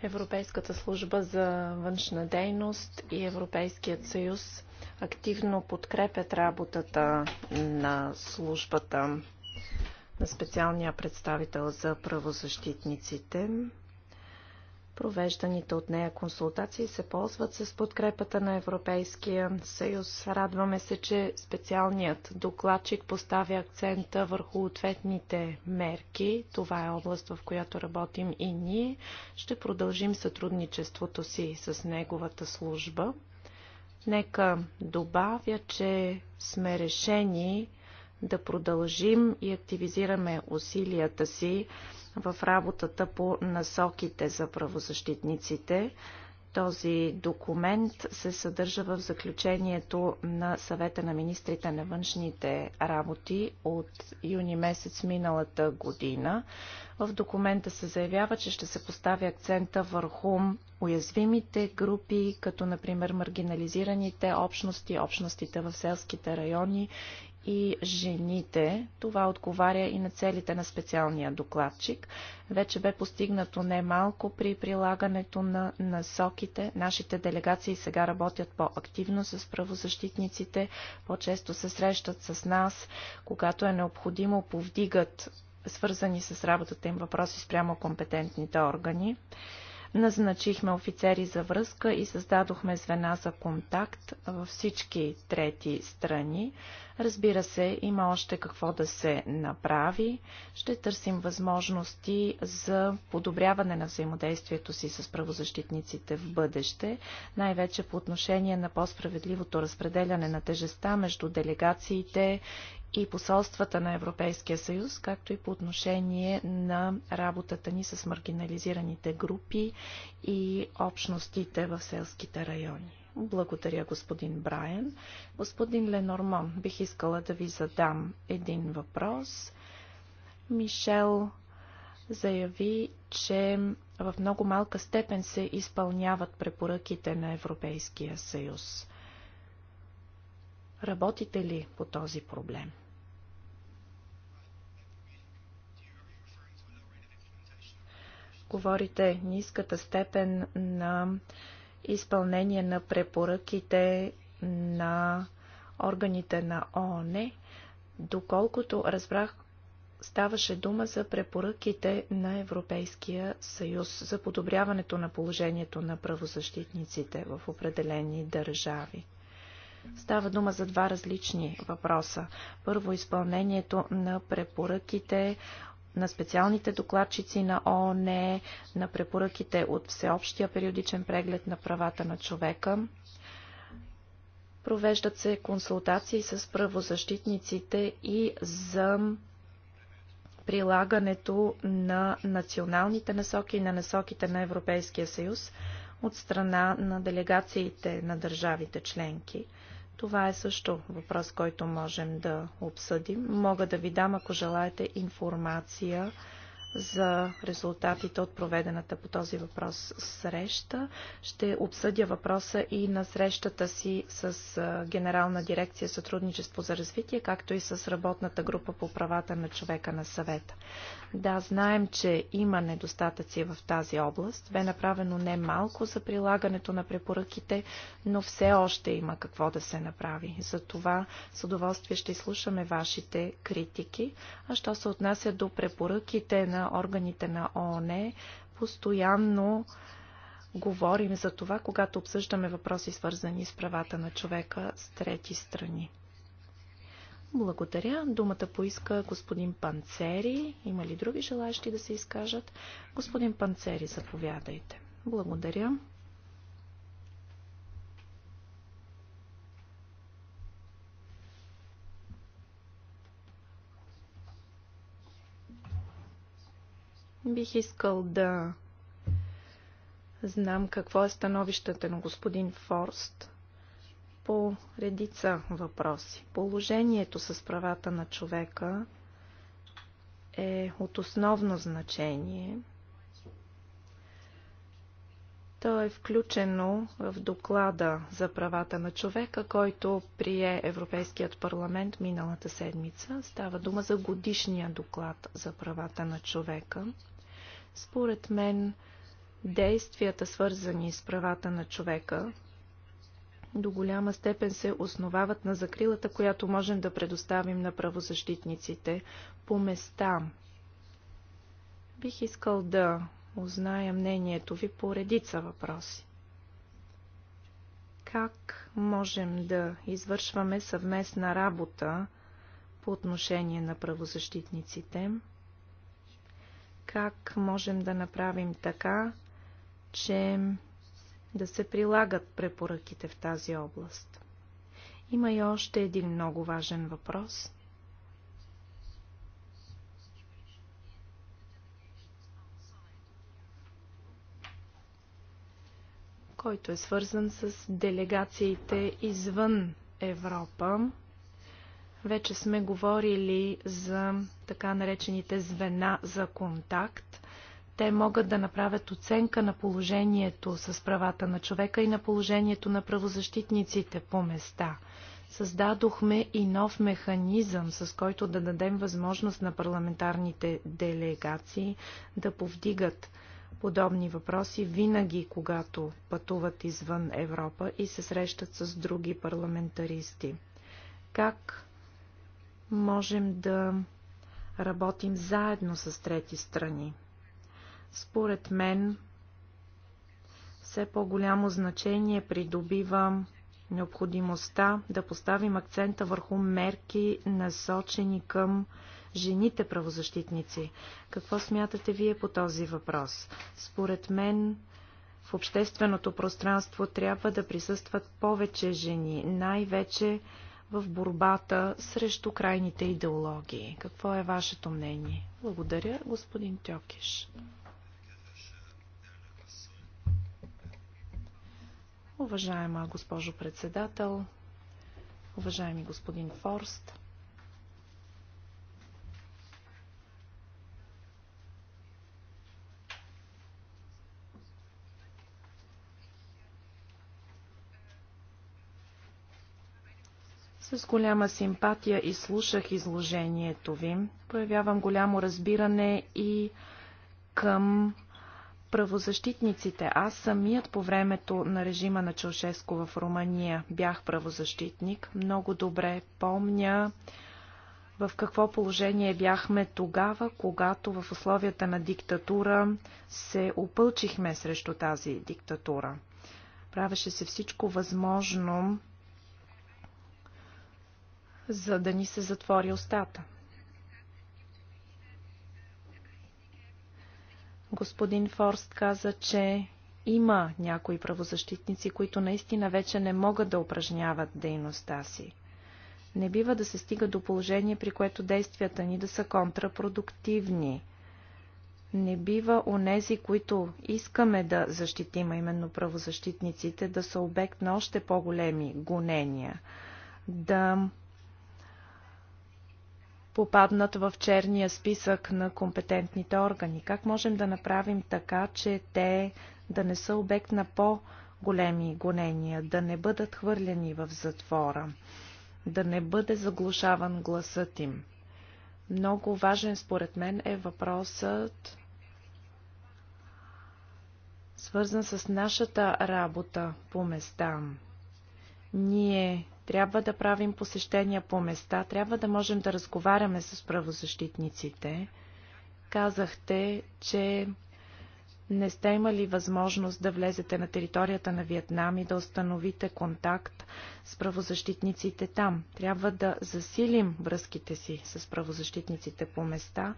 Европейската служба за външна дейност и Европейският съюз активно подкрепят работата на службата на специалния представител за правозащитниците. Провежданите от нея консултации се ползват с подкрепата на Европейския съюз. Радваме се, че специалният докладчик поставя акцента върху ответните мерки. Това е област, в която работим и ние. Ще продължим сътрудничеството си с неговата служба. Нека добавя, че сме решени да продължим и активизираме усилията си в работата по насоките за правозащитниците. Този документ се съдържа в заключението на съвета на министрите на външните работи от юни месец миналата година. В документа се заявява, че ще се постави акцента върху уязвимите групи, като например маргинализираните общности, общностите в селските райони и жените. Това отговаря и на целите на специалния докладчик. Вече бе постигнато немалко при прилагането на насоките. Нашите делегации сега работят по-активно с правозащитниците, по-често се срещат с нас, когато е необходимо, повдигат свързани с работата им въпроси спрямо компетентните органи. Назначихме офицери за връзка и създадохме звена за контакт във всички трети страни. Разбира се, има още какво да се направи. Ще търсим възможности за подобряване на взаимодействието си с правозащитниците в бъдеще, най-вече по отношение на по-справедливото разпределяне на тежеста между делегациите и посолствата на Европейския съюз, както и по отношение на работата ни с маргинализираните групи и общностите в селските райони. Благодаря, господин Брайан. Господин Ленормон, бих искала да ви задам един въпрос. Мишел заяви, че в много малка степен се изпълняват препоръките на Европейския съюз. Работите ли по този проблем? говорите, ниската степен на изпълнение на препоръките на органите на ООН, доколкото разбрах, ставаше дума за препоръките на Европейския съюз за подобряването на положението на правозащитниците в определени държави. Става дума за два различни въпроса. Първо, изпълнението на препоръките на специалните докладчици на ООН, на препоръките от Всеобщия периодичен преглед на правата на човека. Провеждат се консултации с правозащитниците и за прилагането на националните насоки и на насоките на Европейския съюз от страна на делегациите на държавите членки – това е също въпрос, който можем да обсъдим. Мога да ви дам, ако желаете, информация за резултатите от проведената по този въпрос среща. Ще обсъдя въпроса и на срещата си с Генерална дирекция Сътрудничество за развитие, както и с работната група по правата на човека на съвета. Да, знаем, че има недостатъци в тази област. Бе направено не малко за прилагането на препоръките, но все още има какво да се направи. Затова с удоволствие ще изслушаме вашите критики. А що се отнася до препоръките на органите на ООН, постоянно говорим за това, когато обсъждаме въпроси, свързани с правата на човека с трети страни. Благодаря. Думата поиска господин Панцери. Има ли други желаящи да се изкажат? Господин Панцери, заповядайте. Благодаря. Бих искал да знам какво е становището на господин Форст по редица въпроси. Положението с правата на човека е от основно значение. То е включено в доклада за правата на човека, който прие Европейският парламент миналата седмица. Става дума за годишния доклад за правата на човека. Според мен, действията, свързани с правата на човека, до голяма степен се основават на закрилата, която можем да предоставим на правозащитниците по места. Бих искал да узная мнението ви по редица въпроси. Как можем да извършваме съвместна работа по отношение на правозащитниците? Как можем да направим така, че да се прилагат препоръките в тази област. Има и още един много важен въпрос. който е свързан с делегациите извън Европа. Вече сме говорили за така наречените звена за контакт. Те могат да направят оценка на положението с правата на човека и на положението на правозащитниците по места. Създадохме и нов механизъм, с който да дадем възможност на парламентарните делегации да повдигат подобни въпроси винаги, когато пътуват извън Европа и се срещат с други парламентаристи. Как можем да работим заедно с трети страни? Според мен, все по-голямо значение придобива необходимостта да поставим акцента върху мерки, насочени към жените правозащитници. Какво смятате вие по този въпрос? Според мен, в общественото пространство трябва да присъстват повече жени, най-вече в борбата срещу крайните идеологии. Какво е вашето мнение? Благодаря, господин Тьокиш. Уважаема госпожо председател, уважаеми господин Форст, С голяма симпатия и слушах изложението ви. Проявявам голямо разбиране и към правозащитниците. Аз самият по времето на режима на Чаушеско в Румъния бях правозащитник. Много добре помня в какво положение бяхме тогава, когато в условията на диктатура се опълчихме срещу тази диктатура. Правеше се всичко възможно, за да ни се затвори устата. Господин Форст каза, че има някои правозащитници, които наистина вече не могат да упражняват дейността си. Не бива да се стига до положение, при което действията ни да са контрапродуктивни. Не бива онези, които искаме да защитим, а именно правозащитниците, да са обект на още по-големи гонения, да попаднат в черния списък на компетентните органи? Как можем да направим така, че те да не са обект на по-големи гонения, да не бъдат хвърлени в затвора, да не бъде заглушаван гласът им? Много важен според мен е въпросът свързан с нашата работа по места. Ние трябва да правим посещения по места, трябва да можем да разговаряме с правозащитниците. Казахте, че не сте имали възможност да влезете на територията на Виетнам и да установите контакт с правозащитниците там. Трябва да засилим връзките си с правозащитниците по места.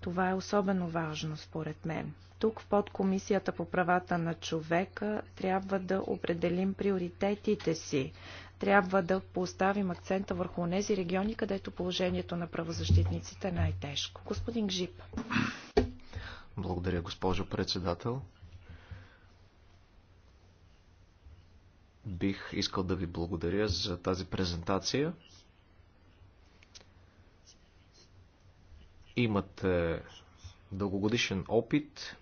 Това е особено важно, според мен. Тук в подкомисията по правата на човека трябва да определим приоритетите си трябва да поставим акцента върху тези региони, където положението на правозащитниците е най-тежко. Господин Гжип. Благодаря, госпожо председател. Бих искал да ви благодаря за тази презентация. Имате дългогодишен опит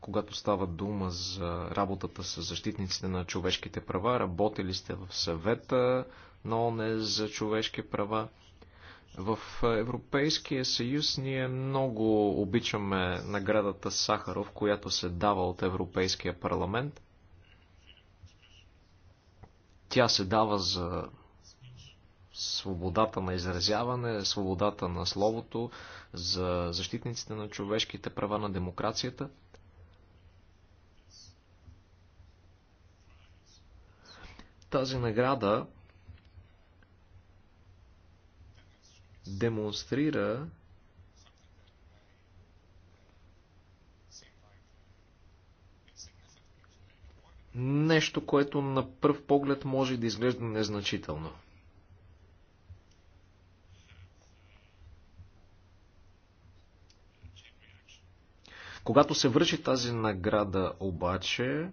когато става дума за работата с защитниците на човешките права? Работили сте в съвета на ОНЕ за човешки права? В Европейския съюз ние много обичаме наградата Сахаров, която се дава от Европейския парламент. Тя се дава за свободата на изразяване, свободата на словото, за защитниците на човешките права на демокрацията – Тази награда демонстрира нещо, което на пръв поглед може да изглежда незначително. Когато се връчи тази награда обаче,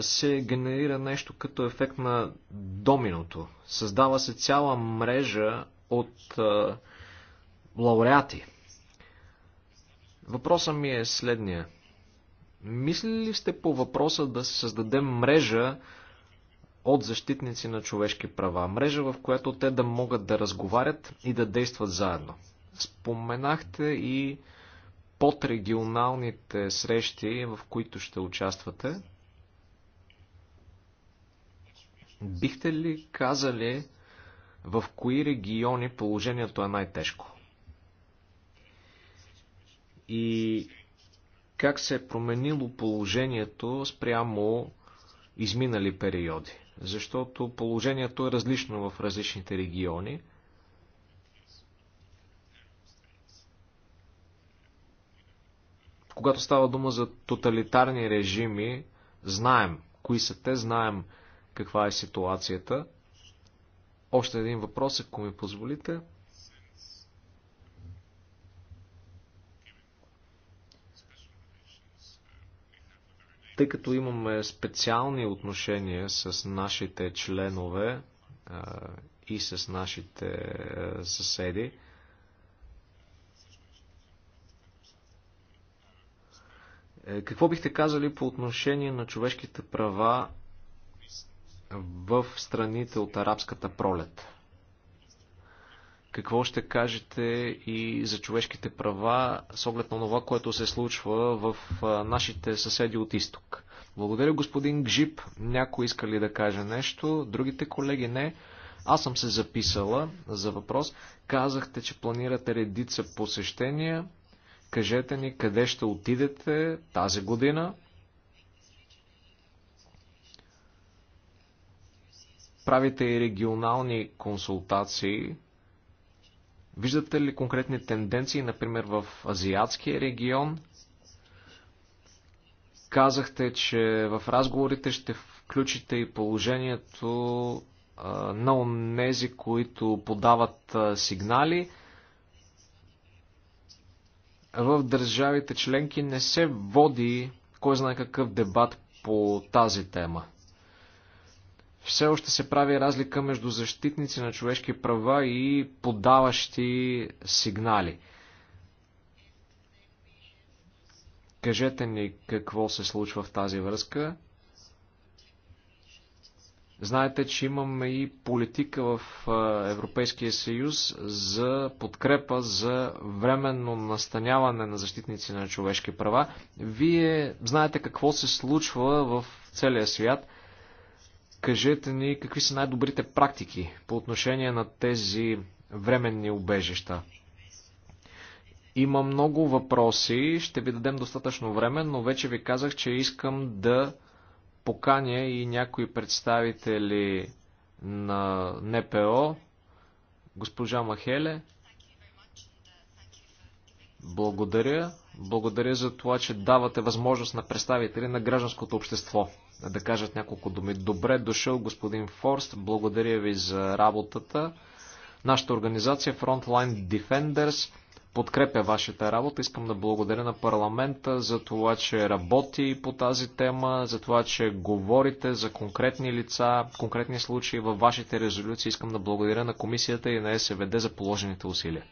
се генерира нещо като ефект на доминото. Създава се цяла мрежа от а, лауреати. Въпросът ми е следния. Мислили ли сте по въпроса да се създаде мрежа от защитници на човешки права? Мрежа, в която те да могат да разговарят и да действат заедно. Споменахте и подрегионалните срещи, в които ще участвате. Бихте ли казали в кои региони положението е най-тежко? И как се е променило положението спрямо изминали периоди? Защото положението е различно в различните региони. Когато става дума за тоталитарни режими, знаем кои са те, знаем каква е ситуацията. Още един въпрос, ако ми позволите. Тъй като имаме специални отношения с нашите членове и с нашите съседи, е, Какво бихте казали по отношение на човешките права в страните от арабската пролет. Какво ще кажете и за човешките права с оглед на това, което се случва в нашите съседи от изток? Благодаря, господин Гжип. Някой иска ли да каже нещо? Другите колеги не. Аз съм се записала за въпрос. Казахте, че планирате редица посещения. Кажете ни къде ще отидете тази година. правите и регионални консултации. Виждате ли конкретни тенденции, например в азиатския регион? Казахте, че в разговорите ще включите и положението на онези, които подават сигнали. В държавите членки не се води кой знае какъв дебат по тази тема все още се прави разлика между защитници на човешки права и подаващи сигнали. Кажете ни какво се случва в тази връзка. Знаете, че имаме и политика в Европейския съюз за подкрепа за временно настаняване на защитници на човешки права. Вие знаете какво се случва в целия свят – Кажете ни какви са най-добрите практики по отношение на тези временни убежища. Има много въпроси, ще ви дадем достатъчно време, но вече ви казах, че искам да поканя и някои представители на НПО, госпожа Махеле. Благодаря. Благодаря за това, че давате възможност на представители на гражданското общество да кажат няколко думи. Добре дошъл, господин Форст. Благодаря ви за работата. Нашата организация Frontline Defenders подкрепя вашата работа. Искам да благодаря на парламента за това, че работи по тази тема, за това, че говорите за конкретни лица, конкретни случаи във вашите резолюции. Искам да благодаря на комисията и на СВД за положените усилия.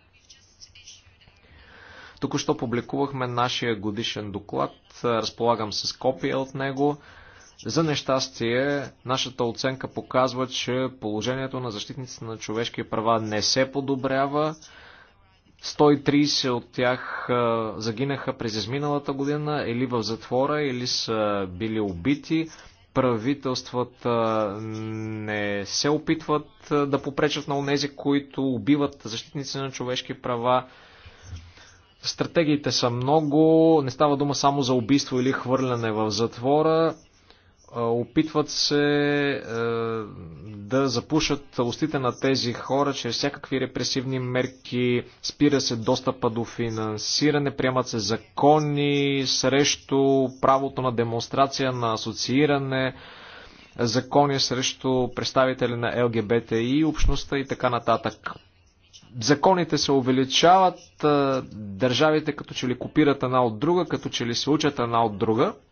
Току-що публикувахме нашия годишен доклад. Разполагам с копия от него. За нещастие, нашата оценка показва, че положението на защитниците на човешки права не се подобрява. 130 от тях загинаха през изминалата година или в затвора, или са били убити. Правителствата не се опитват да попречат на онези, които убиват защитници на човешки права. Стратегиите са много, не става дума само за убийство или хвърляне в затвора опитват се да запушат устите на тези хора чрез всякакви репресивни мерки, спира се достъпа до финансиране, приемат се закони срещу правото на демонстрация, на асоцииране, закони срещу представители на ЛГБТИ общността и така нататък. Законите се увеличават, държавите като че ли копират една от друга, като че ли се учат една от друга –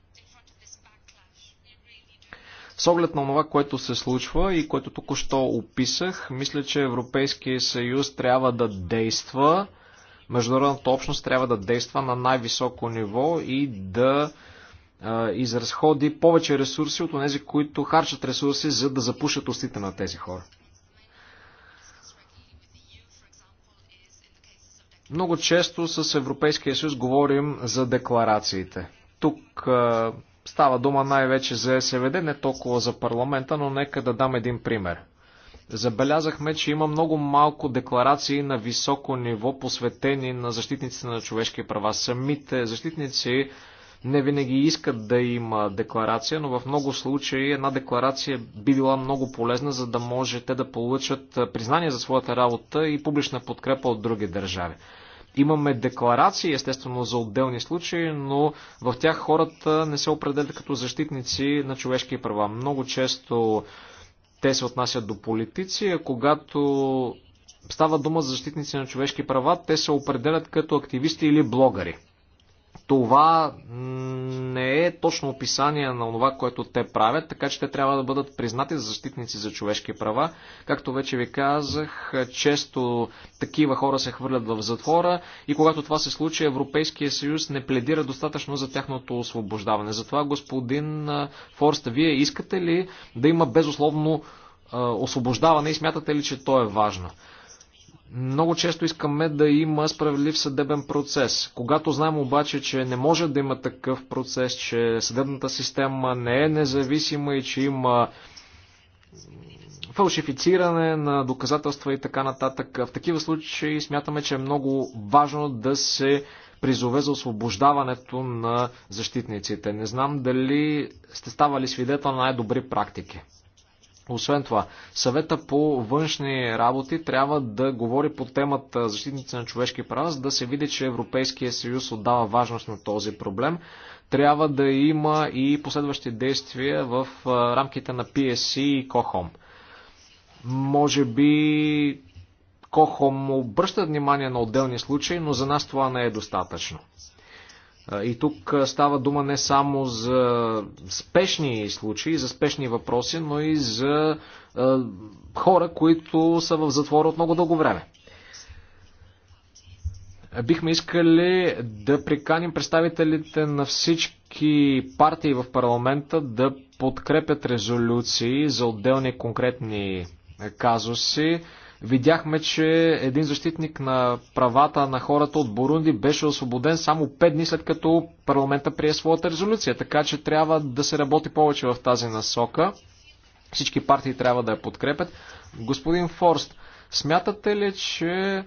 с оглед на това, което се случва и което току-що описах, мисля, че Европейския съюз трябва да действа, международната общност трябва да действа на най-високо ниво и да а, изразходи повече ресурси от тези, които харчат ресурси, за да запушат устите на тези хора. Много често с Европейския съюз говорим за декларациите. Тук а, Става дума най-вече за СВД, не толкова за парламента, но нека да дам един пример. Забелязахме, че има много малко декларации на високо ниво, посветени на защитниците на човешки права. Самите защитници не винаги искат да има декларация, но в много случаи една декларация би била много полезна, за да може те да получат признание за своята работа и публична подкрепа от други държави. Имаме декларации, естествено, за отделни случаи, но в тях хората не се определят като защитници на човешки права. Много често те се отнасят до политици, а когато става дума за защитници на човешки права, те се определят като активисти или блогъри това не е точно описание на това, което те правят, така че те трябва да бъдат признати за защитници за човешки права. Както вече ви казах, често такива хора се хвърлят в затвора и когато това се случи, Европейския съюз не пледира достатъчно за тяхното освобождаване. Затова, господин Форст, вие искате ли да има безусловно освобождаване и смятате ли, че то е важно? Много често искаме да има справедлив съдебен процес. Когато знаем обаче, че не може да има такъв процес, че съдебната система не е независима и че има фалшифициране на доказателства и така нататък. В такива случаи смятаме, че е много важно да се призове за освобождаването на защитниците. Не знам дали сте ставали свидетел на най-добри практики. Освен това, съвета по външни работи трябва да говори по темата защитници на човешки права, за да се види, че Европейския съюз отдава важност на този проблем. Трябва да има и последващи действия в рамките на PSC и COHOM. Може би COHOM обръща внимание на отделни случаи, но за нас това не е достатъчно. И тук става дума не само за спешни случаи, за спешни въпроси, но и за хора, които са в затвора от много дълго време. Бихме искали да приканим представителите на всички партии в парламента да подкрепят резолюции за отделни конкретни казуси видяхме, че един защитник на правата на хората от Бурунди беше освободен само 5 дни след като парламента прие своята резолюция, така че трябва да се работи повече в тази насока. Всички партии трябва да я подкрепят. Господин Форст, смятате ли, че е,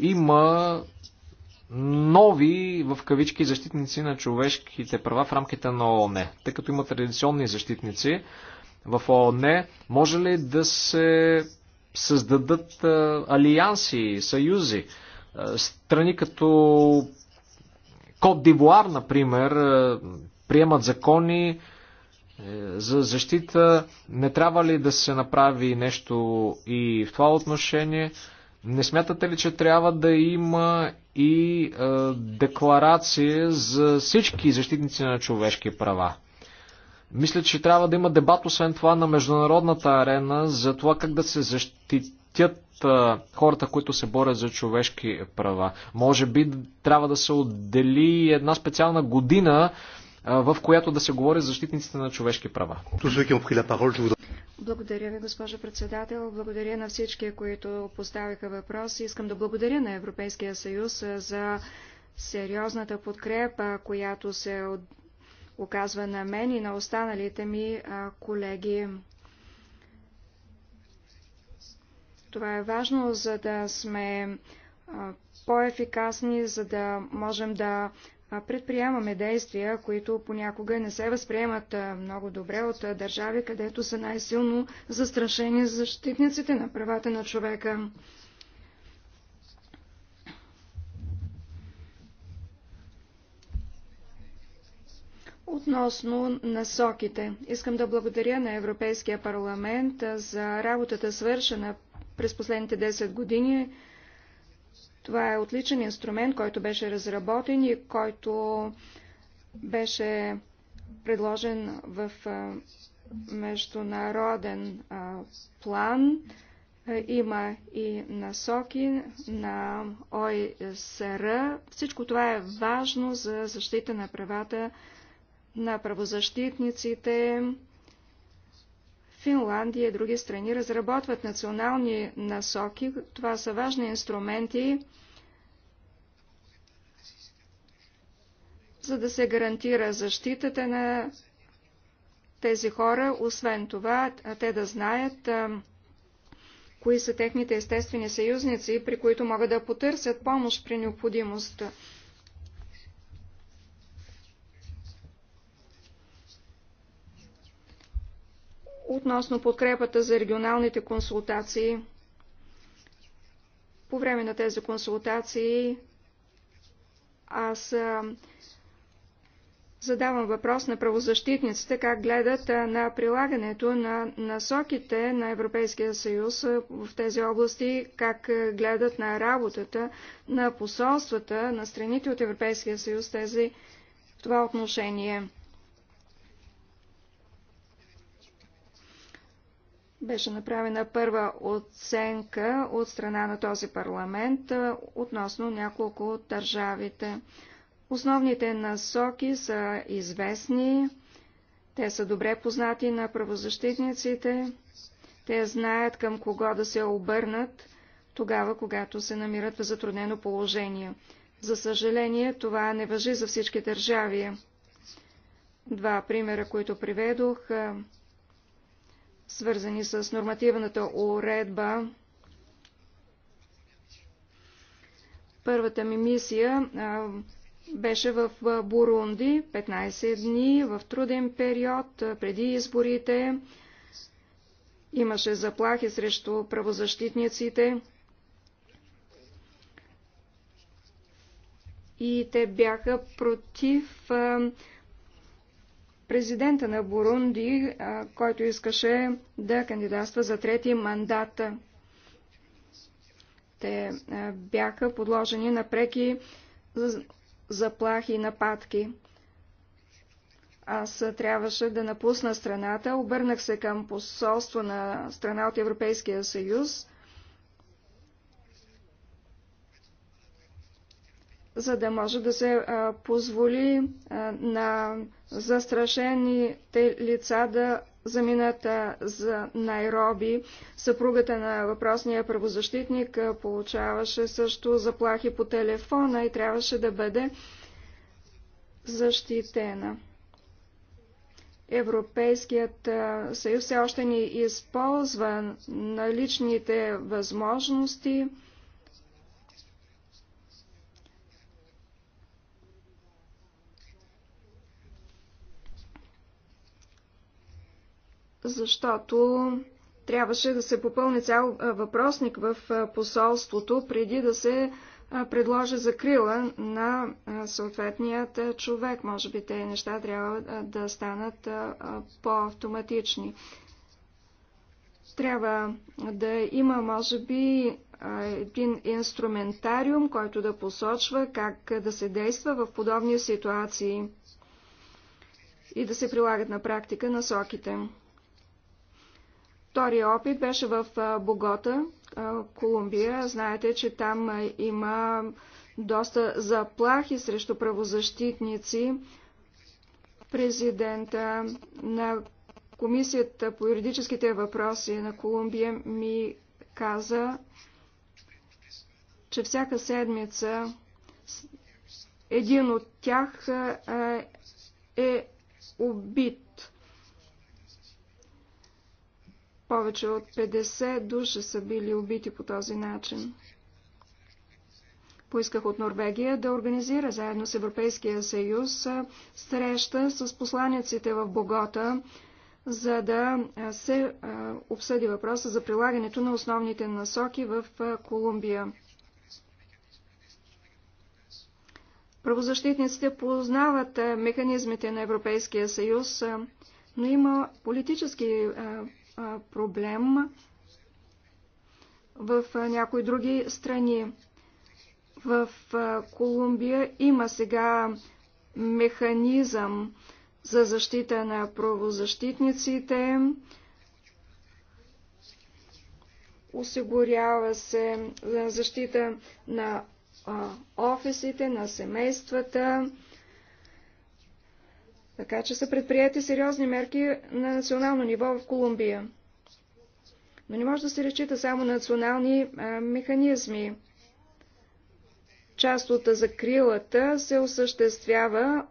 има нови, в кавички, защитници на човешките права в рамките на ООН, тъй като има традиционни защитници в ООН, може ли да се създадат алианси, съюзи. Страни като Кот Дивуар, например, приемат закони е, за защита. Не трябва ли да се направи нещо и в това отношение? Не смятате ли, че трябва да има и е, декларация за всички защитници на човешки права? Мисля, че трябва да има дебат, освен това, на международната арена за това как да се защитят хората, които се борят за човешки права. Може би трябва да се отдели една специална година, в която да се говори за защитниците на човешки права. Благодаря ви, госпожо председател. Благодаря на всички, които поставиха въпрос. Искам да благодаря на Европейския съюз за сериозната подкрепа, която се оказва на мен и на останалите ми колеги. Това е важно, за да сме по-ефикасни, за да можем да предприемаме действия, които понякога не се възприемат много добре от държави, където са най-силно застрашени защитниците на правата на човека. Относно насоките, искам да благодаря на Европейския парламент за работата свършена през последните 10 години. Това е отличен инструмент, който беше разработен и който беше предложен в международен план. Има и насоки на ОИСР. Всичко това е важно за защита на правата на правозащитниците. Финландия и други страни разработват национални насоки. Това са важни инструменти, за да се гарантира защитата на тези хора. Освен това, те да знаят кои са техните естествени съюзници, при които могат да потърсят помощ при необходимост. относно подкрепата за регионалните консултации. По време на тези консултации аз задавам въпрос на правозащитниците как гледат на прилагането на насоките на Европейския съюз в тези области, как гледат на работата на посолствата на страните от Европейския съюз тези в това отношение. беше направена първа оценка от страна на този парламент относно няколко от държавите. Основните насоки са известни, те са добре познати на правозащитниците, те знаят към кого да се обърнат тогава, когато се намират в затруднено положение. За съжаление, това не въжи за всички държави. Два примера, които приведох, свързани с нормативната уредба. Първата ми мисия а, беше в Бурунди 15 дни, в труден период, преди изборите. Имаше заплахи срещу правозащитниците. И те бяха против а, президента на Бурунди, който искаше да кандидатства за трети мандат. Те бяха подложени на преки заплахи и нападки. Аз трябваше да напусна страната. Обърнах се към посолство на страна от Европейския съюз за да може да се позволи на застрашените лица да заминат за Найроби. Съпругата на въпросния правозащитник получаваше също заплахи по телефона и трябваше да бъде защитена. Европейският съюз все още ни използва наличните възможности защото трябваше да се попълни цял въпросник в посолството, преди да се предложи закрила на съответният човек. Може би те неща трябва да станат по-автоматични. Трябва да има, може би, един инструментариум, който да посочва как да се действа в подобни ситуации и да се прилагат на практика насоките. Втория опит беше в Богота, Колумбия. Знаете, че там има доста заплахи срещу правозащитници. Президента на Комисията по юридическите въпроси на Колумбия ми каза, че всяка седмица един от тях е убит. Повече от 50 души са били убити по този начин. Поисках от Норвегия да организира заедно с Европейския съюз среща с посланиците в Богота, за да се обсъди въпроса за прилагането на основните насоки в Колумбия. Правозащитниците познават механизмите на Европейския съюз, но има политически проблем в някои други страни. В Колумбия има сега механизъм за защита на правозащитниците. Осигурява се защита на офисите, на семействата, така че са предприяти сериозни мерки на национално ниво в Колумбия. Но не може да се речита само на национални а, механизми. Част от закрилата се осъществява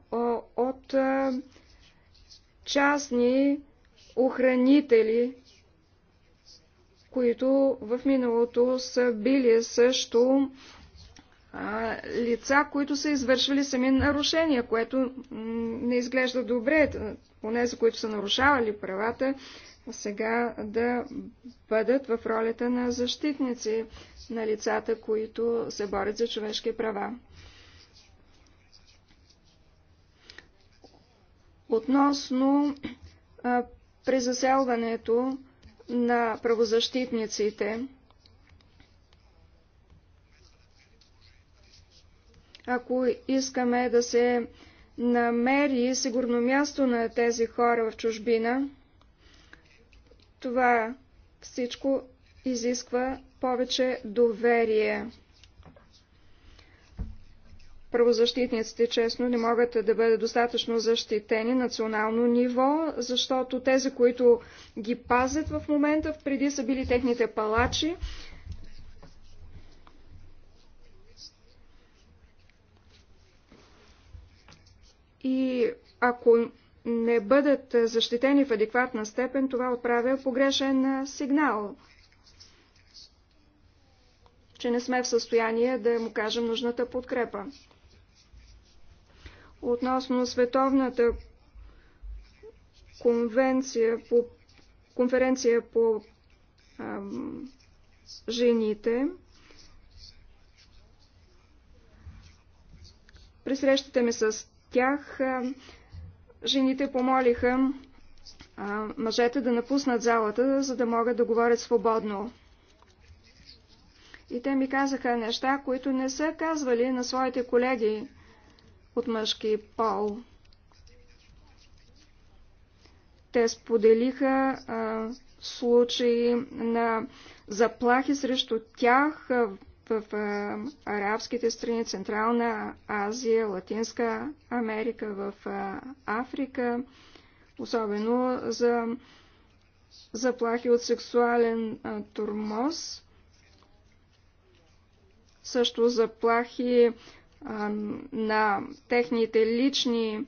от а, частни охранители, които в миналото са били също лица, които са извършвали сами нарушения, което не изглежда добре. Поне за които са нарушавали правата, сега да бъдат в ролята на защитници на лицата, които се борят за човешки права. Относно презаселването на правозащитниците, ако искаме да се намери сигурно място на тези хора в чужбина, това всичко изисква повече доверие. Правозащитниците, честно, не могат да бъдат достатъчно защитени национално ниво, защото тези, които ги пазят в момента, преди са били техните палачи, и ако не бъдат защитени в адекватна степен, това отправя погрешен сигнал, че не сме в състояние да му кажем нужната подкрепа. Относно Световната конвенция по, конференция по ам, жените, при срещите ми с тях жените помолиха мъжете да напуснат залата, за да могат да говорят свободно. И те ми казаха неща, които не са казвали на своите колеги от мъжки пол. Те споделиха а, случаи на заплахи срещу тях, в арабските страни, Централна Азия, Латинска Америка, в Африка, особено за заплахи от сексуален турмоз, също заплахи на техните лични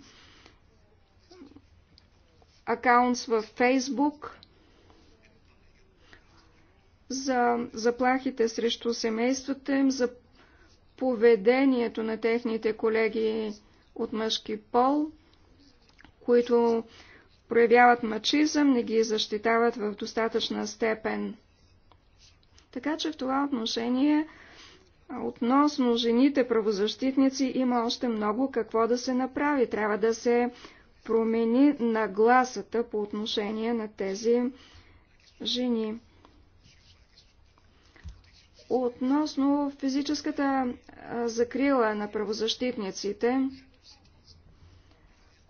акаунтс в Фейсбук – за заплахите срещу семействата им, за поведението на техните колеги от мъжки пол, които проявяват мачизъм, не ги защитават в достатъчна степен. Така че в това отношение относно жените правозащитници има още много какво да се направи. Трябва да се промени нагласата по отношение на тези жени. Относно физическата закрила на правозащитниците,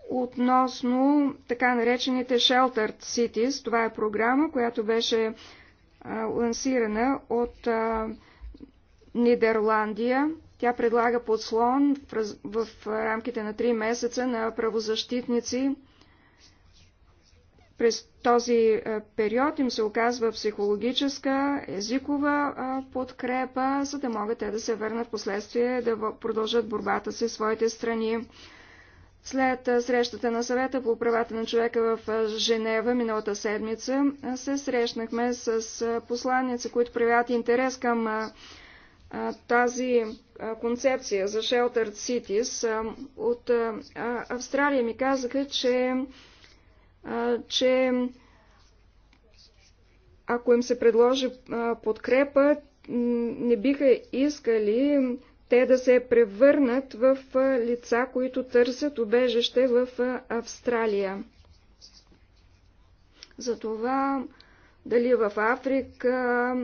относно така наречените Sheltered Cities, това е програма, която беше лансирана от Нидерландия. Тя предлага подслон в рамките на 3 месеца на правозащитници, през този е, период им се оказва психологическа, езикова е, подкрепа, за да могат те да се върнат последствие да продължат борбата си в своите страни. След е, срещата на съвета по правата на човека в Женева миналата седмица се срещнахме с посланница, които проявяват интерес към тази концепция за Sheltered Cities. От Австралия ми казаха, че че ако им се предложи подкрепа, не биха искали те да се превърнат в лица, които търсят убежище в Австралия. Затова дали в Африка,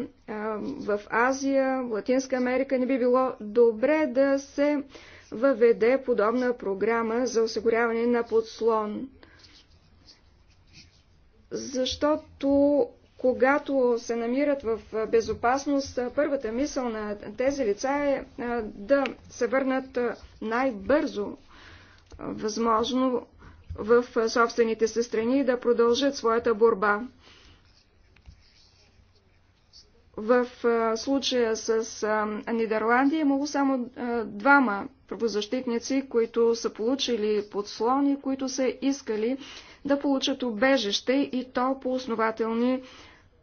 в Азия, в Латинска Америка не би било добре да се въведе подобна програма за осигуряване на подслон защото когато се намират в безопасност, първата мисъл на тези лица е да се върнат най-бързо възможно в собствените си страни и да продължат своята борба. В случая с Нидерландия имало само двама правозащитници, които са получили подслони, които са искали да получат убежище и то по основателни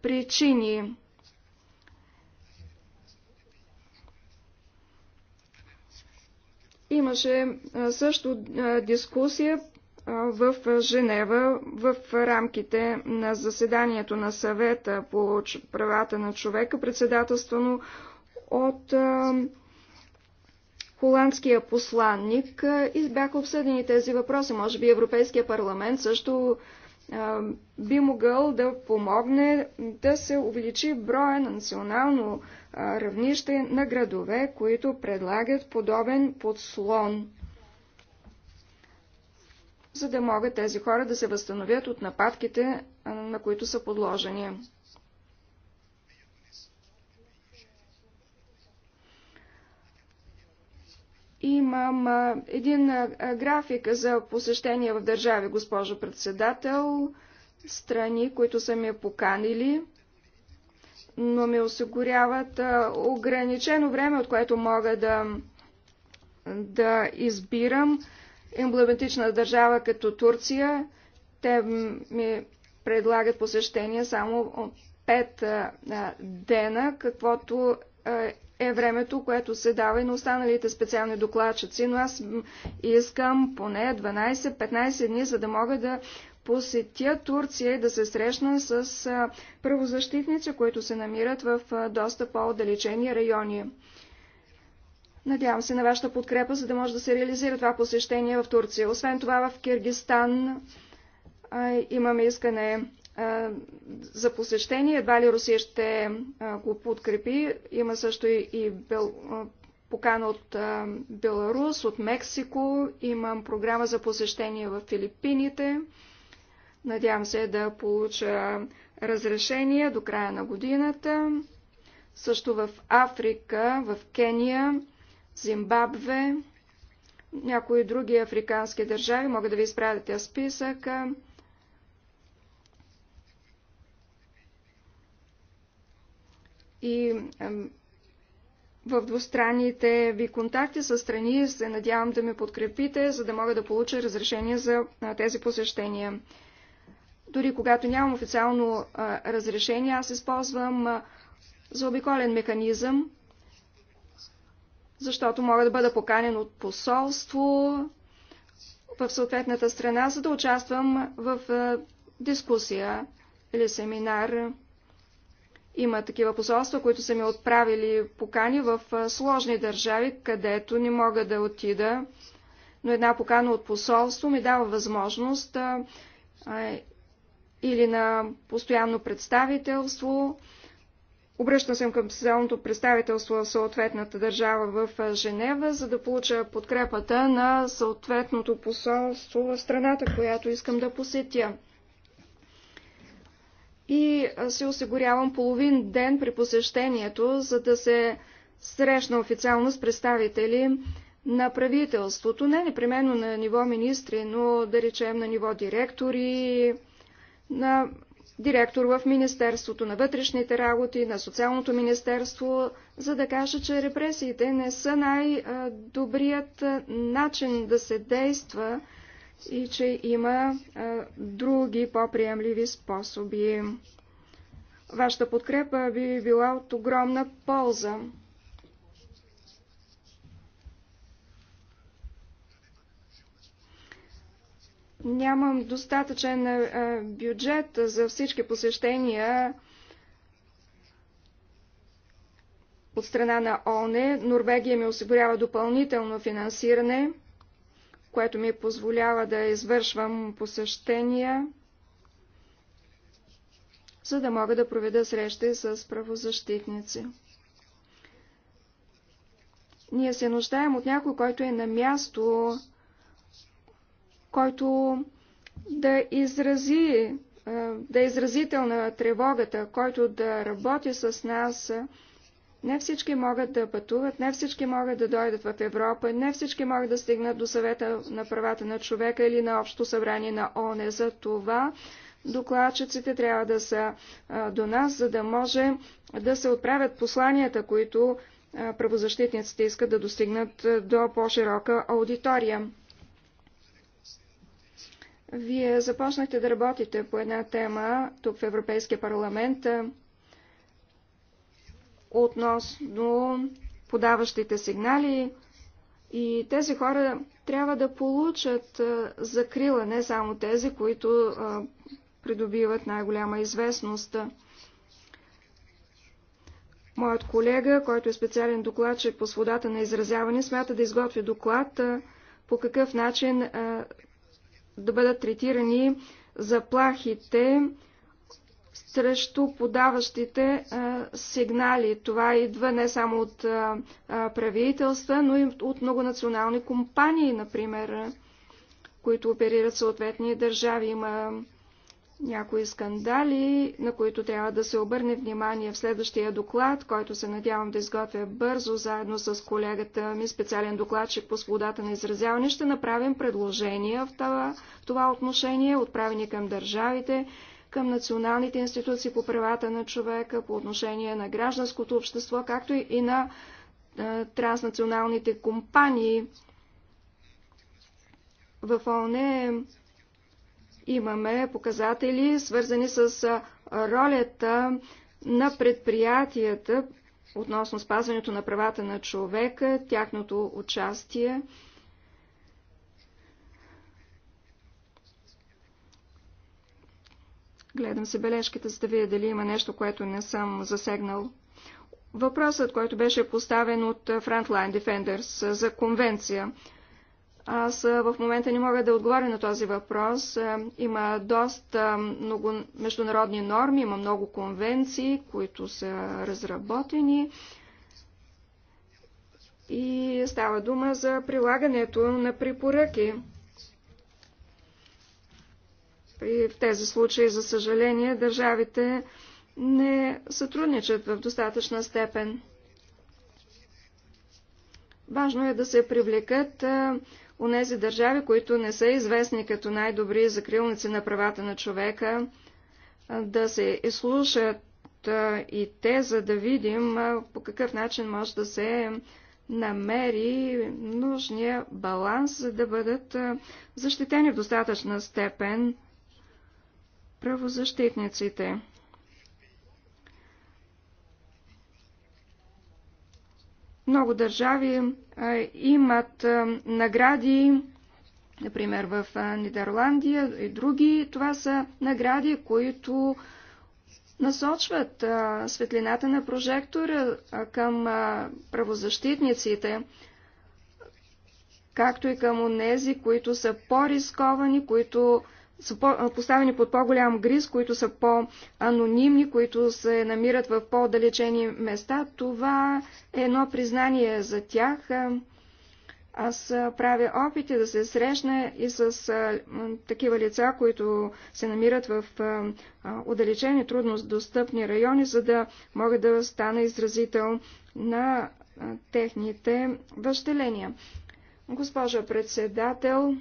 причини. Имаше също дискусия в Женева в рамките на заседанието на съвета по правата на човека, председателствано от холандския посланник и бяха обсъдени тези въпроси. Може би Европейския парламент също би могъл да помогне да се увеличи броя на национално равнище на градове, които предлагат подобен подслон, за да могат тези хора да се възстановят от нападките, на които са подложени. Имам един график за посещения в държави, госпожо председател, страни, които са ми поканили, но ми осигуряват ограничено време, от което мога да, да избирам емблематична държава като Турция. Те ми предлагат посещение само 5 дена, каквото е времето, което се дава и на останалите специални докладчици, но аз искам поне 12-15 дни, за да мога да посетя Турция и да се срещна с правозащитници, които се намират в доста по-отдалечени райони. Надявам се на вашата подкрепа, за да може да се реализира това посещение в Турция. Освен това в Киргистан а, имаме искане за посещение. Едва ли Русия ще го подкрепи. Има също и бел... покана от Беларус, от Мексико. Имам програма за посещение в Филипините. Надявам се да получа разрешение до края на годината. Също в Африка, в Кения, Зимбабве, някои други африкански държави. Мога да ви изпратя списъка. и в двустранните ви контакти с страни се надявам да ме подкрепите, за да мога да получа разрешение за тези посещения. Дори когато нямам официално разрешение, аз използвам заобиколен механизъм, защото мога да бъда поканен от посолство в съответната страна, за да участвам в дискусия или семинар. Има такива посолства, които са ми отправили покани в сложни държави, където не мога да отида, но една покана от посолство ми дава възможност а, а, или на постоянно представителство. Обръщам се към специалното представителство в съответната държава в Женева, за да получа подкрепата на съответното посолство в страната, която искам да посетя и се осигурявам половин ден при посещението, за да се срещна официално с представители на правителството, не непременно на ниво министри, но да речем на ниво директори, на директор в Министерството на вътрешните работи, на Социалното министерство, за да кажа, че репресиите не са най-добрият начин да се действа и че има а, други по-приемливи способи. Вашата подкрепа би била от огромна полза. Нямам достатъчен а, бюджет за всички посещения от страна на ОНЕ. Норвегия ми осигурява допълнително финансиране – което ми е позволява да извършвам посещения, за да мога да проведа срещи с правозащитници. Ние се нуждаем от някой, който е на място, който да изрази, е, да е изразител на тревогата, който да работи с нас, не всички могат да пътуват, не всички могат да дойдат в Европа, не всички могат да стигнат до съвета на правата на човека или на общо събрание на ОНЕ. За това докладчиците трябва да са до нас, за да може да се отправят посланията, които правозащитниците искат да достигнат до по-широка аудитория. Вие започнахте да работите по една тема тук в Европейския парламент относно подаващите сигнали. И тези хора трябва да получат закрила, не само тези, които придобиват най-голяма известност. Моят колега, който е специален докладчик по свободата на изразяване, смята да изготви доклад по какъв начин да бъдат третирани заплахите срещу подаващите сигнали. Това идва не само от правителства, но и от многонационални компании, например, които оперират съответни държави. Има някои скандали, на които трябва да се обърне внимание в следващия доклад, който се надявам да изготвя бързо, заедно с колегата ми, специален докладчик по свободата на изразяване, ще направим предложения в това, в това отношение, отправени към държавите, към националните институции по правата на човека, по отношение на гражданското общество, както и на транснационалните компании. В ООН имаме показатели, свързани с ролята на предприятията относно спазването на правата на човека, тяхното участие. Гледам се бележките, за да видя дали има нещо, което не съм засегнал. Въпросът, който беше поставен от Frontline Defenders за конвенция. Аз в момента не мога да отговоря на този въпрос. Има доста много международни норми, има много конвенции, които са разработени. И става дума за прилагането на препоръки. И в тези случаи, за съжаление, държавите не сътрудничат в достатъчна степен. Важно е да се привлекат нези държави, които не са известни като най-добри закрилници на правата на човека, да се изслушат и те, за да видим по какъв начин може да се намери нужния баланс, за да бъдат защитени в достатъчна степен правозащитниците. Много държави а, имат а, награди, например в а, Нидерландия и други. Това са награди, които насочват а, светлината на прожектора а, към а, правозащитниците, както и към онези, които са по-рисковани, които са по, поставени под по-голям гриз, които са по-анонимни, които се намират в по-далечени места. Това е едно признание за тях. Аз правя опити да се срещна и с такива лица, които се намират в отдалечени, трудно достъпни райони, за да мога да стана изразител на техните въщеления. Госпожа председател,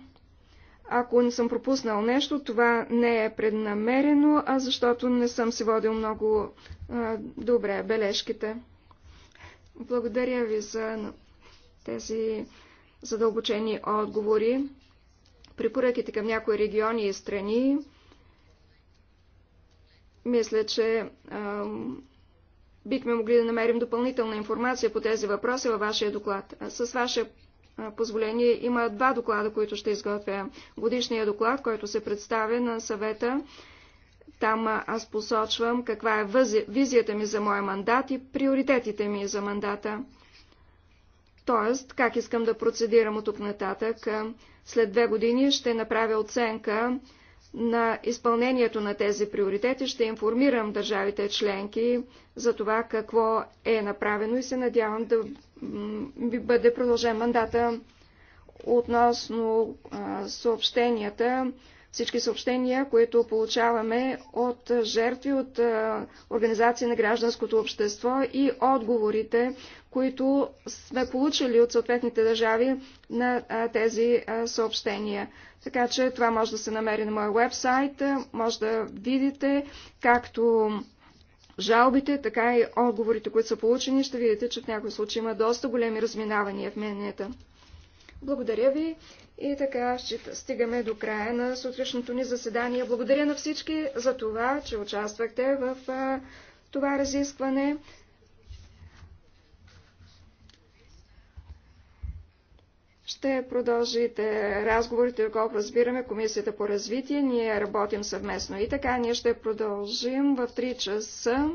ако не съм пропуснал нещо, това не е преднамерено, а защото не съм си водил много а, добре бележките. Благодаря ви за тези задълбочени отговори. Препоръките към някои региони и страни. Мисля, че а, бихме могли да намерим допълнителна информация по тези въпроси във вашия доклад. А с ваше позволение има два доклада, които ще изготвя. Годишния доклад, който се представя на съвета. Там аз посочвам каква е визията ми за моя мандат и приоритетите ми за мандата. Тоест, как искам да процедирам от тук нататък. След две години ще направя оценка на изпълнението на тези приоритети. Ще информирам държавите членки за това какво е направено и се надявам да ми бъде продължен мандата относно а, съобщенията, всички съобщения, които получаваме от жертви, от а, Организации на гражданското общество и отговорите, които сме получили от съответните държави на а, тези а, съобщения. Така че това може да се намери на моя вебсайт, може да видите както жалбите, така и отговорите, които са получени, ще видите, че в някои случаи има доста големи разминавания в мненията. Благодаря ви и така стигаме до края на сутрешното ни заседание. Благодаря на всички за това, че участвахте в това разискване. Ще продължите разговорите, доколко разбираме Комисията по развитие. Ние работим съвместно и така. Ние ще продължим в 3 часа.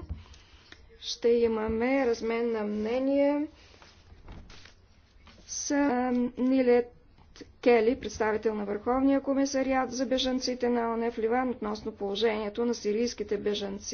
Ще имаме размен на мнение с Нилет Кели, представител на Върховния комисариат за бежанците на ОНЕ в Ливан относно положението на сирийските бежанци.